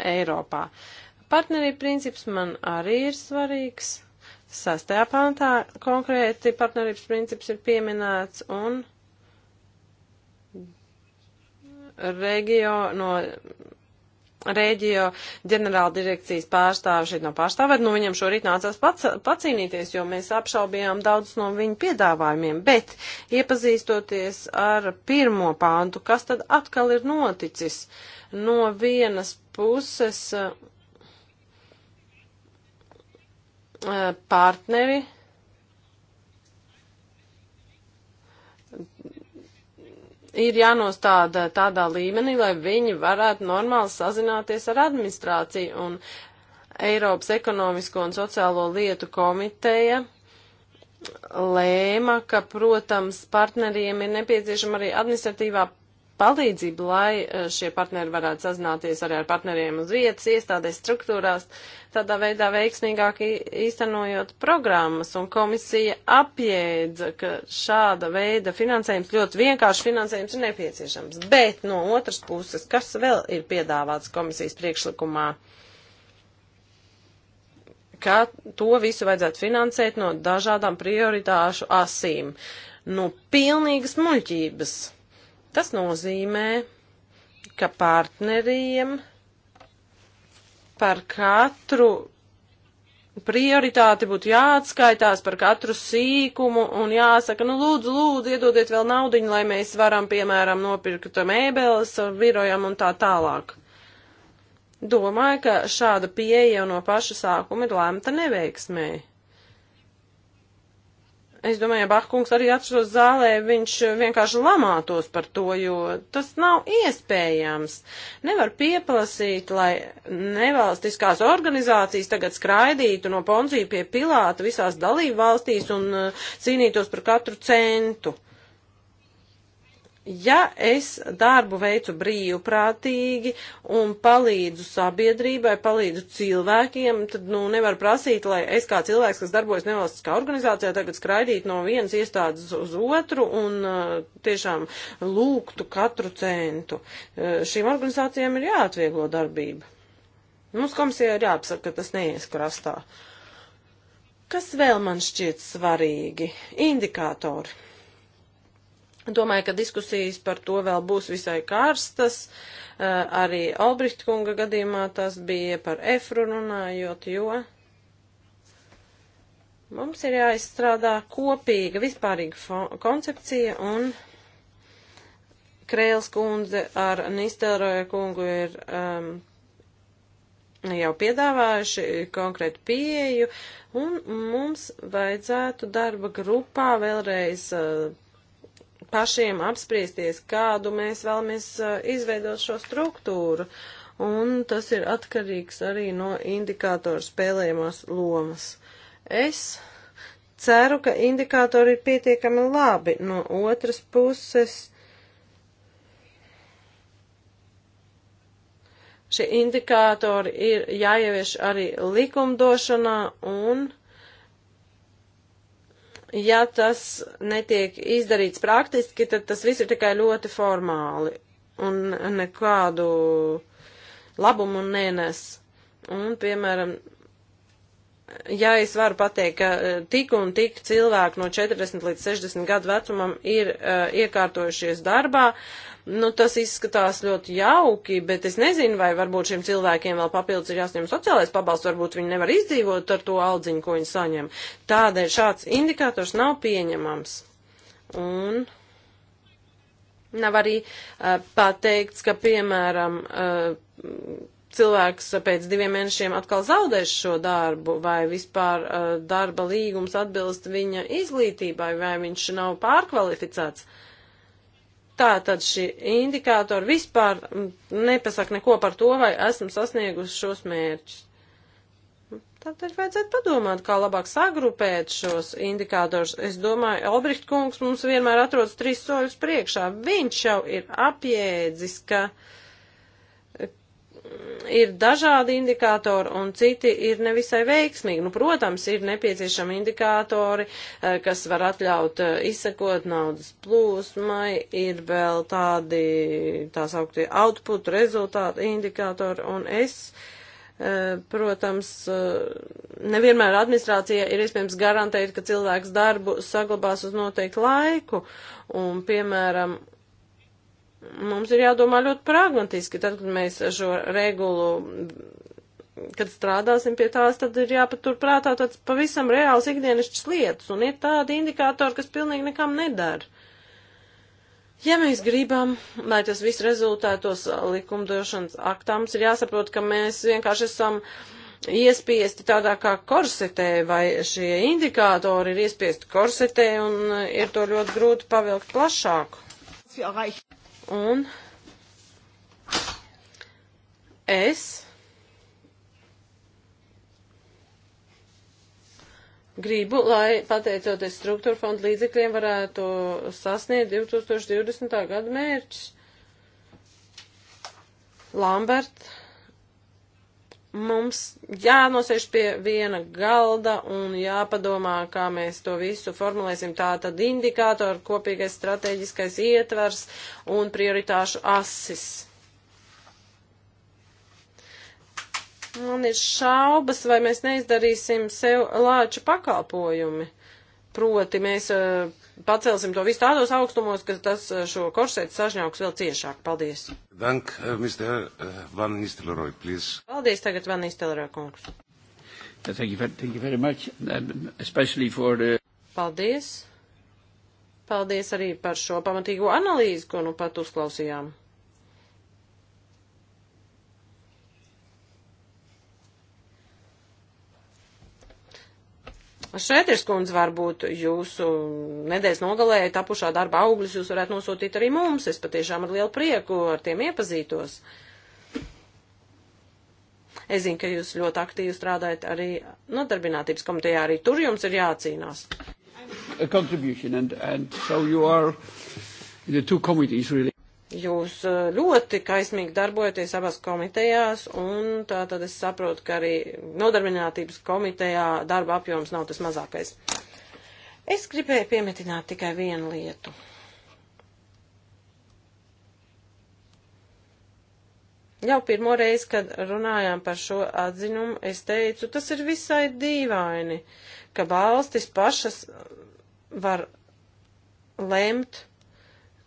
Eiropā. Uh, Partnerība princips man arī ir svarīgs. Sastajā pantā konkrēti partnerības princips ir pieminēts un regio no reģio ģenerāla direkcijas pārstāvis šeit nav no pārstāvēt, nu viņam šorīt nācās pats, pacīnīties, jo mēs apšaubījām daudz no viņa piedāvājumiem, bet iepazīstoties ar pirmo pāntu, kas tad atkal ir noticis no vienas puses partneri ir jānostāda tādā līmenī, lai viņi varētu normāli sazināties ar administrāciju un Eiropas ekonomisko un sociālo lietu komiteja lēma, ka, protams, partneriem ir nepieciešama arī administratīvā palīdzību, lai eh, šie partneri varētu sazināties arī ar partneriem uz vietas, iestādēs, struktūrās, tādā veidā veiksmīgāk īstenojot programmas. Un komisija apjēdza, ka šāda veida finansējums, ļoti vienkārši finansējums ir nepieciešams. Bet no otras puses, kas vēl ir piedāvāts komisijas priekšlikumā? Kā to visu vajadzētu finansēt no dažādām prioritāšu asīm? No nu, pilnīgas muļķības. Tas nozīmē, ka partneriem par katru prioritāti būtu jāatskaitās par katru sīkumu un jāsaka, nu lūdzu, lūdzu, iedodiet vēl naudiņu, lai mēs varam, piemēram, nopirkt mēbeles, virojam un tā tālāk. Domāju, ka šāda pieeja jau no paša sākuma ir lēmta neveiksmēji. Es domāju, ja Bahkungs arī atšķiros zālē, viņš vienkārši lamātos par to, jo tas nav iespējams. Nevar pieprasīt, lai nevalstiskās organizācijas tagad skraidītu no Ponzija pie Pilāta visās dalību valstīs un uh, cīnītos par katru centu. Ja es darbu veicu brīvprātīgi un palīdzu sabiedrībai, palīdzu cilvēkiem, tad, nu, nevar prasīt, lai es kā cilvēks, kas darbojas nevalstiskā organizācijā, tagad skraidītu no vienas iestādes uz otru un uh, tiešām lūgtu katru centu. Uh, šīm organizācijām ir jāatvieglo darbība. Mums komisijā ir jāapsaka, ka tas neies krastā. Kas vēl man šķiet svarīgi? Indikātori Domāju, ka diskusijas par to vēl būs visai karstas. Eh, arī Albrihta kunga gadījumā tas bija par efru runājot, jo mums ir jāizstrādā kopīga vispārīga koncepcija un Krēls kundze ar Nistelroja kungu ir um, jau piedāvājuši konkrētu pieeju, un mums vajadzētu darba grupā vēlreiz uh, pašiem apspriesties, kādu mēs vēlamies eh, izveidot šo struktūru. Un tas ir atkarīgs arī no indikātoru spēlējumās lomas. Es ceru, ka indikātori ir pietiekami labi. No otras puses, šie indikātori ir jāievieš arī likumdošanā un ja tas netiek izdarīts praktiski, tad tas viss ir tikai ļoti formāli un nekādu labumu nenes. Un, piemēram, ja es varu pateikt, ka e, tik un tik cilvēki no 40 līdz 60 gadu vecumam ir uh, iekārtojušies darbā, uh, Nu, tas izskatās ļoti jauki, bet es nezinu, vai varbūt šiem cilvēkiem vēl papildus ir jāsņem sociālais pabalsts, varbūt viņi nevar izdzīvot ar to aldziņu, ko viņi saņem. Tādēļ šāds indikators nav pieņemams. Un nav arī uh, pateikts, ka, piemēram, uh, cilvēks pēc diviem mēnešiem atkal zaudēs šo darbu, vai vispār uh, darba līgums atbilst viņa izglītībai, vai viņš nav pārkvalificēts. Tā tad šie indikātori vispār nepasaka neko par to, vai esam sasnieguši šos mērķus. Tātad vajadzētu padomāt, kā labāk sagrupēt šos indikātors. Es domāju, Albricht kungs mums vienmēr atrodas trīs soļus priekšā. Viņš jau ir apjēdzis, ka uh, ir dažādi indikātori un citi ir nevisai veiksmīgi. Nu, protams, ir nepieciešami indikātori, eh, kas var atļaut eh, izsekot naudas plūsmai, ir vēl tādi tā sauktie output rezultātu indikātori un es. Eh, protams, nevienmēr administrācija ir iespējams garantēt, ka cilvēks darbu saglabās uz noteiktu laiku, un, piemēram, mums ir jādomā ļoti pragmatiski, tad, kad mēs šo regulu, kad strādāsim pie tās, tad ir jāpaturprātā tāds pavisam reāls ikdienišķs lietas, un ir tādi indikātori, kas pilnīgi nekam nedara. Ja mēs gribam, lai tas viss rezultātos likumdošanas aktā, mums ir jāsaprot, ka mēs vienkārši esam iespiesti tādā kā korsetē, vai šie indikātori ir iespiesti korsetē un ir to ļoti grūti pavilkt plašāk. Un es gribu, lai pateicoties struktūra fonda līdzekļiem varētu sasniegt 2020. gada mērķus. Lambert mums jānosēž pie viena galda un jāpadomā, kā mēs to visu formulēsim. Tā tad indikātori, kopīgais strateģiskais ietvers un prioritāšu asis. Man ir šaubas, vai mēs neizdarīsim sev lāču pakalpojumi. Proti mēs uh, pacelsim to visu tādos augstumos, ka tas eh, šo korsētu sažņauks vēl ciešāk. Paldies. Dank, eh, Mr. Eh, Van Nistelrooy, please. Paldies tagad, Van Nistelrooy, kungs. Thank you, thank you very much, especially for the... Paldies. Paldies arī par šo pamatīgo analīzi, ko nu pat uzklausījām. Šētirs kundze, varbūt jūsu nedēļas nogalē tapušā darba augļus jūs varētu nosūtīt arī mums. Es patiešām ar lielu prieku ar tiem iepazītos. Es zinu, ka jūs ļoti aktīvi strādājat arī nodarbinātības komitejā, arī tur jums ir jācīnās. A contribution and, and so you are the two committees really. Jūs e, ļoti kaismīgi darbojaties abās komitejās, un tā tad es saprotu, ka arī nodarbinātības komitejā darba apjoms nav tas mazākais. Es gribēju piemetināt tikai vienu lietu. Jau pirmo reizi, kad runājām par šo atziņumu, es teicu, tas ir visai dīvaini, ka valstis pašas var lemt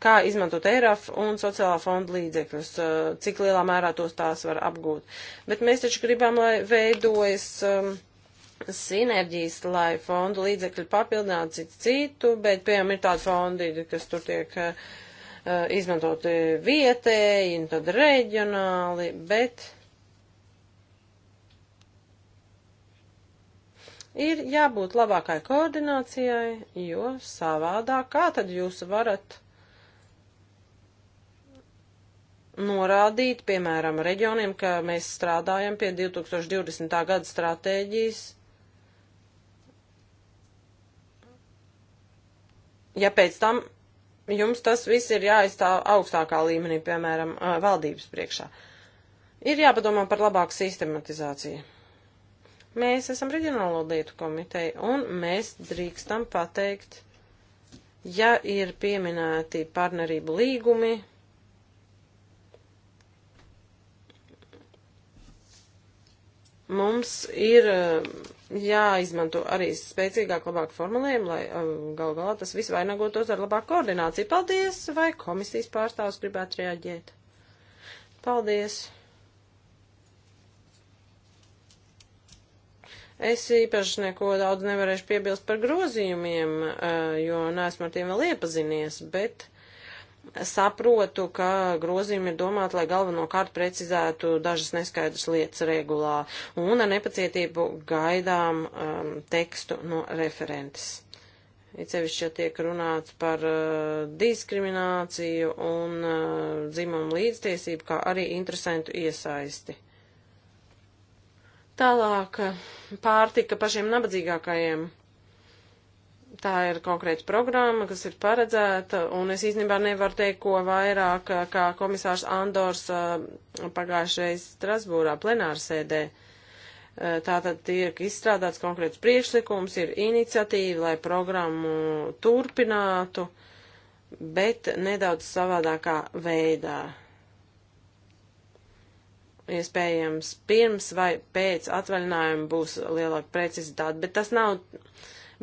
kā izmantot ERAF un sociālā fonda līdzekļus, eh, cik lielā mērā tos tās var apgūt. Bet mēs taču gribam, lai veidojas um, sinerģijas, lai fondu līdzekļi papildinātu citu citu, bet, piemēram, ir tādi fondi, kas tur tiek uh, izmantoti vietēji un tad reģionāli, bet ir jābūt labākai koordinācijai, jo savādāk kā tad jūs varat norādīt, piemēram, reģioniem, ka mēs strādājam pie 2020. gada stratēģijas. Ja pēc tam jums tas viss ir jāizstāv augstākā līmenī, piemēram, valdības priekšā, ir jāpadomā par labāku sistematizāciju. Mēs esam reģionālo lietu komiteja, un mēs drīkstam pateikt, ja ir pieminēti partnerību līgumi, mums ir eh, jāizmanto arī spēcīgāk, labāk formulējumi, lai eh, galu galā tas viss vainagotos ar labāku koordināciju. Paldies! Vai komisijas pārstāvs gribētu reaģēt? Paldies! Es īpaši neko daudz nevarēšu piebilst par grozījumiem, eh, jo neesmu ar tiem vēl iepazinies, bet saprotu, ka grozījumi ir domāti, lai galvenokārt precizētu dažas neskaidras lietas regulā, un ar nepacietību gaidām um, tekstu no referentes. Ir sevišķi, ja tiek runāts par uh, diskrimināciju un uh, dzimumu līdztiesību, kā arī interesantu iesaisti. Tālāk uh, pārtika pašiem nabadzīgākajiem Tā ir konkrēta programma, kas ir paredzēta, un es īstenībā nevaru teikt, ko vairāk, eh, kā komisārs Andors eh, pagājušreiz Strasbūrā plenārsēdē. Eh, Tātad tiek izstrādāts konkrēts priekšlikums, ir iniciatīva, lai programmu turpinātu, bet nedaudz savādākā veidā. Iespējams, pirms vai pēc atvaļinājuma būs lielāka precizitāte, bet tas nav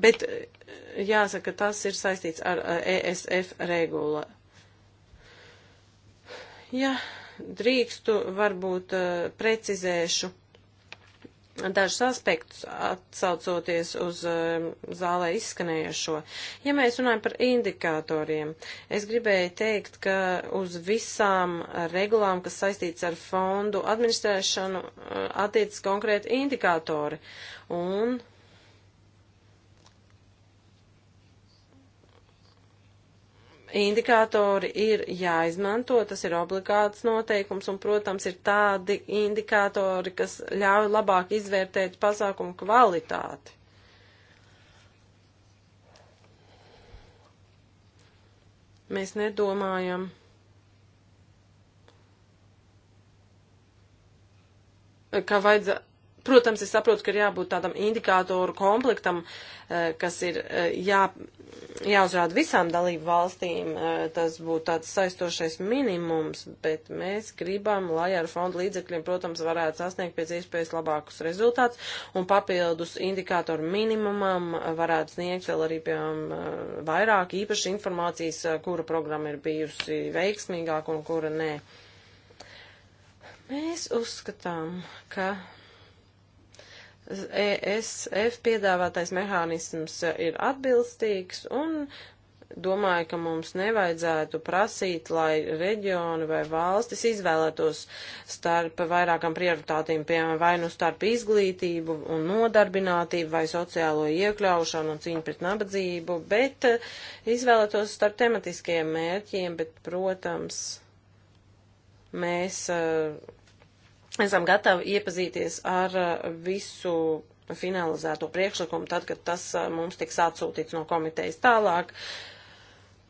Bet eh, jāsaka, tas ir saistīts ar ESF eh, e regula. Ja drīkstu, varbūt eh, precizēšu dažus aspektus atsaucoties uz um, zālē izskanējušo. Ja mēs runājam par indikatoriem, es gribēju teikt, ka uz visām regulām, kas saistīts ar fondu administrēšanu, attiecas konkrēti indikatori. Un indikātori ir jāizmanto, tas ir obligāts noteikums, un, protams, ir tādi indikātori, kas ļauj labāk izvērtēt pasākumu kvalitāti. Mēs nedomājam. Kā vajadzētu Protams, es saprotu, ka ir jābūt tādam indikātoru komplektam, eh, kas ir eh, jā, jāuzrāda visām dalību valstīm. Eh, tas būtu tāds saistošais minimums, bet mēs gribam, lai ar fondu līdzekļiem, protams, varētu sasniegt pēc iespējas labākus rezultātus un papildus indikātoru minimumam varētu sniegt vēl arī, piemēram, vairāk īpaši informācijas, kura programma ir bijusi veiksmīgāka un kura nē. Mēs uzskatām, ka ESF piedāvātais mehānisms ir atbilstīgs un domāju, ka mums nevajadzētu prasīt, lai reģioni vai valstis izvēlētos starp vairākām prioritātīm, piemēram, vai nu starp izglītību un nodarbinātību vai sociālo iekļaušanu un cīņu pret nabadzību, bet eh, izvēlētos starp tematiskajiem mērķiem, bet, protams, mēs uh, esam gatavi iepazīties ar eh, visu finalizēto priekšlikumu, tad, kad tas eh, mums tiks atsūtīts no komitejas tālāk.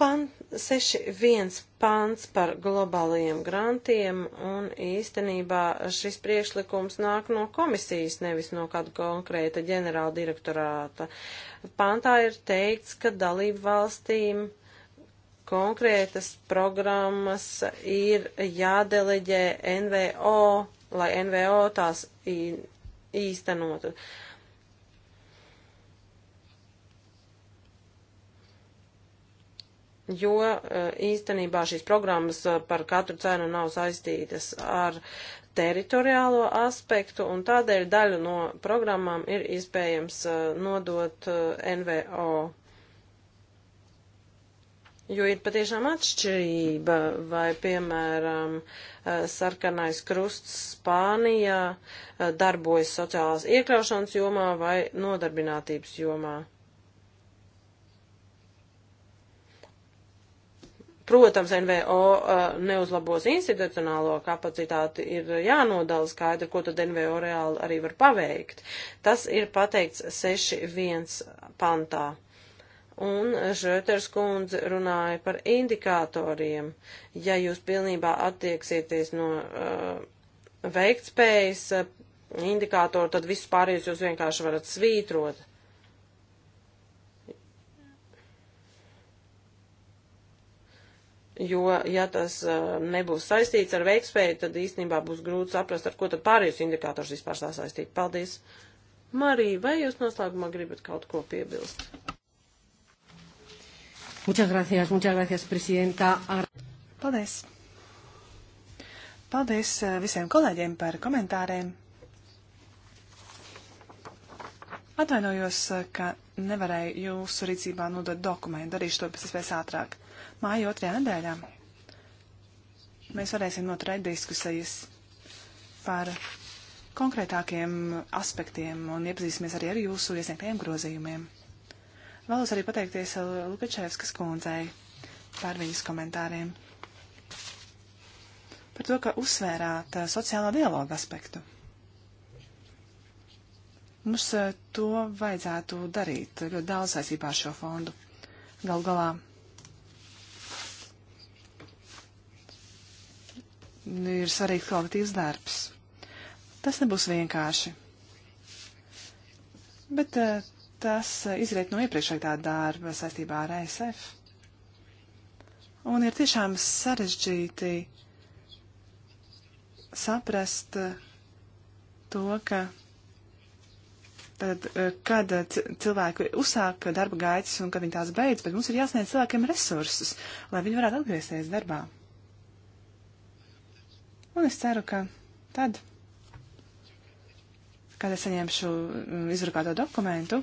Pan, 6.1 pants par globālajiem grantiem, un īstenībā šis priekšlikums nāk no komisijas, nevis no kāda konkrēta ģenerāla direktorāta. Pantā ir teikts, ka dalību valstīm konkrētas programmas ir jādeleģē NVO lai NVO tās īstenotu. jo e, īstenībā šīs programmas e, par katru cenu nav saistītas ar teritoriālo aspektu, un tādēļ daļu no programmām ir iespējams e, nodot NVO. Jo ir patiešām atšķirība, vai, piemēram, eh, sarkanais krusts Spānijā eh, darbojas sociālās iekļaušanas jomā vai nodarbinātības jomā. Protams, NVO eh, neuzlabos institucionālo kapacitāti, ir jānodala skaidri, ko tad NVO reāli arī var paveikt. Tas ir pateikts 6.1 pantā un Žēters kundze runāja par indikatoriem. Ja jūs pilnībā attieksieties no uh, veiktspējas uh, indikātoru, tad visus pārējus jūs vienkārši varat svītrot. jo, ja tas uh, nebūs saistīts ar veikspēju, tad īstenībā būs grūti saprast, ar ko tad pārējais indikators vispār sasaistīt. Paldies! Marija, vai jūs noslēgumā gribat kaut ko piebilst? Muchas gracias, muchas gracias, presidenta. Paldies. Paldies eh, visiem kolēģiem par komentāriem. Atvainojos, eh, ka nevarēju jūsu rīcībā nodot dokumentu, darīšu to pēc iespējas ātrāk. Māja otrajā nedēļā mēs varēsim noturēt diskusijas par konkrētākiem aspektiem un iepazīsimies arī ar jūsu iesniegtajiem grozījumiem. Vēlos arī pateikties Lukačevskas kundzei par viņas komentāriem. Par to, ka uzsvērāt sociālā dialoga aspektu. Mums to vajadzētu darīt ļoti daudz saistībā ar šo fondu. Gal galā ir svarīgs kvalitīvs darbs. Tas nebūs vienkārši. Bet Tas eh, izriet no iepriekšējā tā darba saistībā ar ASF. Un ir tiešām sarežģīti saprast eh, to, ka tad, eh, kad cilvēki uzsāk darba gaitas un kad viņi tās beidz, bet mums ir jāsniedz cilvēkiem resursus, lai viņi varētu atgriezties darbā. Un es ceru, ka tad, kad es saņemšu mm, izrukāto dokumentu,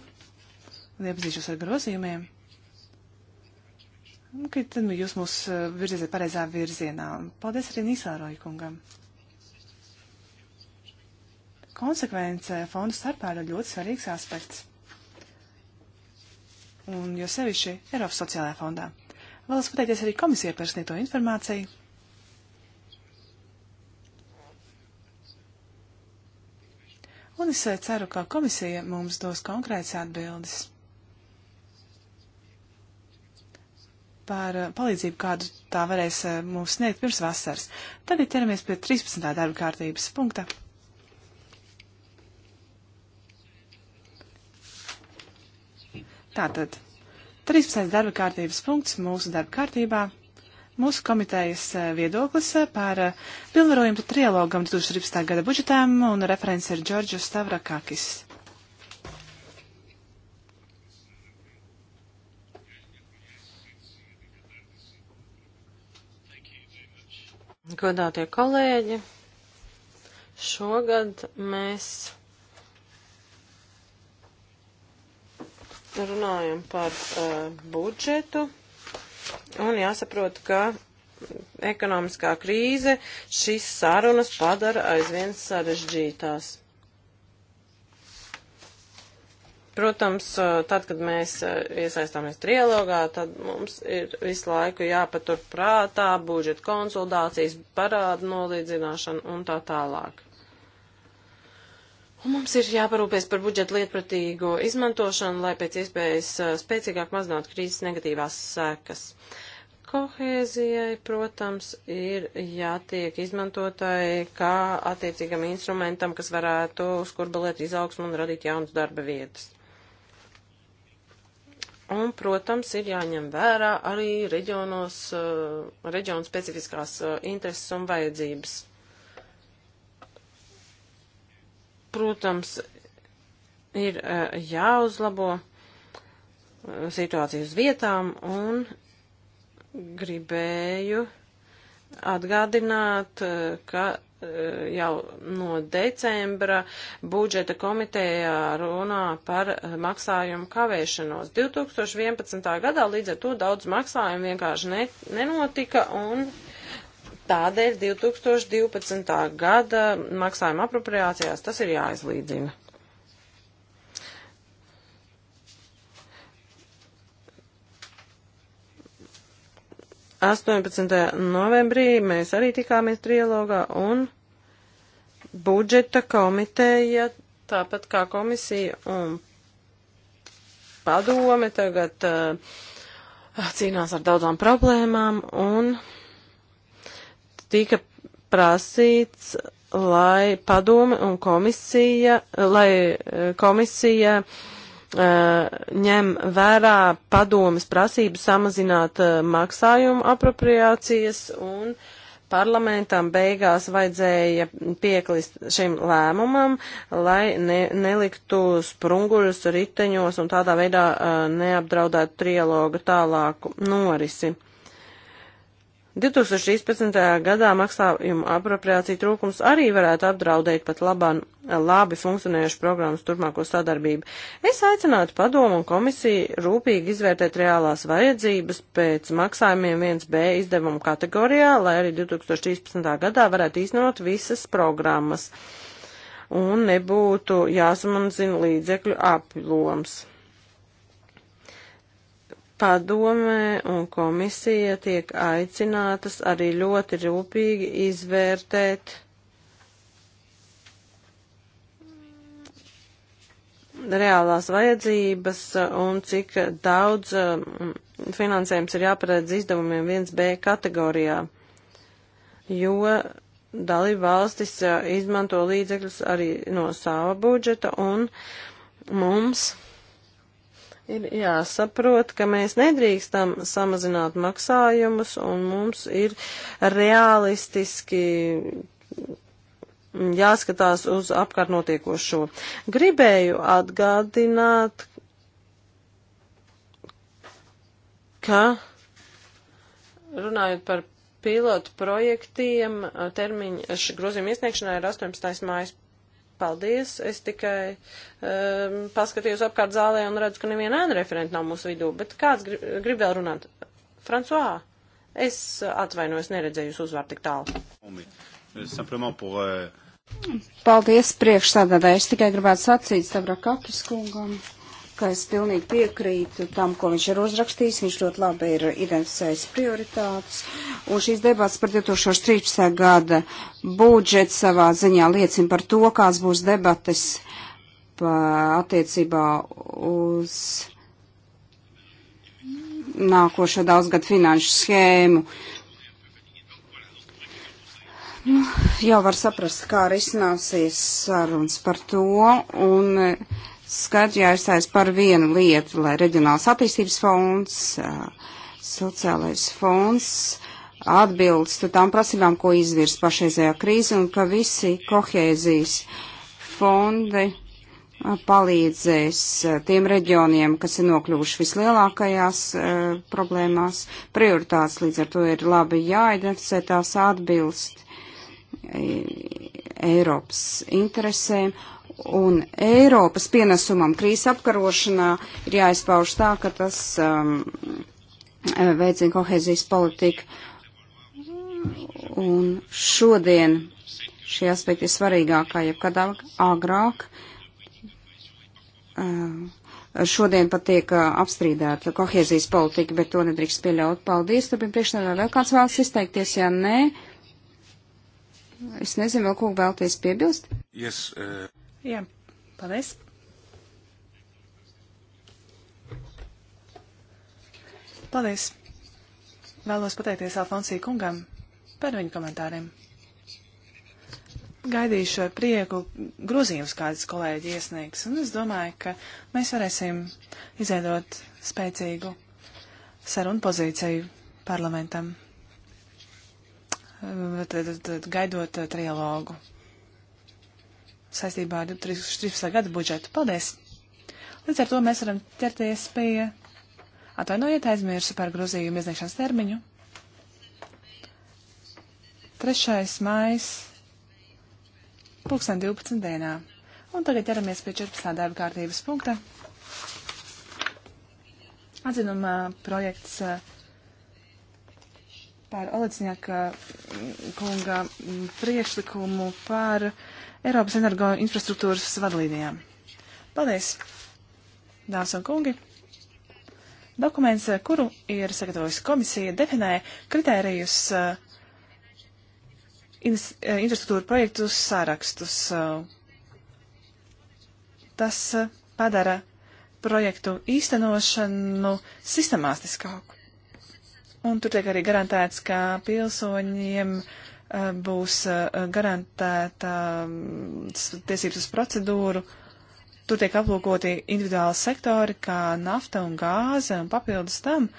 un iepazīšos ar grozījumiem. Un, nu, kad tad nu, jūs mūs eh, virzīsiet pareizā virzienā. Paldies arī Nīsāroju kungam. Konsekvence fondu starpā ir ļoti svarīgs aspekts. Un jo sevišķi Eiropas sociālajā fondā. Vēlos pateikties arī komisijai par sniegto informāciju. Un es eh, ceru, ka komisija mums dos konkrētas atbildes. par eh, palīdzību, kādu tā varēs eh, mums sniegt pirms vasaras. Tagad ķeramies pie 13. darba kārtības punkta. Tātad 13. darba kārtības punkts mūsu darba kārtībā. Mūsu komitejas eh, viedoklis par pilnvarojumu trialogam 2013. gada budžetām un referents ir Džordžu Stavrakakis. Godātie kolēģi, šogad mēs runājam par uh, budžetu un jāsaprot, ka ekonomiskā krīze šīs sarunas padara aizvien sarežģītās. Protams, tad, kad mēs iesaistāmies trialogā, tad mums ir visu laiku jāpatur prātā budžeta konsultācijas, parādu nolīdzināšana un tā tālāk. Un mums ir jāparūpēs par budžeta lietpratīgo izmantošanu, lai pēc iespējas spēcīgāk mazinātu krīzes negatīvās sekas. Kohēzijai, protams, ir jātiek izmantotai kā attiecīgam instrumentam, kas varētu skurbelēt izaugsmu un radīt jaunas darba vietas. Un, protams, ir jāņem vērā arī reģionos, eh, reģionu specifiskās eh, intereses un vajadzības. Protams, ir eh, jāuzlabo situāciju uz vietām un gribēju atgādināt, ka Eh, jau no decembra budžeta komitejā runā par maksājumu kavēšanos. 2011. gadā līdz ar to daudz maksājumu vienkārši ne, nenotika un tādēļ 2012. gada maksājuma apropriācijās tas ir jāizlīdzina. 18. novembrī mēs arī tikāmies trialogā un budžeta komiteja, tāpat kā komisija un padome tagad uh, cīnās ar daudzām problēmām un tika prasīts, lai padome un komisija, lai eh, komisija uh, Uh, ņem vērā padomas prasību samazināt uh, maksājumu apropriācijas un parlamentam beigās vajadzēja pieklist šim lēmumam, lai ne, neliktu sprunguļus riteņos un tādā veidā uh, neapdraudētu trialoga tālāku norisi. 2016. gadā maksājuma apropriācija trūkums arī varētu apdraudēt pat labāk labi funkcionējušu programmas turpmāko sadarbību. Es aicinātu padomu un komisiju rūpīgi izvērtēt reālās vajadzības pēc maksājumiem 1B izdevumu kategorijā, lai arī 2013. gadā varētu īstenot visas programmas un nebūtu jāsamazina līdzekļu apjoms. Padomē un komisija tiek aicinātas arī ļoti rūpīgi izvērtēt reālās vajadzības un cik daudz um, finansējums ir jāparedz izdevumiem 1B kategorijā, jo dalība valstis uh, izmanto līdzekļus arī no sava budžeta un mums ir jāsaprot, ka mēs nedrīkstam samazināt maksājumus un mums ir realistiski jāskatās uz apkārt notiekošo. Gribēju atgādināt, ka runājot par pilotu projektiem, termiņš grozījuma iesniegšanai ir 18. mājas Paldies. Es tikai um, paskatījos apkārt zālē un redzu, ka neviena ēna referenta nav mūsu vidū, bet kāds grib, grib vēl runāt? Francoā, es atvainojos, neredzēju jūs uzvārdu tik tālu. Euh, Paldies priekšsādādāju. Es tikai gribētu sacīt Stavrakakis kungam ka es pilnīgi piekrītu tam, ko viņš ir uzrakstījis. Viņš ļoti labi ir identificējis prioritātes. Un šīs debats par 2013. gada budžetu savā ziņā liecina par to, kāds būs debates attiecībā uz nākošo daudzgadu finanšu schēmu. Nu, jau var saprast, kā arī snāsies sarunas par to, un skaidri jāizstājas par vienu lietu, lai reģionāls attīstības fonds, sociālais fonds atbilstu tām prasībām, ko izvirs pašreizējā krīze, un ka visi kohēzijas fondi palīdzēs tiem reģioniem, kas ir nokļuvuši vislielākajās uh, problēmās. Prioritātes līdz ar to ir labi jāidentificē, tās atbilst Eiropas interesēm un Eiropas pienesumam krīzes apkarošanā ir jāizpauž tā, ka tas um, eh, veicina kohēzijas politiku. Un šodien šie aspekti ir svarīgākā jebkadā agrāk. Um, šodien pat tiek eh, apstrīdēta kohēzijas politika, bet to nedrīkst pieļaut. Paldies, turpin priekšnēdā vēl kāds vēlas izteikties, ja nē. Es nezinu, vēl ko vēlties piebilst. Yes, uh... Jā, paldies. Paldies. Vēlos pateikties Alfonsī kungam par viņu komentāriem. Gaidīšu ar prieku grozījumus, kādas kolēģi iesniegs, un es domāju, ka mēs varēsim izveidot spēcīgu sarunu pozīciju parlamentam, tad, tad, tad, gaidot trialogu saistībā ar 2013. gada budžetu. Paldies! Līdz ar to mēs varam ķerties pie atvainojiet aizmirsu par grozījumu iesniegšanas termiņu. 3. mājas 2012. dienā. Un tagad ķeramies pie 14. darba kārtības punkta. Atzinuma projekts eh, par Olecņaka mm, kunga mm, priekšlikumu par uh, Eiropas energo infrastruktūras vadlīnijām. Paldies, dāmas un kungi! Dokuments, kuru ir sagatavojusi komisija, definē kritērijus uh, uh, infrastruktūra projektu sārakstus. Uh, tas padara projektu īstenošanu sistemātiskāku. Un tur tiek arī garantēts, ka pilsoņiem uh, Eh, būs eh, garantēta mm, tiesības uz procedūru. Tur tiek aplūkoti individuāli sektori, kā nafta un gāze, un papildus tam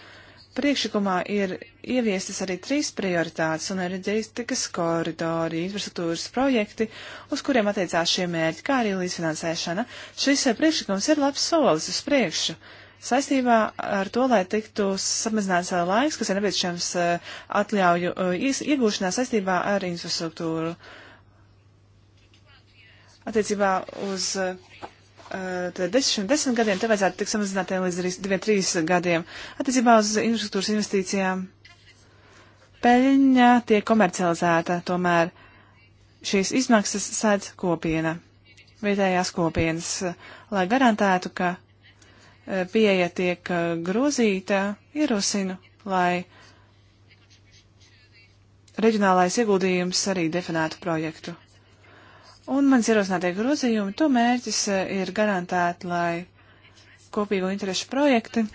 priekšlikumā ir ieviestas arī trīs prioritātes un enerģētikas koridori, infrastruktūras projekti, uz kuriem attiecās šie mērķi, kā arī līdzfinansēšana. Šis eh, priekšlikums ir labs solis uz priekšu. Uh, saistībā ar to, lai tiktu samazināts uh, laiks, kas ir nepieciešams uh, atļauju uh, iegūšanā saistībā ar infrastruktūru. Attiecībā uz desmit, desmit gadiem te vajadzētu tik samazinātiem līdz diviem, trīs gadiem. Attiecībā uz infrastruktūras investīcijām peļņa tiek komercializēta, tomēr šīs izmaksas sēdz kopiena, vietējās kopienas, lai garantētu, ka Eh, pieeja tiek eh, grozīta, ierosinu, lai reģionālais ieguldījums arī definētu projektu. Un mans ierosinātie grozījumi, to mērķis eh, ir garantēt, lai kopīgo interešu projekti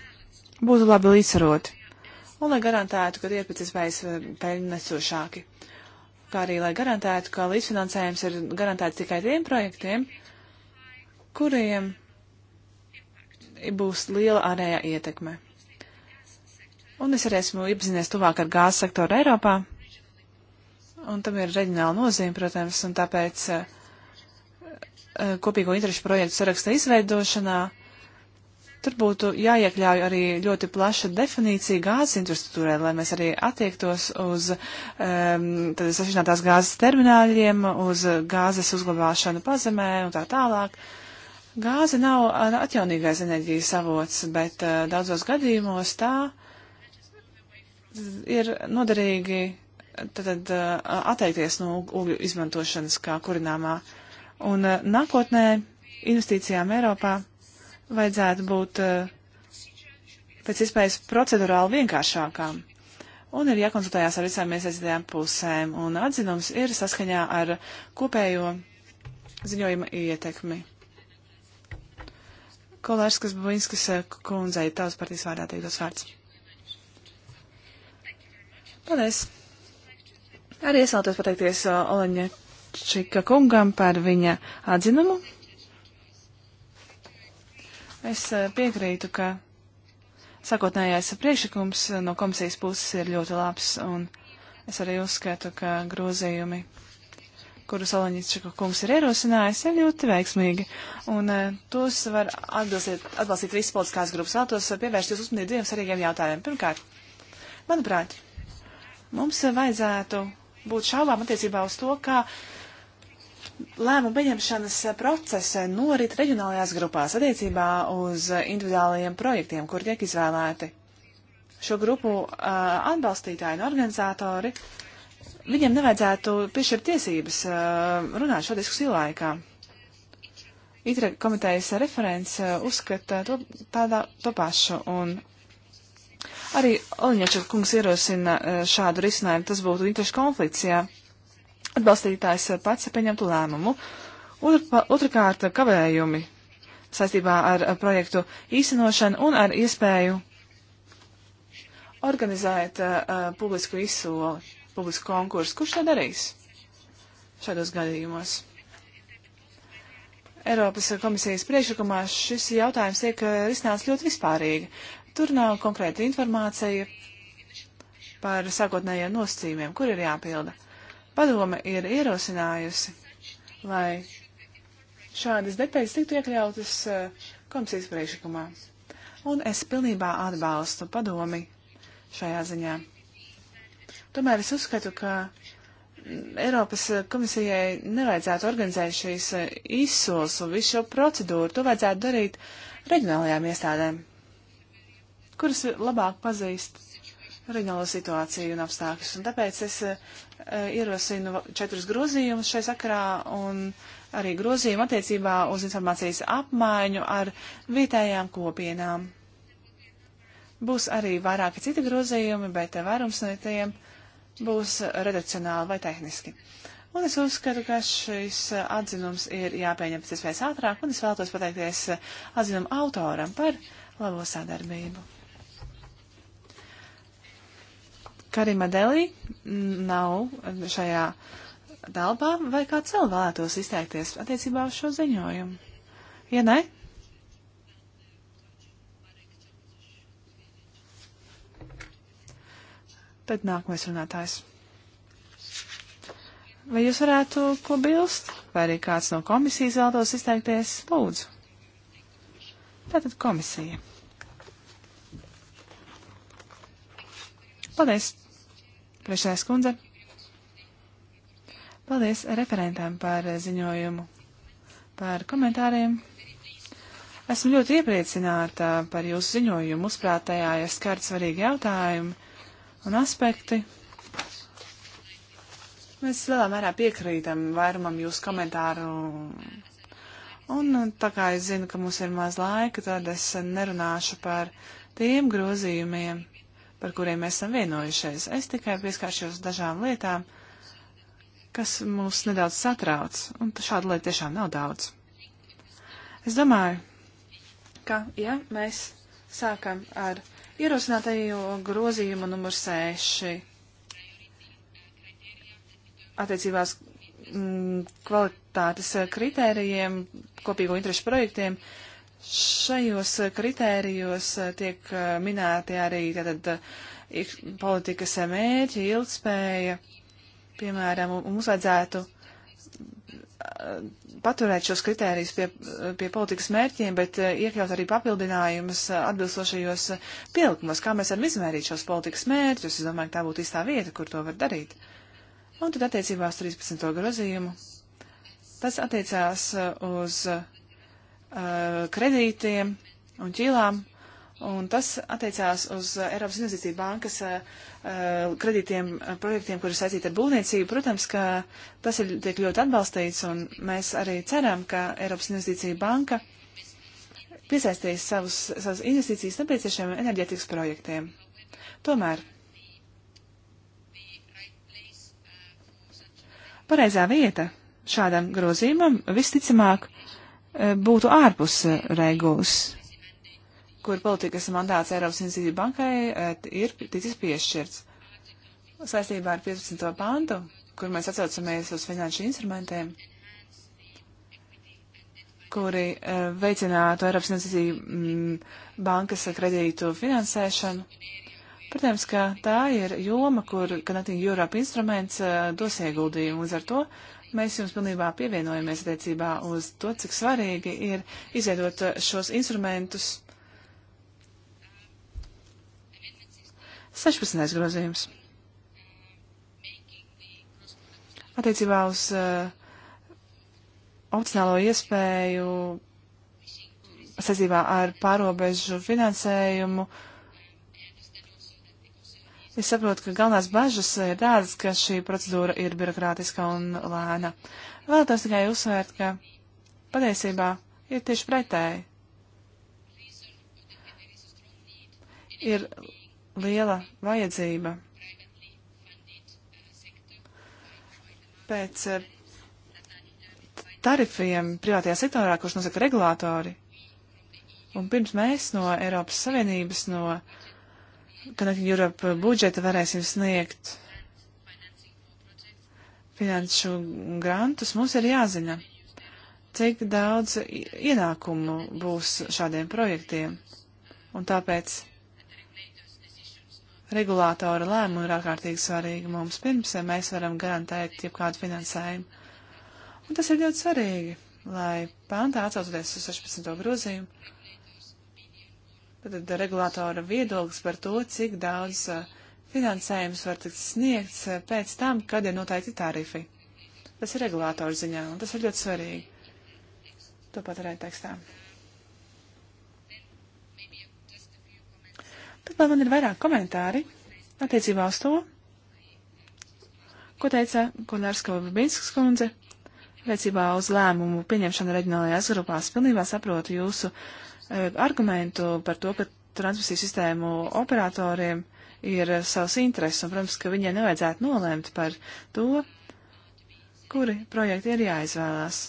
būtu labi līdzsvaroti. Un lai garantētu, ka tie ir pēc iespējas peļņnesošāki. Kā arī lai garantētu, ka līdzfinansējums ir garantēts tikai tiem projektiem, kuriem būs liela ārējā ietekme. Un es arī esmu iepazinies tuvāk ar gāzes sektoru Eiropā, un tam ir reģionāla nozīme, protams, un tāpēc eh, eh, kopīgo interešu projektu saraksta izveidošanā tur būtu jāiekļauj arī ļoti plaša definīcija gāzes infrastruktūrai, lai mēs arī attiektos uz um, ehm, sašķinātās gāzes termināļiem, uz gāzes uzglabāšanu pazemē un tā tālāk. Uh, Gāze nav atjaunīgais enerģijas avots, bet daudzos gadījumos tā ir noderīgi tad, atteikties no ugļu izmantošanas kā kurināmā. Un nākotnē investīcijām Eiropā vajadzētu būt pēc iespējas procedurāli vienkāršākām. Un ir jākonsultējās ar visām iesaistītajām pusēm, un atzinums ir saskaņā ar kopējo ziņojuma ietekmi. Kolērskas Buinskas eh, kundzei tās partijas vārdā tiek dos vārds. Paldies! Arī es vēlētos pateikties eh, Oleņa Čika kungam par viņa atzinumu. Es eh, piekrītu, ka sakotnējais priekšlikums no komisijas puses ir ļoti labs, un es arī uzskatu, ka grozījumi kuru Solaņiča kungs ir ierosinājis, ir ļoti veiksmīgi. Un uh, tos var atbalstīt, atbalstīt visas politiskās grupas. Vēlos eh, pievērst jūs uzmanību diviem svarīgiem jautājumiem. Pirmkārt, manuprāt, mums eh, vajadzētu būt šaubām attiecībā uz to, kā lēmumu pieņemšanas procesa norit reģionālajās grupās attiecībā uz individuālajiem projektiem, kur tiek izvēlēti šo grupu uh, atbalstītāji un organizatori. Uh, viņiem nevajadzētu piešķirt tiesības uh, runāt šo diskusiju laikā. ITRE komitejas referents uh, uzskata to, tādā, to pašu, un arī Oliņača kungs ierosina uh, šādu risinājumu, tas būtu interešu konflikts, ja atbalstītājs pats pieņemtu lēmumu. Otrakārt, kavējumi saistībā ar projektu īstenošanu un ar iespēju organizēt uh, publisku izsoli publisku konkursu. Kurš to darīs šādos gadījumos? Eiropas komisijas priekšlikumā šis jautājums tiek eh, risināts ļoti vispārīgi. Tur nav konkrēta informācija par sākotnējiem nosacījumiem, kur ir jāpilda. Padome ir ierosinājusi, lai šādas detaļas tiktu iekļautas eh, komisijas priekšlikumā. Un es pilnībā atbalstu padomi šajā ziņā. Tomēr es uzskatu, ka mm, Eiropas eh, komisijai nevajadzētu organizēt šīs eh, izsoles un visu šo procedūru. To vajadzētu darīt reģionālajām iestādēm, kuras labāk pazīst reģionālo situāciju un apstākļus. Un tāpēc es uh, ierosinu četrus grozījumus šai sakarā un arī grozījumu attiecībā uz informācijas apmaiņu ar vietējām kopienām. Būs arī vairāki citi grozījumi, bet vairums no tiem būs redakcionāli vai tehniski. Un es uzskatu, ka šis atzinums ir jāpieņem pēc iespējas ātrāk, un es vēlētos pateikties atzinumu autoram par labo sadarbību. Karima Delī nav šajā telpā, vai kāds vēl vēlētos izteikties attiecībā uz šo ziņojumu? Ja ne, Tad nākamais runātājs. Vai jūs varētu ko bilst? Vai arī kāds no komisijas vēlētos izteikties? Lūdzu. Tātad komisija. Paldies, priekšsēdētājas kundze. Paldies referentām par ziņojumu, par komentāriem. Esmu ļoti iepriecināta par jūsu ziņojumu. Uzprāt, tajā ir skārts svarīgi jautājumi, un aspekti. Mēs lielā mērā piekrītam vairumam jūsu komentāru. Un tā kā es zinu, ka mums ir maz laika, tad es nerunāšu par tiem grozījumiem, par kuriem mēs esam vienojušies. Es tikai pieskāršos dažām lietām, kas mūs nedaudz satrauc, un šādu lietu tiešām nav daudz. Es domāju, ka, ja mēs sākam ar Ierosinātajo grozījumu numur 6 attiecībās m, mm, kvalitātes kritērijiem, kopīgo interešu projektiem. Šajos kritērijos tiek eh, minēti arī tātad eh, politikas mērķi, ilgspēja, piemēram, mums vajadzētu paturēt šos kritērijus pie, pie politikas mērķiem, bet eh, iekļaut arī papildinājumus eh, atbilstošajos pielikumos, kā mēs varam izmērīt šos politikas mērķus. Es domāju, ka tā būtu īstā vieta, kur to var darīt. Un tad attiecībā uz 13. grozījumu. Tas attiecās eh, uz uh, kredītiem un ķīlām. Un tas attiecās uz eh, Eiropas Investīcija bankas eh, eh, kredītiem, projektiem, kuri saistīti ar būvniecību. Protams, ka tas ir tiek ļoti atbalstīts, un mēs arī ceram, ka Eiropas Investīcija banka piesaistīs savus, savus investīcijas nepieciešamiem enerģētikas projektiem. Tomēr pareizā vieta šādam grozījumam visticamāk būtu ārpus regulas kur politikas mandāts Eiropas Investīcija bankai eh, ir ticis piešķirts. Saistībā ar 15. pantu, kur mēs atcaucamies uz finanšu instrumentiem, kuri eh, veicinātu Eiropas Investīcija mm, bankas kredītu finansēšanu. Protams, ka tā ir joma, kur Connecting Europe instruments eh, dos ieguldījumu. Līdz ar to mēs jums pilnībā pievienojamies attiecībā uz to, cik svarīgi ir izveidot šos instrumentus 16. grozījums. Attiecībā uz uh, opcionālo iespēju saistībā ar pārobežu finansējumu. Es saprotu, ka galvenās bažas ir tādas, ka šī procedūra ir birokrātiska un lēna. Vēlētos tikai uzsvērt, ka patiesībā ir tieši pretēji. Ir liela vajadzība pēc eh, tarifiem privātajā sektorā, kurš nosaka regulātori. Un pirms mēs no Eiropas Savienības, no Connecting Europe budžeta varēsim sniegt finanšu grantus, mums ir jāzina, cik daudz ienākumu būs šādiem projektiem. Un tāpēc regulātora lēmumi ir ārkārtīgi svarīgi mums pirms mēs varam garantēt jebkādu finansējumu. Un tas ir ļoti svarīgi, lai pāntā atsaucoties uz 16. grozījumu, tad regulātora viedoklis par to, cik daudz uh, finansējums var tikt sniegts uh, pēc tam, kad ir noteikti tarifi. Tas ir regulātora ziņā, un tas ir ļoti svarīgi. To paturēt tekstām. Tad vēl man ir vairāk komentāri attiecībā uz to, ko teica Konārska Vabinskas kundze. Attiecībā uz lēmumu pieņemšanu reģionālajās grupās pilnībā saprotu jūsu e, argumentu par to, ka transmisiju sistēmu operatoriem ir e, savs intereses, un, protams, ka viņiem nevajadzētu nolēmt par to, kuri projekti ir jāizvēlās.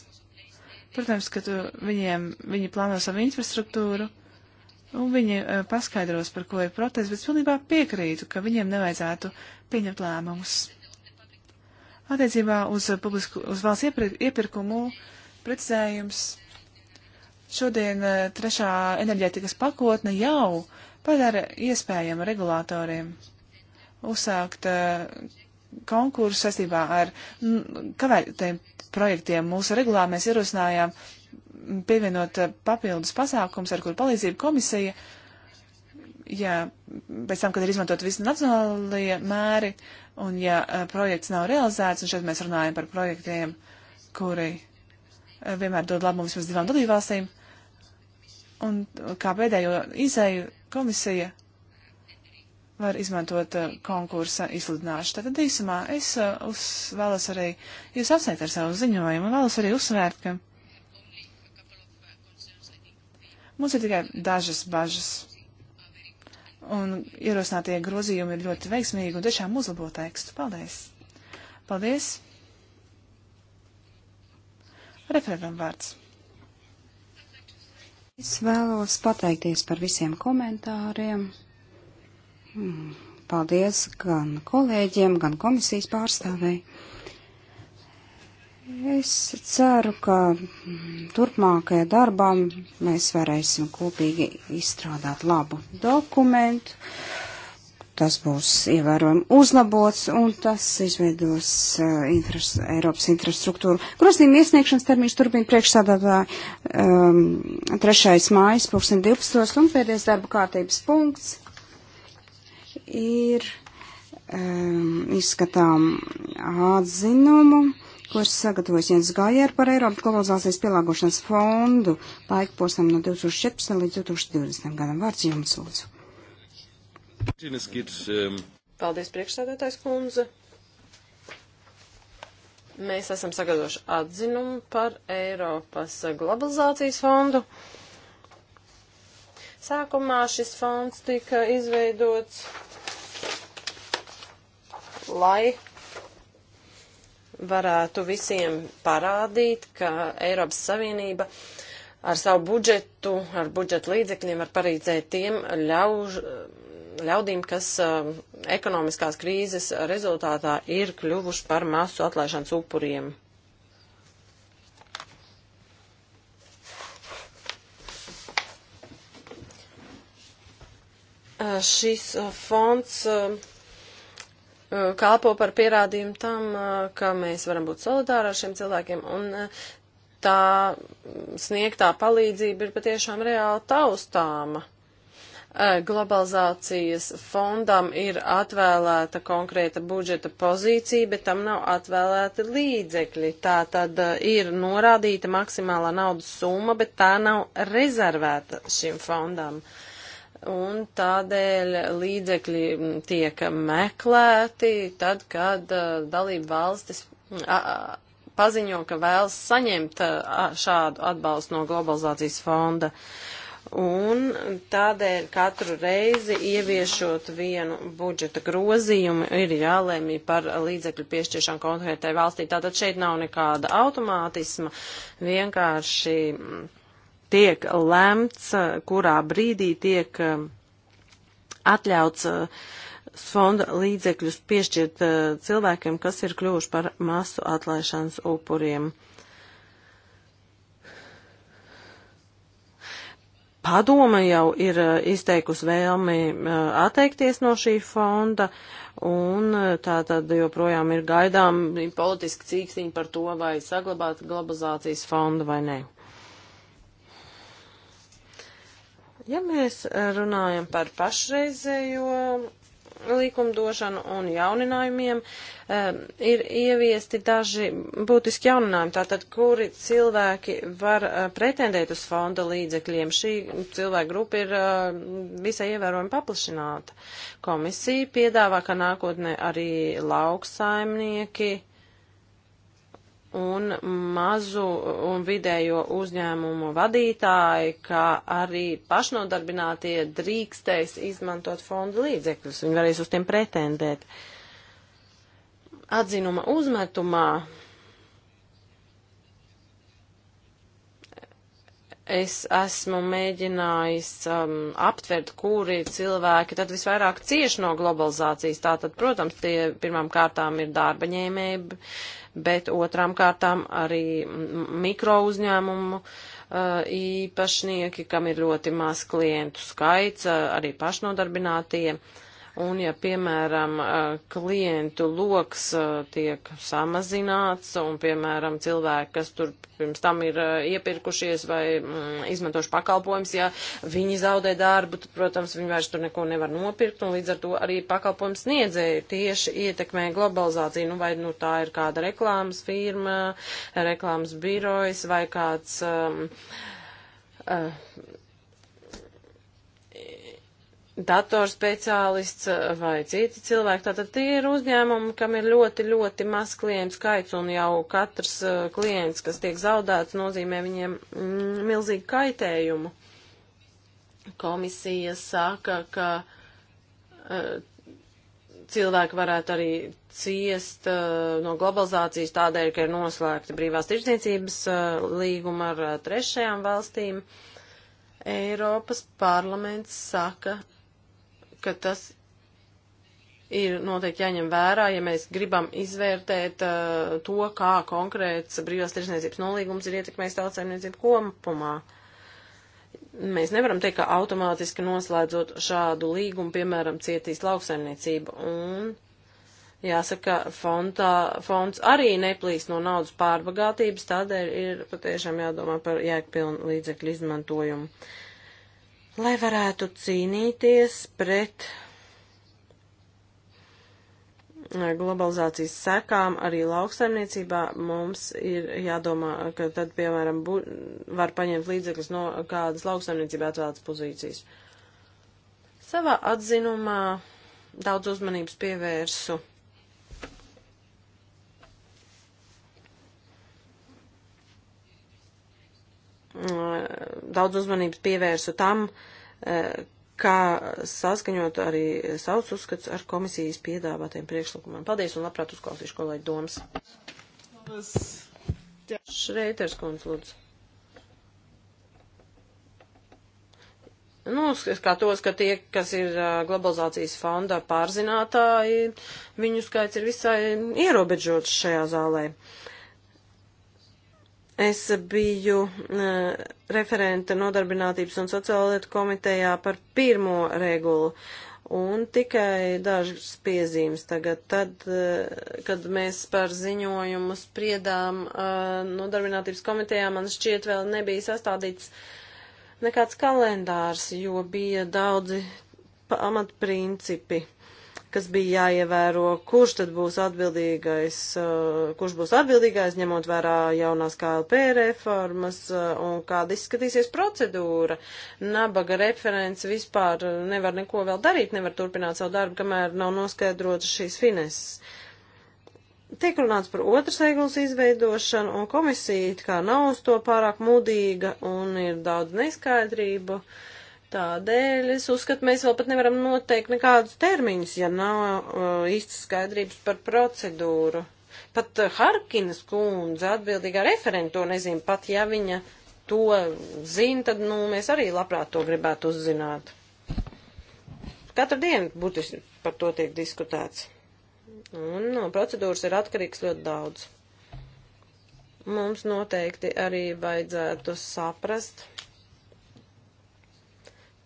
Protams, ka tu, viņiem, viņi plāno savu infrastruktūru, Un viņi uh, paskaidros, par ko ir protests, bet es pilnībā piekrītu, ka viņiem nevajadzētu pieņemt lēmumus. Attiecībā uz, eh, publisku, uz valsts iepir iepirkumu precizējums. Šodien uh, trešā enerģētikas pakotne jau padara iespējamu regulātoriem uzsākt uh, konkursu saistībā ar kavētiem projektiem. Mūsu regulā mēs ierosinājām pievienot eh, papildus pasākums, ar kuru palīdzību komisija, ja pēc tam, kad ir izmantot visi nacionālie mēri, un ja eh, projekts nav realizēts, un šeit mēs runājam par projektiem, kuri eh, vienmēr dod labumu vismaz divām dalībvalstīm, un kā pēdējo izēju komisija var izmantot uh, konkursa izsludināšanu. Tātad īsumā es uh, uz, vēlos arī jūs apsveikt ar savu ziņojumu, vēlos arī uzsvērt, ka Mums ir tikai dažas bažas. Un ierosinātie grozījumi ir ļoti veiksmīgi un tiešām uzlabo tekstu. Paldies! Paldies! Referentam vārds. Es vēlos pateikties par visiem komentāriem. Hmm, paldies gan kolēģiem, gan komisijas pārstāvēji. Es ceru, ka turpmākajā darbā mēs varēsim kopīgi izstrādāt labu dokumentu. Tas būs ievērojami uzlabots un tas izveidos uh, infras, Eiropas infrastruktūru. Grozījuma iesniegšanas termiņš turpina priekšsādātāji um, ehm, 3. mājas 2012. un pēdējais darba kārtības punkts ir um, izskatām atzinumu kuras sagatavojas Jens Gajer par Eiropas globalizācijas pielāgošanas fondu laika posmam no 2014 līdz 2020 gadam. Vārds jums lūdzu. Um, Paldies, priekšsēdētājs kundze. Mēs esam sagatavojuši atzinumu par Eiropas globalizācijas fondu. Sākumā šis fonds tika izveidots, lai varētu visiem parādīt, ka Eiropas Savienība ar savu budžetu, ar budžetu līdzekļiem var parīdzēt tiem ļauž, ļaudīm, kas uh, ekonomiskās krīzes rezultātā ir kļuvuši par masu atlaišanas upuriem. Uh, šis uh, fonds um, Uh, kalpo par pierādījumu tam, uh, ka mēs varam būt solidāri ar šiem cilvēkiem, un uh, tā sniegtā palīdzība ir patiešām reāli taustāma. Globalizācijas fondam ir atvēlēta konkrēta budžeta pozīcija, bet tam nav atvēlēta līdzekļi. Tā tad ir norādīta maksimālā naudas summa, bet tā nav rezervēta šim fondam. Uh, un tādēļ līdzekļi tiek meklēti tad, kad uh, dalība valstis mm, paziņo, ka vēlas saņemt uh, šādu atbalstu no globalizācijas fonda. Un tādēļ katru reizi ieviešot vienu budžeta grozījumu ir jālēmī par līdzekļu piešķiršanu konkrētai valstī. Tātad šeit nav nekāda automātisma, vienkārši mm, tiek lemts, eh, kurā brīdī tiek eh, atļauts eh, fonda līdzekļus piešķirt cilvēkiem, kas ir kļuvuši par masu atlaišanas upuriem. Padoma jau ir izteikusi vēlmi atteikties no šī fonda, un tā tad joprojām ir gaidām politiska cīksiņa par to, vai saglabāt globalizācijas fondu vai nē. Ja mēs runājam par pašreizējo likumdošanu un jauninājumiem um, ir ieviesti daži būtiski jauninājumi, tātad kuri cilvēki var uh, pretendēt uz fonda līdzekļiem. Šī cilvēka grupa ir uh, visai ievērojami paplašināta. Komisija piedāvā, ka nākotnē arī lauksaimnieki uh, un mazu un vidējo uzņēmumu vadītāji, kā arī pašnodarbinātie drīkstēs izmantot fondu līdzekļus. Viņi varēs uz tiem pretendēt. Atzinuma uzmetumā es esmu mēģinājis um, aptvert, kuri cilvēki tad visvairāk cieš no globalizācijas. Tātad, protams, tie pirmām kārtām ir darba ņēmēji, bet otrām kārtām arī mikro uzņēmumu īpašnieki, kam ir ļoti maz klientu skaits, arī pašnodarbinātie. Uh, Un ja, piemēram, klientu loks tiek samazināts un, piemēram, cilvēki, kas tur pirms tam ir iepirkušies vai mm, izmantojuši pakalpojums, ja viņi zaudē darbu, tad, protams, viņi vairs tur neko nevar nopirkt un līdz ar to arī pakalpojums sniedzēji tieši ietekmē globalizāciju. Nu, vai nu, tā ir kāda reklāmas firma, reklāmas birojas vai kāds. Um, uh, datorspeciālists eh, vai citi cilvēki. Tātad tie ir uzņēmumi, kam ir ļoti, ļoti maz klientu skaits, un jau katrs uh, klients, kas tiek zaudēts, nozīmē viņiem mm, milzīgu kaitējumu. Komisija saka, ka uh, cilvēki varētu arī ciest uh, no globalizācijas tādēļ, ka ir noslēgta brīvās tirdzniecības līguma ar trešajām valstīm. Eiropas parlaments saka, ka tas ir noteikti jāņem vērā, ja mēs gribam izvērtēt uh, to, kā konkrēts brīvās tirsniecības nolīgums ir ietekmējis tautsēmniecību kopumā. Mēs nevaram teikt, ka automātiski noslēdzot šādu līgumu, piemēram, cietīs lauksaimniecība. Un jāsaka, fonta, fonds arī neplīs no naudas pārbagātības, tādēļ ir patiešām jādomā par jēgpilnu līdzekļu izmantojumu. Uh, lai varētu cīnīties pret eh, globalizācijas sekām arī lauksaimniecībā mums ir jādomā, ka tad, piemēram, bu, var paņemt līdzekļus no kādas lauksaimniecībā atvēlētas pozīcijas. Savā atzinumā daudz uzmanības pievērsu daudz uzmanības pievērsu tam, eh, kā saskaņot arī savus uzskats ar komisijas piedāvātiem priekšlikumiem. Paldies un labprāt uzklausīšu kolēģi domas. Šreiters kundz, lūdzu. Nu, skatos, ka tie, kas ir globalizācijas fonda pārzinātāji, viņu skaits ir visai ierobežots šajā zālē. Uh, Es biju uh, referente nodarbinātības un sociālietu komitejā par pirmo regulu. Un tikai dažas piezīmes tagad, tad, uh, kad mēs par ziņojumu spriedām uh, nodarbinātības komitejā, man šķiet vēl nebija sastādīts nekāds kalendārs, jo bija daudzi pamatprincipi kas bija jāievēro, kurš tad būs atbildīgais, uh, kurš būs atbildīgais, ņemot vērā jaunās KLP reformas uh, un kāda izskatīsies procedūra. Nabaga referents vispār uh, nevar neko vēl darīt, nevar turpināt savu darbu, kamēr nav noskaidrotas šīs finanses tiek runāts par otras regulas izveidošanu, un komisija it kā nav uz to pārāk mudīga, un ir daudz neskaidrību. Uh, Tādēļ es uzskatu, mēs vēl pat nevaram noteikt nekādus termiņus, ja nav uh, īstas skaidrības par procedūru. Pat uh, Harkinas kundze atbildīgā referenta to nezina, pat ja viņa to zina, tad nu, mēs arī labprāt to gribētu uzzināt. Katru dienu būtiski par to tiek diskutēts. Un no nu, procedūras ir atkarīgs ļoti daudz. Mums noteikti arī vajadzētu saprast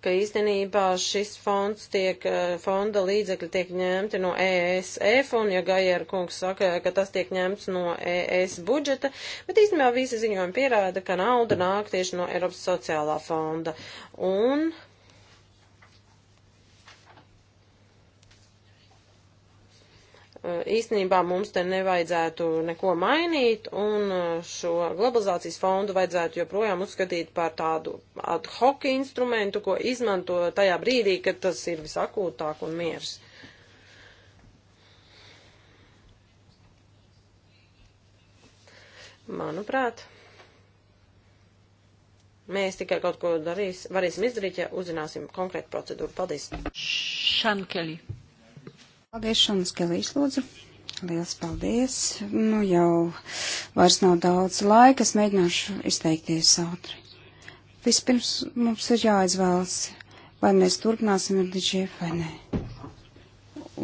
ka īstenībā šis fonds tiek, eh, fonda līdzekļi tiek ņemti no ESF, un ja Gajera kungs saka, ka tas tiek ņemts no ES budžeta, bet īstenībā visi ziņojumi pierāda, ka nauda nāk tieši no Eiropas sociālā fonda. Un uh, īstenībā mums te nevajadzētu neko mainīt, un uh, šo globalizācijas fondu vajadzētu joprojām uzskatīt par tādu ad hoc instrumentu, ko izmanto tajā brīdī, kad tas ir visakūtāk un miers. Manuprāt, mēs tikai kaut ko darīs, varēsim izdarīt, ja uzzināsim konkrētu procedūru. Paldies! Šankeli. Paldies, Šonas Gelīs, lūdzu. Liels paldies. Nu, jau vairs nav daudz laika, es mēģināšu izteikties ātri. Vispirms mums ir jāizvēlas, vai mēs turpināsim ar Džiefu vai nē.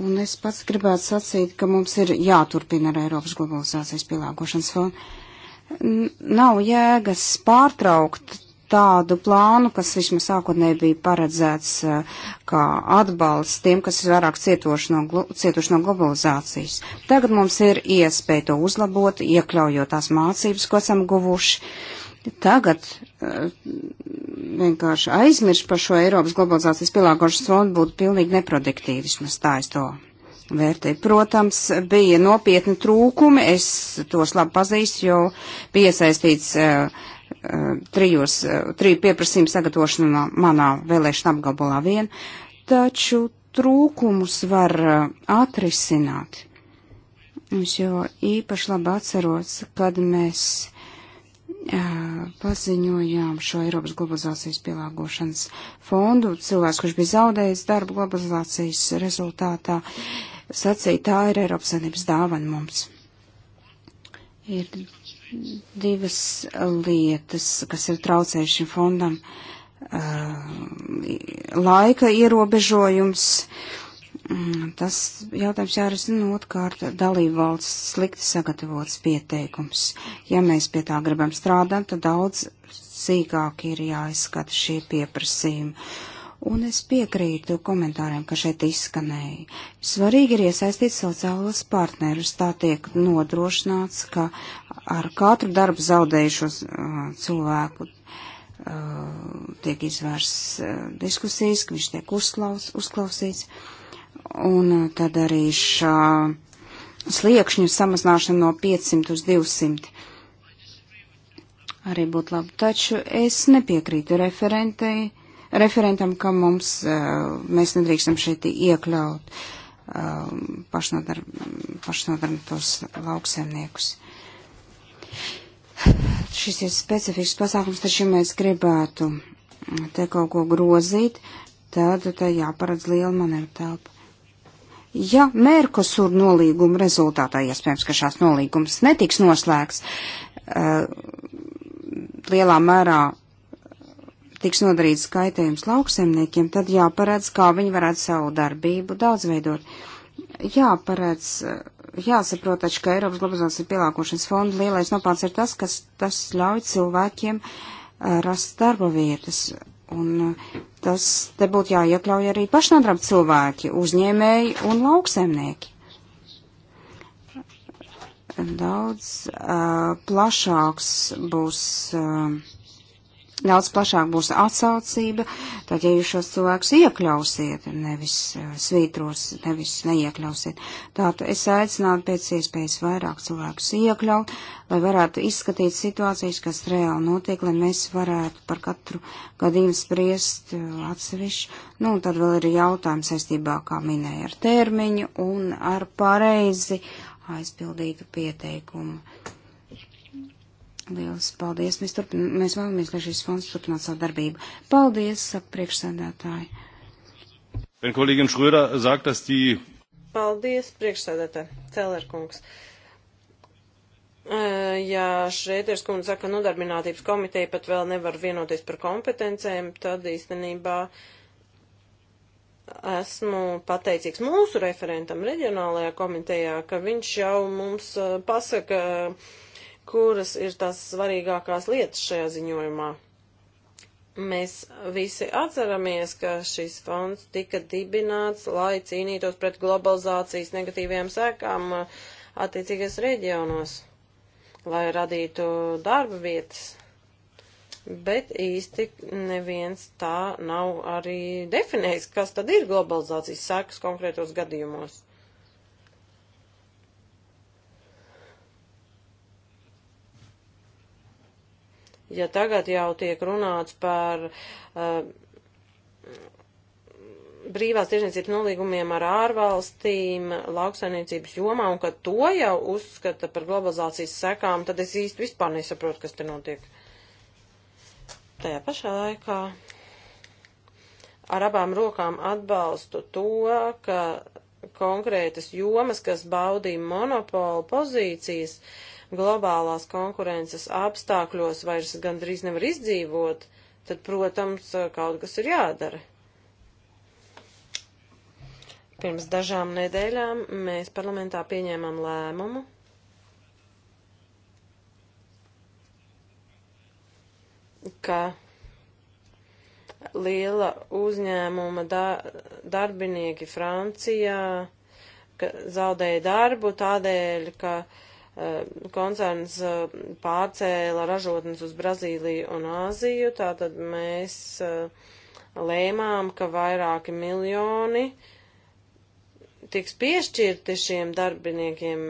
Un es pats gribētu sacīt, ka mums ir jāturpina ar Eiropas globalizācijas pielāgošanas fondu. Nav jēgas pārtraukt tādu plānu, kas vismaz sākotnēji bija paredzēts eh, kā atbalsts tiem, kas ir vairāk cietuši no, cietuši no globalizācijas. Tagad mums ir iespēja to uzlabot, iekļaujot tās mācības, ko esam guvuši. Tagad eh, vienkārši aizmirst par šo Eiropas globalizācijas pielāgošanas fondu būtu pilnīgi neproduktīvi, vismaz tā es to vērtēju. Protams, bija nopietni trūkumi, es tos labi pazīstu, jo piesaistīts uh, eh, Eh, trijos, eh, triju pieprasījumu sagatavošanu manā vēlēšana apgabalā vien, taču trūkumus var eh, atrisināt. Es jau īpaši labi atceros, kad mēs paziņojām šo Eiropas globalizācijas pielāgošanas fondu. Cilvēks, kurš bija zaudējis darbu globalizācijas rezultātā, sacīja, tā ir Eiropas Savienības dāvana mums. Ir divas lietas, kas ir traucējuši fondam. Uh, laika ierobežojums. Mm, tas jautājums jārisina otkārt dalību valsts slikti sagatavots pieteikums. Ja mēs pie tā gribam strādāt, tad daudz sīkāk ir jāizskata šie pieprasījumi. Uh, Un es piekrītu komentāriem, ka šeit izskanēja. Svarīgi ir iesaistīt sociālos partnerus. Tā tiek nodrošināts, ka ar katru darbu zaudējušo uh, cilvēku uh, tiek izvērs uh, diskusijas, ka viņš tiek uzklaus, uzklausīts. Un uh, tad arī šā sliekšņu samazināšana no 500 uz 200 arī būtu labi. Taču es nepiekrītu referentei referentam, ka mums, eh, mēs nedrīkstam šeit iekļaut eh, pašnodar, pašnodarbotos lauksēmniekus. Šis ir specifisks pasākums, taču, ja mēs gribētu te kaut ko grozīt, tad te jāparedz liela manevra telpa. Ja Mērkosur nolīguma rezultātā, iespējams, ka šās nolīgums netiks noslēgts, uh, lielā mērā tiks nodarīts kaitējums lauksemniekiem, tad jāparedz, kā viņi varētu savu darbību daudzveidot. Jāparedz, jāsaprot taču, ka Eiropas globalizācijas pielāgošanas fonda lielais nopāns ir tas, kas tas ļauj cilvēkiem eh, rast darba vietas. Un eh, tas te būtu jāiekļauj arī pašnodarb cilvēki, uzņēmēji un lauksemnieki. Daudz uh, plašāks būs. Uh, daudz plašāk būs atsaucība, tad, ja jūs šos cilvēkus iekļausiet, nevis eh, svītros, nevis neiekļausiet. Tātad es aicinātu pēc iespējas vairāk cilvēkus iekļaut, lai varētu izskatīt situācijas, kas reāli notiek, lai mēs varētu par katru gadījumu spriest eh, atsevišķi. Nu, un tad vēl ir jautājums saistībā, kā minēja, ar termiņu un ar pareizi aizpildītu pieteikumu Liels paldies. Mēs, turpin, mēs vēlamies, lai šis fonds turpinātu savu darbību. Paldies, priekšsēdētāji. Paldies, priekšsēdētāji. Celerkungs. Ja Šrēders kundze saka, nodarbinātības komiteja pat vēl nevar vienoties par kompetencēm, tad īstenībā esmu pateicīgs mūsu referentam reģionālajā komitejā, ka viņš jau mums pasaka, uh, kuras ir tās svarīgākās lietas šajā ziņojumā. Mēs visi atceramies, ka šis fonds tika dibināts, lai cīnītos pret globalizācijas negatīviem sekām uh, attiecīgajos reģionos, lai radītu darba vietas. Bet īsti neviens tā nav arī definējis, kas tad ir globalizācijas sekas konkrētos gadījumos. ja tagad jau tiek runāts par uh, brīvās tiešniecības nolīgumiem ar ārvalstīm lauksainiecības jomā un ka to jau uzskata par globalizācijas sekām, tad es īsti vispār nesaprotu, kas te notiek. Tajā pašā laikā ar abām rokām atbalstu to, ka konkrētas jomas, kas baudīja monopolu pozīcijas, uh, globālās konkurences apstākļos vairs gandrīz nevar izdzīvot, tad, protams, kaut kas ir jādara. Pirms dažām nedēļām mēs parlamentā pieņēmām lēmumu, ka liela uzņēmuma da darbinieki Francijā zaudēja darbu tādēļ, ka uh, Eh, koncerns eh, pārcēla ražotnes uz Brazīliju un Āziju, tātad mēs eh, lēmām, ka vairāki miljoni tiks piešķirti šiem darbiniekiem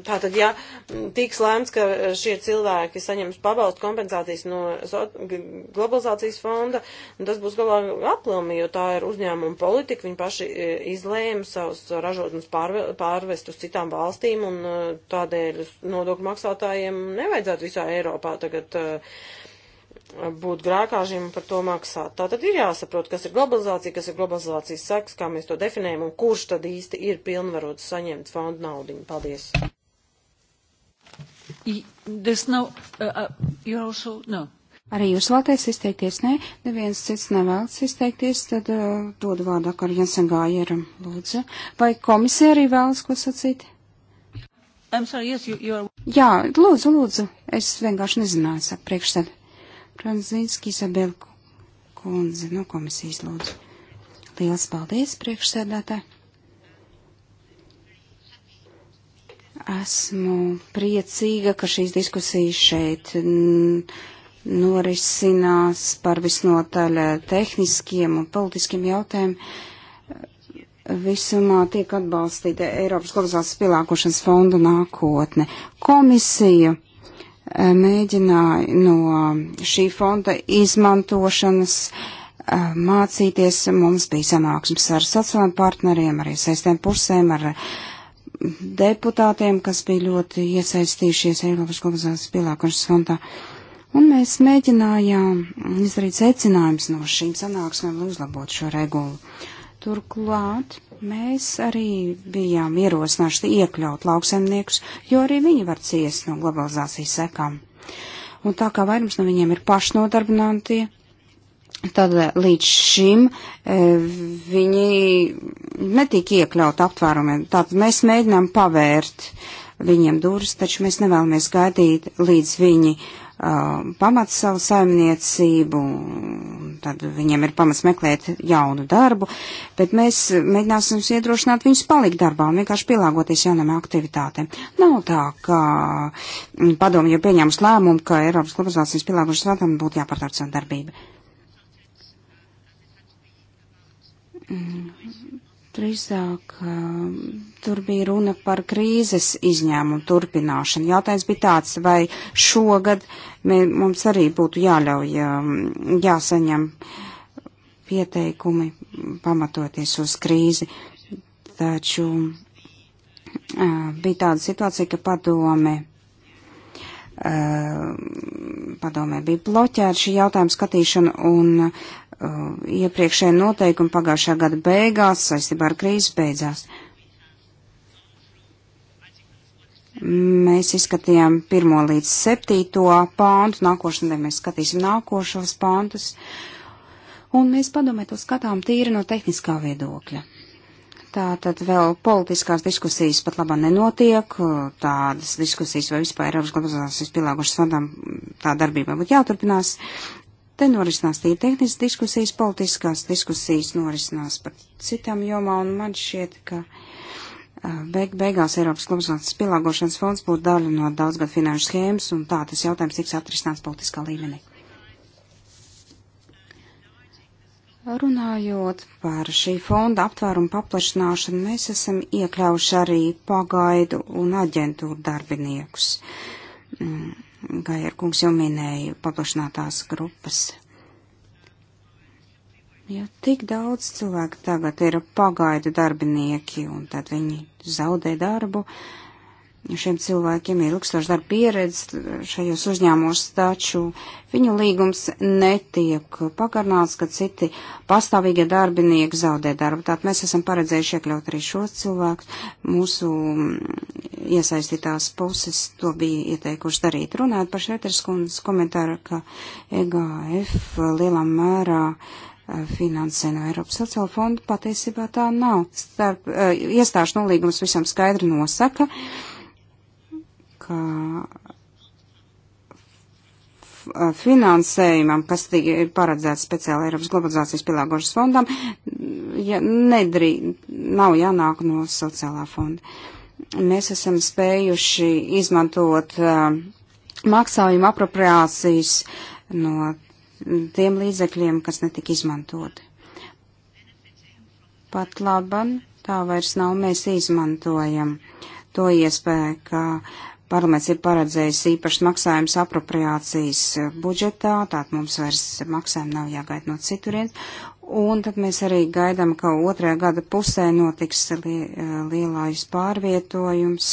Tātad, ja tiks lēmts, ka šie cilvēki saņems pabalstu kompensācijas no globalizācijas fonda, nu, tas būs galā aplami, jo tā ir uzņēmuma politika. Viņi paši e, izlēma savus ražotnes pārvest uz citām valstīm, un e, tādēļ nodokļu maksātājiem nevajadzētu visā Eiropā tagad e, būt grākāžiem un par to maksāt. Tā tad ir jāsaprot, kas ir globalizācija, kas ir globalizācijas seks, kā mēs to definējam un kurš tad īsti ir pilnvarots saņemt fondu naudiņu. Paldies! There's no, uh, uh, you're also, no. Arī jūs vēlaties izteikties? Nē, neviens cits nevēlas izteikties, tad uh, dodu vārdu ar Jensen Gājeram, lūdzu. Vai komisija arī vēlas ko sacīt? I'm sorry, yes, you, you're... Jā, lūdzu, lūdzu. Es vienkārši nezināju, saka priekšsēd. Pranzinski Izabela kundze no komisijas, lūdzu. Lielas paldies, priekšsēdētāji. Esmu priecīga, ka šīs diskusijas šeit norisinās par visnotaļ eh, tehniskiem un politiskiem jautājumiem. Visumā tiek atbalstīta Eiropas globalizācijas pielāgošanas fonda nākotne. Komisija eh, mēģināja no eh, šī fonda izmantošanas mācīties. Mums bija sanāksmes ar sociālajiem partneriem, arī saistēm pusēm, ar uh, deputātiem, kas bija ļoti iesaistījušies Eiropas globalizācijas pielāgošanas fondā. Un mēs mēģinājām izdarīt secinājumus no šīm sanāksmēm, lai uzlabotu šo regulu. Turklāt mēs arī bijām ierosināti iekļaut lauksemniekus, jo arī viņi var ciest no globalizācijas sekām. Un tā kā vairums no viņiem ir pašnodarbinātie, tad eh, līdz šim eh, viņi netika iekļaut aptvērumē. Tātad mēs mēģinām pavērt viņiem durvis, taču mēs nevēlamies gaidīt līdz viņi uh, um, pamat savu saimniecību, tad viņiem ir pamats meklēt jaunu darbu, bet mēs mēģināsim iedrošināt viņus palikt darbā un vienkārši pielāgoties jaunam aktivitātēm. Nav tā, ka mm, padomju pieņēmus lēmumu, ka Eiropas globalizācijas pielāgošanas vadam būtu jāpārtauc savu darbību. Drīzāk um, tur bija runa par krīzes izņēmumu turpināšanu. Jautājums bija tāds, vai šogad mē, mums arī būtu jāļauj, um, jāsaņem pieteikumi pamatoties uz krīzi. Taču um, bija tāda situācija, ka padome. Uh, padomē bija bloķēta šī jautājuma skatīšana, un Um, iepriekšēja noteikuma pagājušā gada beigās saistībā ar krīzes beidzās. Mēs izskatījām pirmo līdz septīto pāntu, nākošanai mēs skatīsim nākošos pāntus, un mēs padomē to skatām tīri no tehniskā viedokļa. Tā tad vēl politiskās diskusijas pat labā nenotiek, tādas diskusijas vai vispār Eiropas globalizācijas pielāgošas fondam tā darbība būtu jāturpinās, Te norisinās tīri tehniskas diskusijas, politiskās diskusijas norisinās par citām jomām, un man šķiet, ka beig beigās Eiropas klubzātas pielāgošanas fonds būtu daļa no daudzgad finanšu schēmas, un tā tas jautājums tiks atrisināts politiskā līmenī. Runājot par šī fonda aptvērumu paplašināšanu, mēs esam iekļauši arī pagaidu un aģentūru darbiniekus. Mm kā ir kungs jau minēja, paplašinātās grupas. Jo tik daudz cilvēku tagad ir pagaidu darbinieki, un tad viņi zaudē darbu. Uh, Šiem cilvēkiem ir ilgstoši darba pieredze šajos uzņēmumos, taču viņu līgums netiek pagarnāts, ka citi pastāvīgie darbinieki zaudē darbu. Tātad mēs esam paredzējuši iekļaut arī šo cilvēku. Mūsu mm, iesaistītās puses to bija ieteikuši darīt. Runājot par Šreters kundas komentāru, ka EGF lielā mērā e, finansē no Eiropas sociāla fonda, patiesībā tā nav. Starp, e, iestāšu nolīgums visam skaidri nosaka. Uh, ka finansējumam, kas ir paredzēts speciāli Eiropas globalizācijas pielāgošanas fondam, ja nedrī, nav jānāk no sociālā fonda. Mēs esam spējuši izmantot uh, um, maksājumu apropriācijas no tiem līdzekļiem, kas netika izmantoti. Pat laban tā vairs nav, mēs izmantojam to iespēju, ka uh, Parlaments ir paredzējis īpašs maksājums apropriācijas eh, budžetā, tātad mums vairs maksājumi nav jāgaida no citurienes. Un tad mēs arī gaidām, ka otrajā gada pusē notiks li eh, lielājas pārvietojums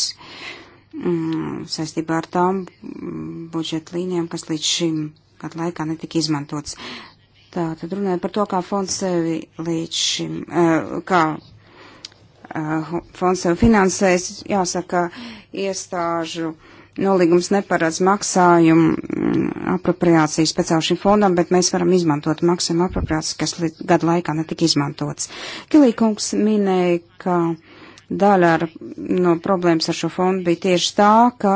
mm, saistībā ar tām mm, budžeta līnijām, kas līdz šim gadu laikā netika izmantots. Tā tad runāja par to, kā fonds sevi līdz šim, eh, kā fonds sev finansēs, jāsaka, iestāžu nolīgums neparedz maksājumu mm, apropriāciju speciāli šim fondam, bet mēs varam izmantot maksājumu apropriācijas, kas gadu laikā netika izmantotas. Kilīkungs minēja, ka daļa ar, no problēmas ar šo fondu bija tieši tā, ka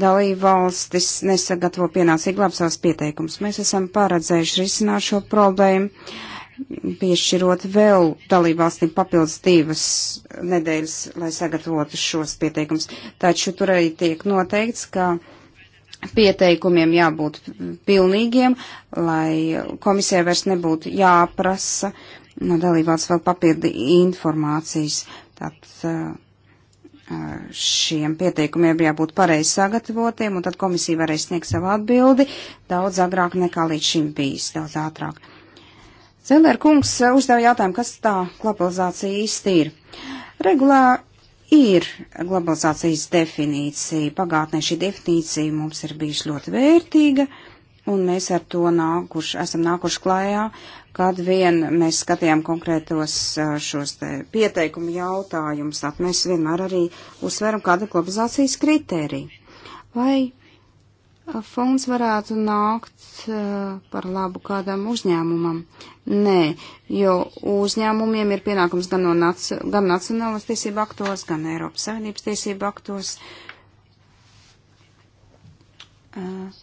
dalība valstis nesagatavo pienācīgi labs savas pieteikums. Mēs esam paredzējuši risināt šo problēmu piešķirot vēl dalībvalstīm papildus divas nedēļas, lai sagatavotu šos pieteikumus. Taču tur arī tiek noteikts, ka pieteikumiem jābūt pilnīgiem, lai komisijai vairs nebūtu jāprasa no dalībvalsts vēl papildi informācijas. Tātad šiem pieteikumiem jābūt pareizi sagatavotiem, un tad komisija varēs sniegt savu atbildi daudz agrāk nekā līdz šim bijis, daudz ātrāk. Uh, Zeller kungs eh, uzdeva jautājumu, kas tā globalizācija īsti ir. Regulā ir globalizācijas definīcija. Pagātnē šī definīcija mums ir bijusi ļoti vērtīga, un mēs ar to nākuši, esam nākuši klājā, kad vien mēs skatījām konkrētos eh, šos pieteikumu jautājumus, tad mēs vienmēr arī uzsveram kādu globalizācijas kritēriju. Lai fonds varētu nākt eh, par labu kādam uzņēmumam. Nē, jo uzņēmumiem ir pienākums gan, no nac gan nacionālas tiesība aktos, gan Eiropas Savienības tiesība aktos. Eh,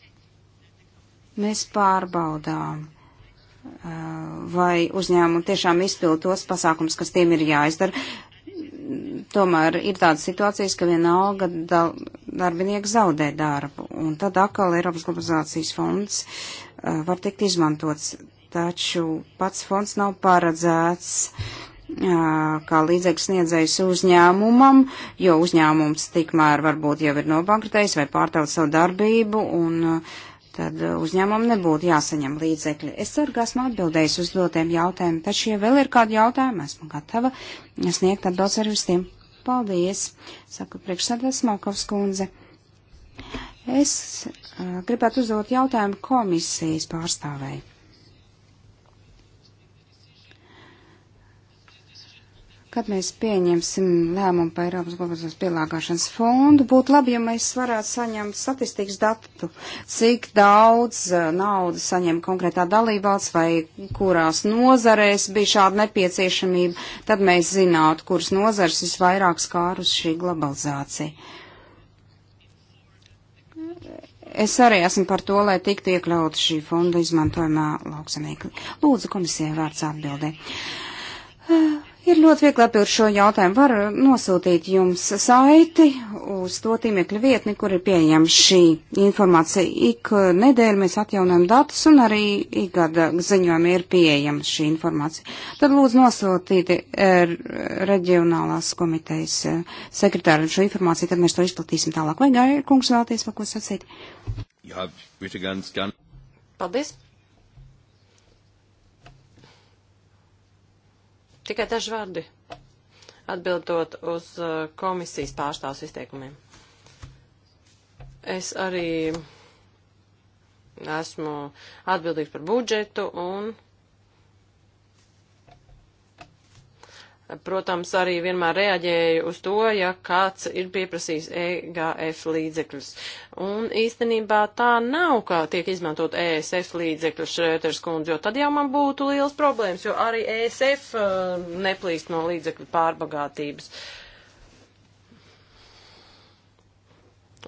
mēs pārbaudām, eh, vai uzņēmumi tiešām izpild tos pasākums, kas tiem ir jāizdara tomēr ir tādas situācijas, ka vienalga darbinieki zaudē darbu, un tad atkal Eiropas globalizācijas fonds uh, var tikt izmantots, taču pats fonds nav paredzēts uh, kā līdzekļu sniedzējs uzņēmumam, jo uzņēmums tikmēr varbūt jau ir nobankrutējis vai pārtaut savu darbību, un uh, tad uh, uzņēmumam nebūtu jāsaņem līdzekļi. Es ceru, ka esmu atbildējis uz dotiem jautājumiem, taču, ja vēl ir kādi jautājumi, esmu gatava sniegt atbildes arī uz tiem. Paldies, saka priekšsēdētājs Malkovs kundze. Es uh, gribētu uzdot jautājumu komisijas pārstāvēju. Kad mēs pieņemsim lēmumu par Eiropas globalizācijas pielāgāšanas fondu, būtu labi, ja mēs varētu saņemt statistikas datu, cik daudz eh, naudas saņem konkrētā dalībvalsts vai kurās nozarēs bija šāda nepieciešamība, tad mēs zinātu, kuras nozars visvairāk skārus šī globalizācija. Es arī esmu par to, lai tiktu iekļauta šī fonda izmantojumā lauksamīgi. Lūdzu, komisijai vārds atbildē. Eh, Ir ļoti viegli atbildēt šo jautājumu. Var nosūtīt jums saiti uz to tīmekļa vietni, kur ir pieejama šī informācija. Ik nedēļu mēs atjaunojam datus un arī ikgada ziņojumi ir pieejama šī informācija. Tad lūdzu nosūtīt e, reģionālās komitejas e, sekretāru šo informāciju, tad mēs to izplatīsim tālāk. Vai Gaira kungs vēlties vēl ko sacīt? Jā, viņš ir gan skan. Paldies. Tikai daži vārdi atbildot uz uh, komisijas pārstāvs izteikumiem. Es arī esmu atbildīgs par budžetu un protams, arī vienmēr reaģēju uz to, ja kāds ir pieprasījis EGF līdzekļus. Un īstenībā tā nav, ka tiek izmantot ESF līdzekļu Šrēters kundze, jo tad jau man būtu liels problēmas, jo arī ESF uh, neplīst no līdzekļu pārbagātības.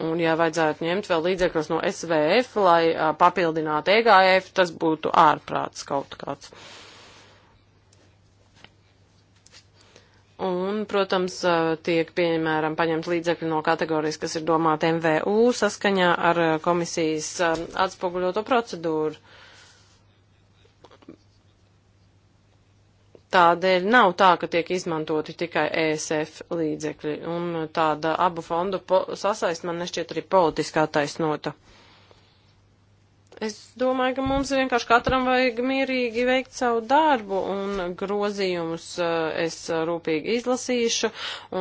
Un, ja vajadzētu ņemt vēl līdzekļus no SVF, lai uh, papildinātu EGF, tas būtu ārprāts kaut kāds. Un, protams, tiek, piemēram, paņemt līdzekļi no kategorijas, kas ir domāta MVU saskaņā ar komisijas atspoguļoto procedūru. Tādēļ nav tā, ka tiek izmantoti tikai ESF līdzekļi, un tāda abu fondu sasaist man nešķiet arī politiskā taisnota. Es domāju, ka mums vienkārši katram vajag mierīgi veikt savu darbu un grozījumus eh, es eh, rūpīgi izlasīšu.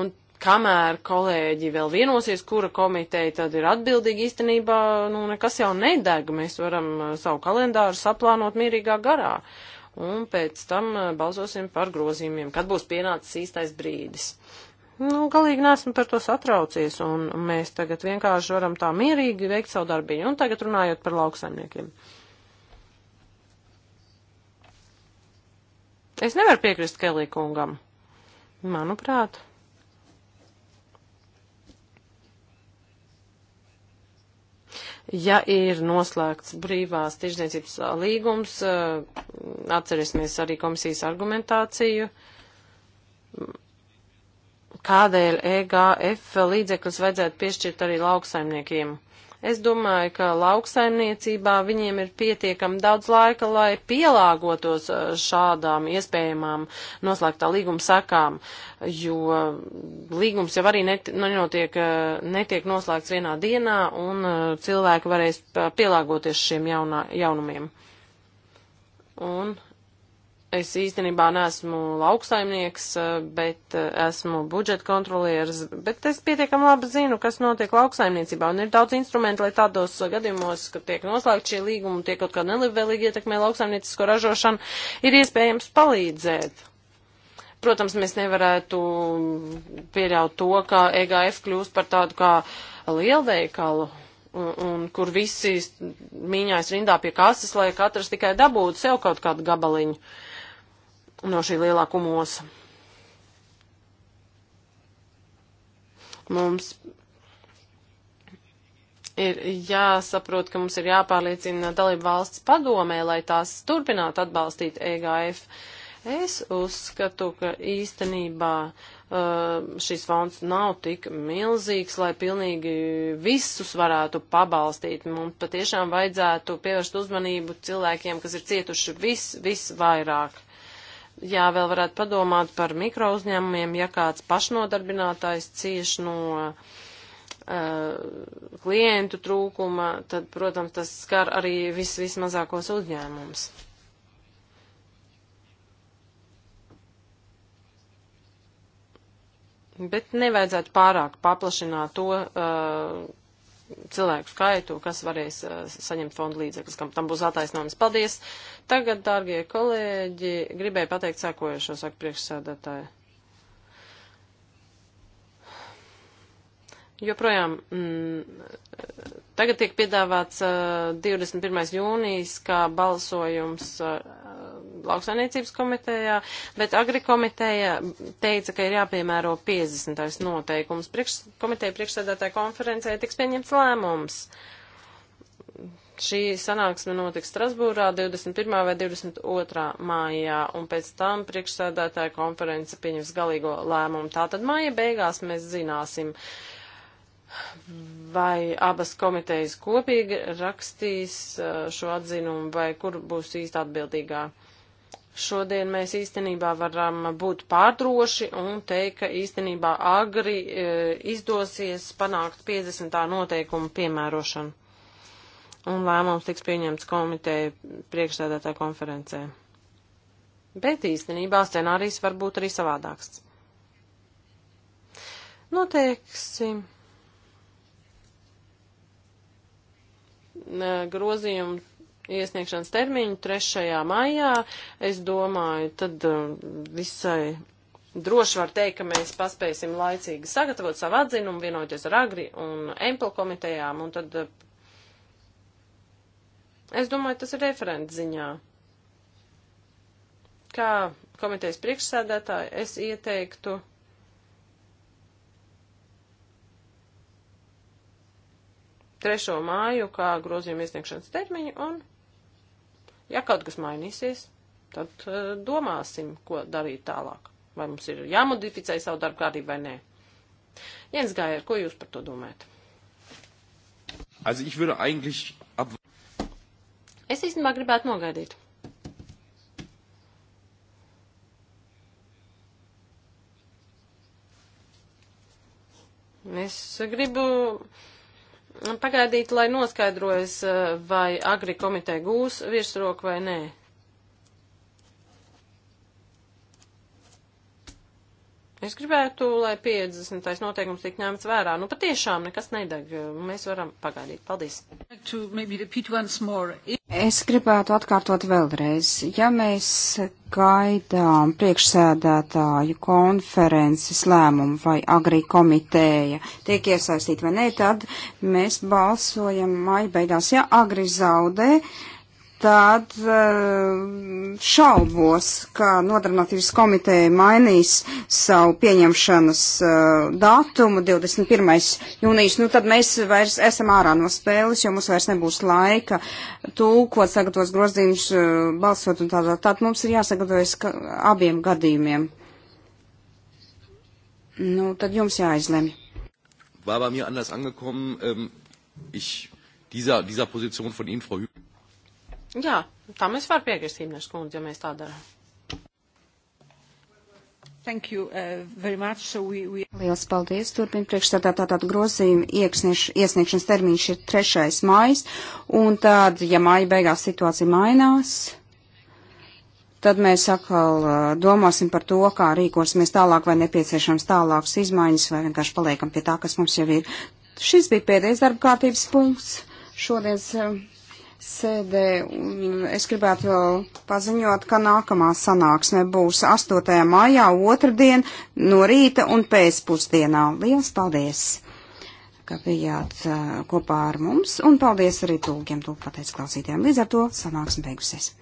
Un kamēr kolēģi vēl vienosies, kura komiteja tad ir atbildīga īstenībā, nu nekas jau nedeg. Mēs varam eh, savu kalendāru saplānot mierīgā garā. Un pēc tam balsosim par grozījumiem, kad būs pienācis īstais brīdis. Nu, galīgi neesmu par to satraucies, un mēs tagad vienkārši varam tā mierīgi veikt savu darbību. Un tagad runājot par lauksaimniekiem. Es nevaru piekrist Kelī kungam. Manuprāt. Ja ir noslēgts brīvās tirzniecības līgums, eh, atcerēsimies arī komisijas argumentāciju kādēļ EGF līdzekļus vajadzētu piešķirt arī lauksaimniekiem. Es domāju, ka lauksaimniecībā viņiem ir pietiekami daudz laika, lai pielāgotos uh, šādām iespējamām noslēgtā līguma sakām, jo līgums jau arī net, nu, nenotiek, uh, netiek noslēgts vienā dienā, un uh, cilvēki varēs pielāgoties šiem jaunā, jaunumiem. Un Es īstenībā neesmu lauksaimnieks, bet eh, esmu budžeta kontrolieris, bet es pietiekam labi zinu, kas notiek lauksaimniecībā, un ir daudz instrumentu, lai tādos gadījumos, kad tiek noslēgt šie līgumi, tiek kaut kā nelibvēlīgi ietekmē lauksaimniecisko ražošanu, ir iespējams palīdzēt. Protams, mēs nevarētu pieļaut to, ka EGF kļūst par tādu kā lielveikalu, un, un kur visi mīņājas rindā pie kases, lai katrs tikai dabūtu sev kaut kādu gabaliņu. Uh, no šī lielā kumosa. Mums ir jāsaprot, ka mums ir jāpārliecina dalību valsts padomē, lai tās turpinātu atbalstīt EGF. Es uzskatu, ka īstenībā uh, šis fonds nav tik milzīgs, lai pilnīgi visus varētu pabalstīt. Mums patiešām vajadzētu pievērst uzmanību cilvēkiem, kas ir cietuši vis, visvairāk jā, vēl varētu padomāt par mikrouzņēmumiem, ja kāds pašnodarbinātājs cieš no uh, klientu trūkuma, tad, protams, tas skar arī vis, vismazākos uzņēmumus. Bet nevajadzētu pārāk paplašināt to, uh, cilvēku skaitu, kas varēs uh, saņemt fondu līdzekļus, kam tam būs attaisnojums. Paldies! Tagad, dārgie kolēģi, gribēju pateikt sākojušo, saka priekšsēdētāji. joprojām mm, tagad tiek piedāvāts uh, 21. jūnijas kā balsojums uh, lauksainiecības komitejā, bet agrikomiteja teica, ka ir jāpiemēro 50. noteikums. Priekš, komiteja priekšsēdētāja konferencē tiks pieņemts lēmums. Šī sanāksme notiks Strasbūrā 21. vai 22. mājā, un pēc tam priekšsēdētāja konference pieņems galīgo lēmumu. Tātad māja beigās mēs zināsim. Uh, vai abas komitejas kopīgi rakstīs uh, šo atzinumu, vai kur būs īsti atbildīgā. Šodien mēs īstenībā varam būt pārdroši un teikt, ka īstenībā agri uh, izdosies panākt 50. noteikumu piemērošanu. Un lēmums tiks pieņemts komiteja priekšsēdētā konferencē. Bet īstenībā scenārijs var būt arī savādāks. Noteiksim. Nu, grozījumu iesniegšanas termiņu 3. maijā. Es domāju, tad um, visai droši var teikt, ka mēs paspēsim laicīgi sagatavot savu atzinumu, vienoties ar Agri un Empel komitejām, un tad uh, es domāju, tas ir referents ziņā. Kā komitejas priekšsēdētāji, es ieteiktu 3. māju kā grozījuma iesniegšanas termiņu, un, ja kaut kas mainīsies, tad uh, domāsim, ko darīt tālāk. Vai mums ir jāmodificē savu darbu kārtību vai nē. Jens Gājer, ko jūs par to domājat? Also ich würde eigentlich ab... Es īstenībā gribētu nogaidīt. Es gribu pagaidīt, lai noskaidrojas, eh, vai agri komiteja gūs virsroku vai nē. Es gribētu, lai 50. noteikums tik ņemts vērā. Nu, patiešām nekas nedeg. Mēs varam pagaidīt. Paldies. Es gribētu atkārtot vēlreiz. Ja mēs gaidām priekšsēdētāju konferences lēmumu vai agrī komiteja tiek iesaistīt vai nē, tad mēs balsojam maija beigās. Ja agri zaudē, uh, tad e, šaubos, ka nodarbinātības komiteja mainīs savu pieņemšanas e, datumu 21. jūnijas. Nu, tad mēs vairs esam ārā no spēles, jo mums vairs nebūs laika tūkot, sagatavos grozījumus, e, balsot un tādā. Tad mums ir jāsagatavojas abiem gadījumiem. Nu, tad jums jāizlemj. War bei mir anders angekommen. Ähm, ich dieser, dieser Position von Ihnen, Frau Hübner. Jā, tam es varu piekrist, Himners kundze, ja mēs tā darām. Thank you uh, very much. So we, we... Liels paldies. Turpin priekšstādā tātad grozījuma iesniegšanas termiņš ir 3. mājas, un tad, ja māja beigās situācija mainās, tad mēs atkal uh, domāsim par to, kā rīkosimies tālāk, vai nepieciešams tālākas izmaiņas, vai vienkārši paliekam pie tā, kas mums jau ir. Šis bija pēdējais darba kārtības punkts. Šodien. Uh, sēdē. Es gribētu vēl paziņot, ka nākamā sanāksme būs 8. maijā, otrdien, no rīta un pēcpusdienā. Liels paldies, ka bijāt kopā ar mums, un paldies arī tulkiem, tulk pateic klausītājiem. Līdz ar to sanāksme beigusies.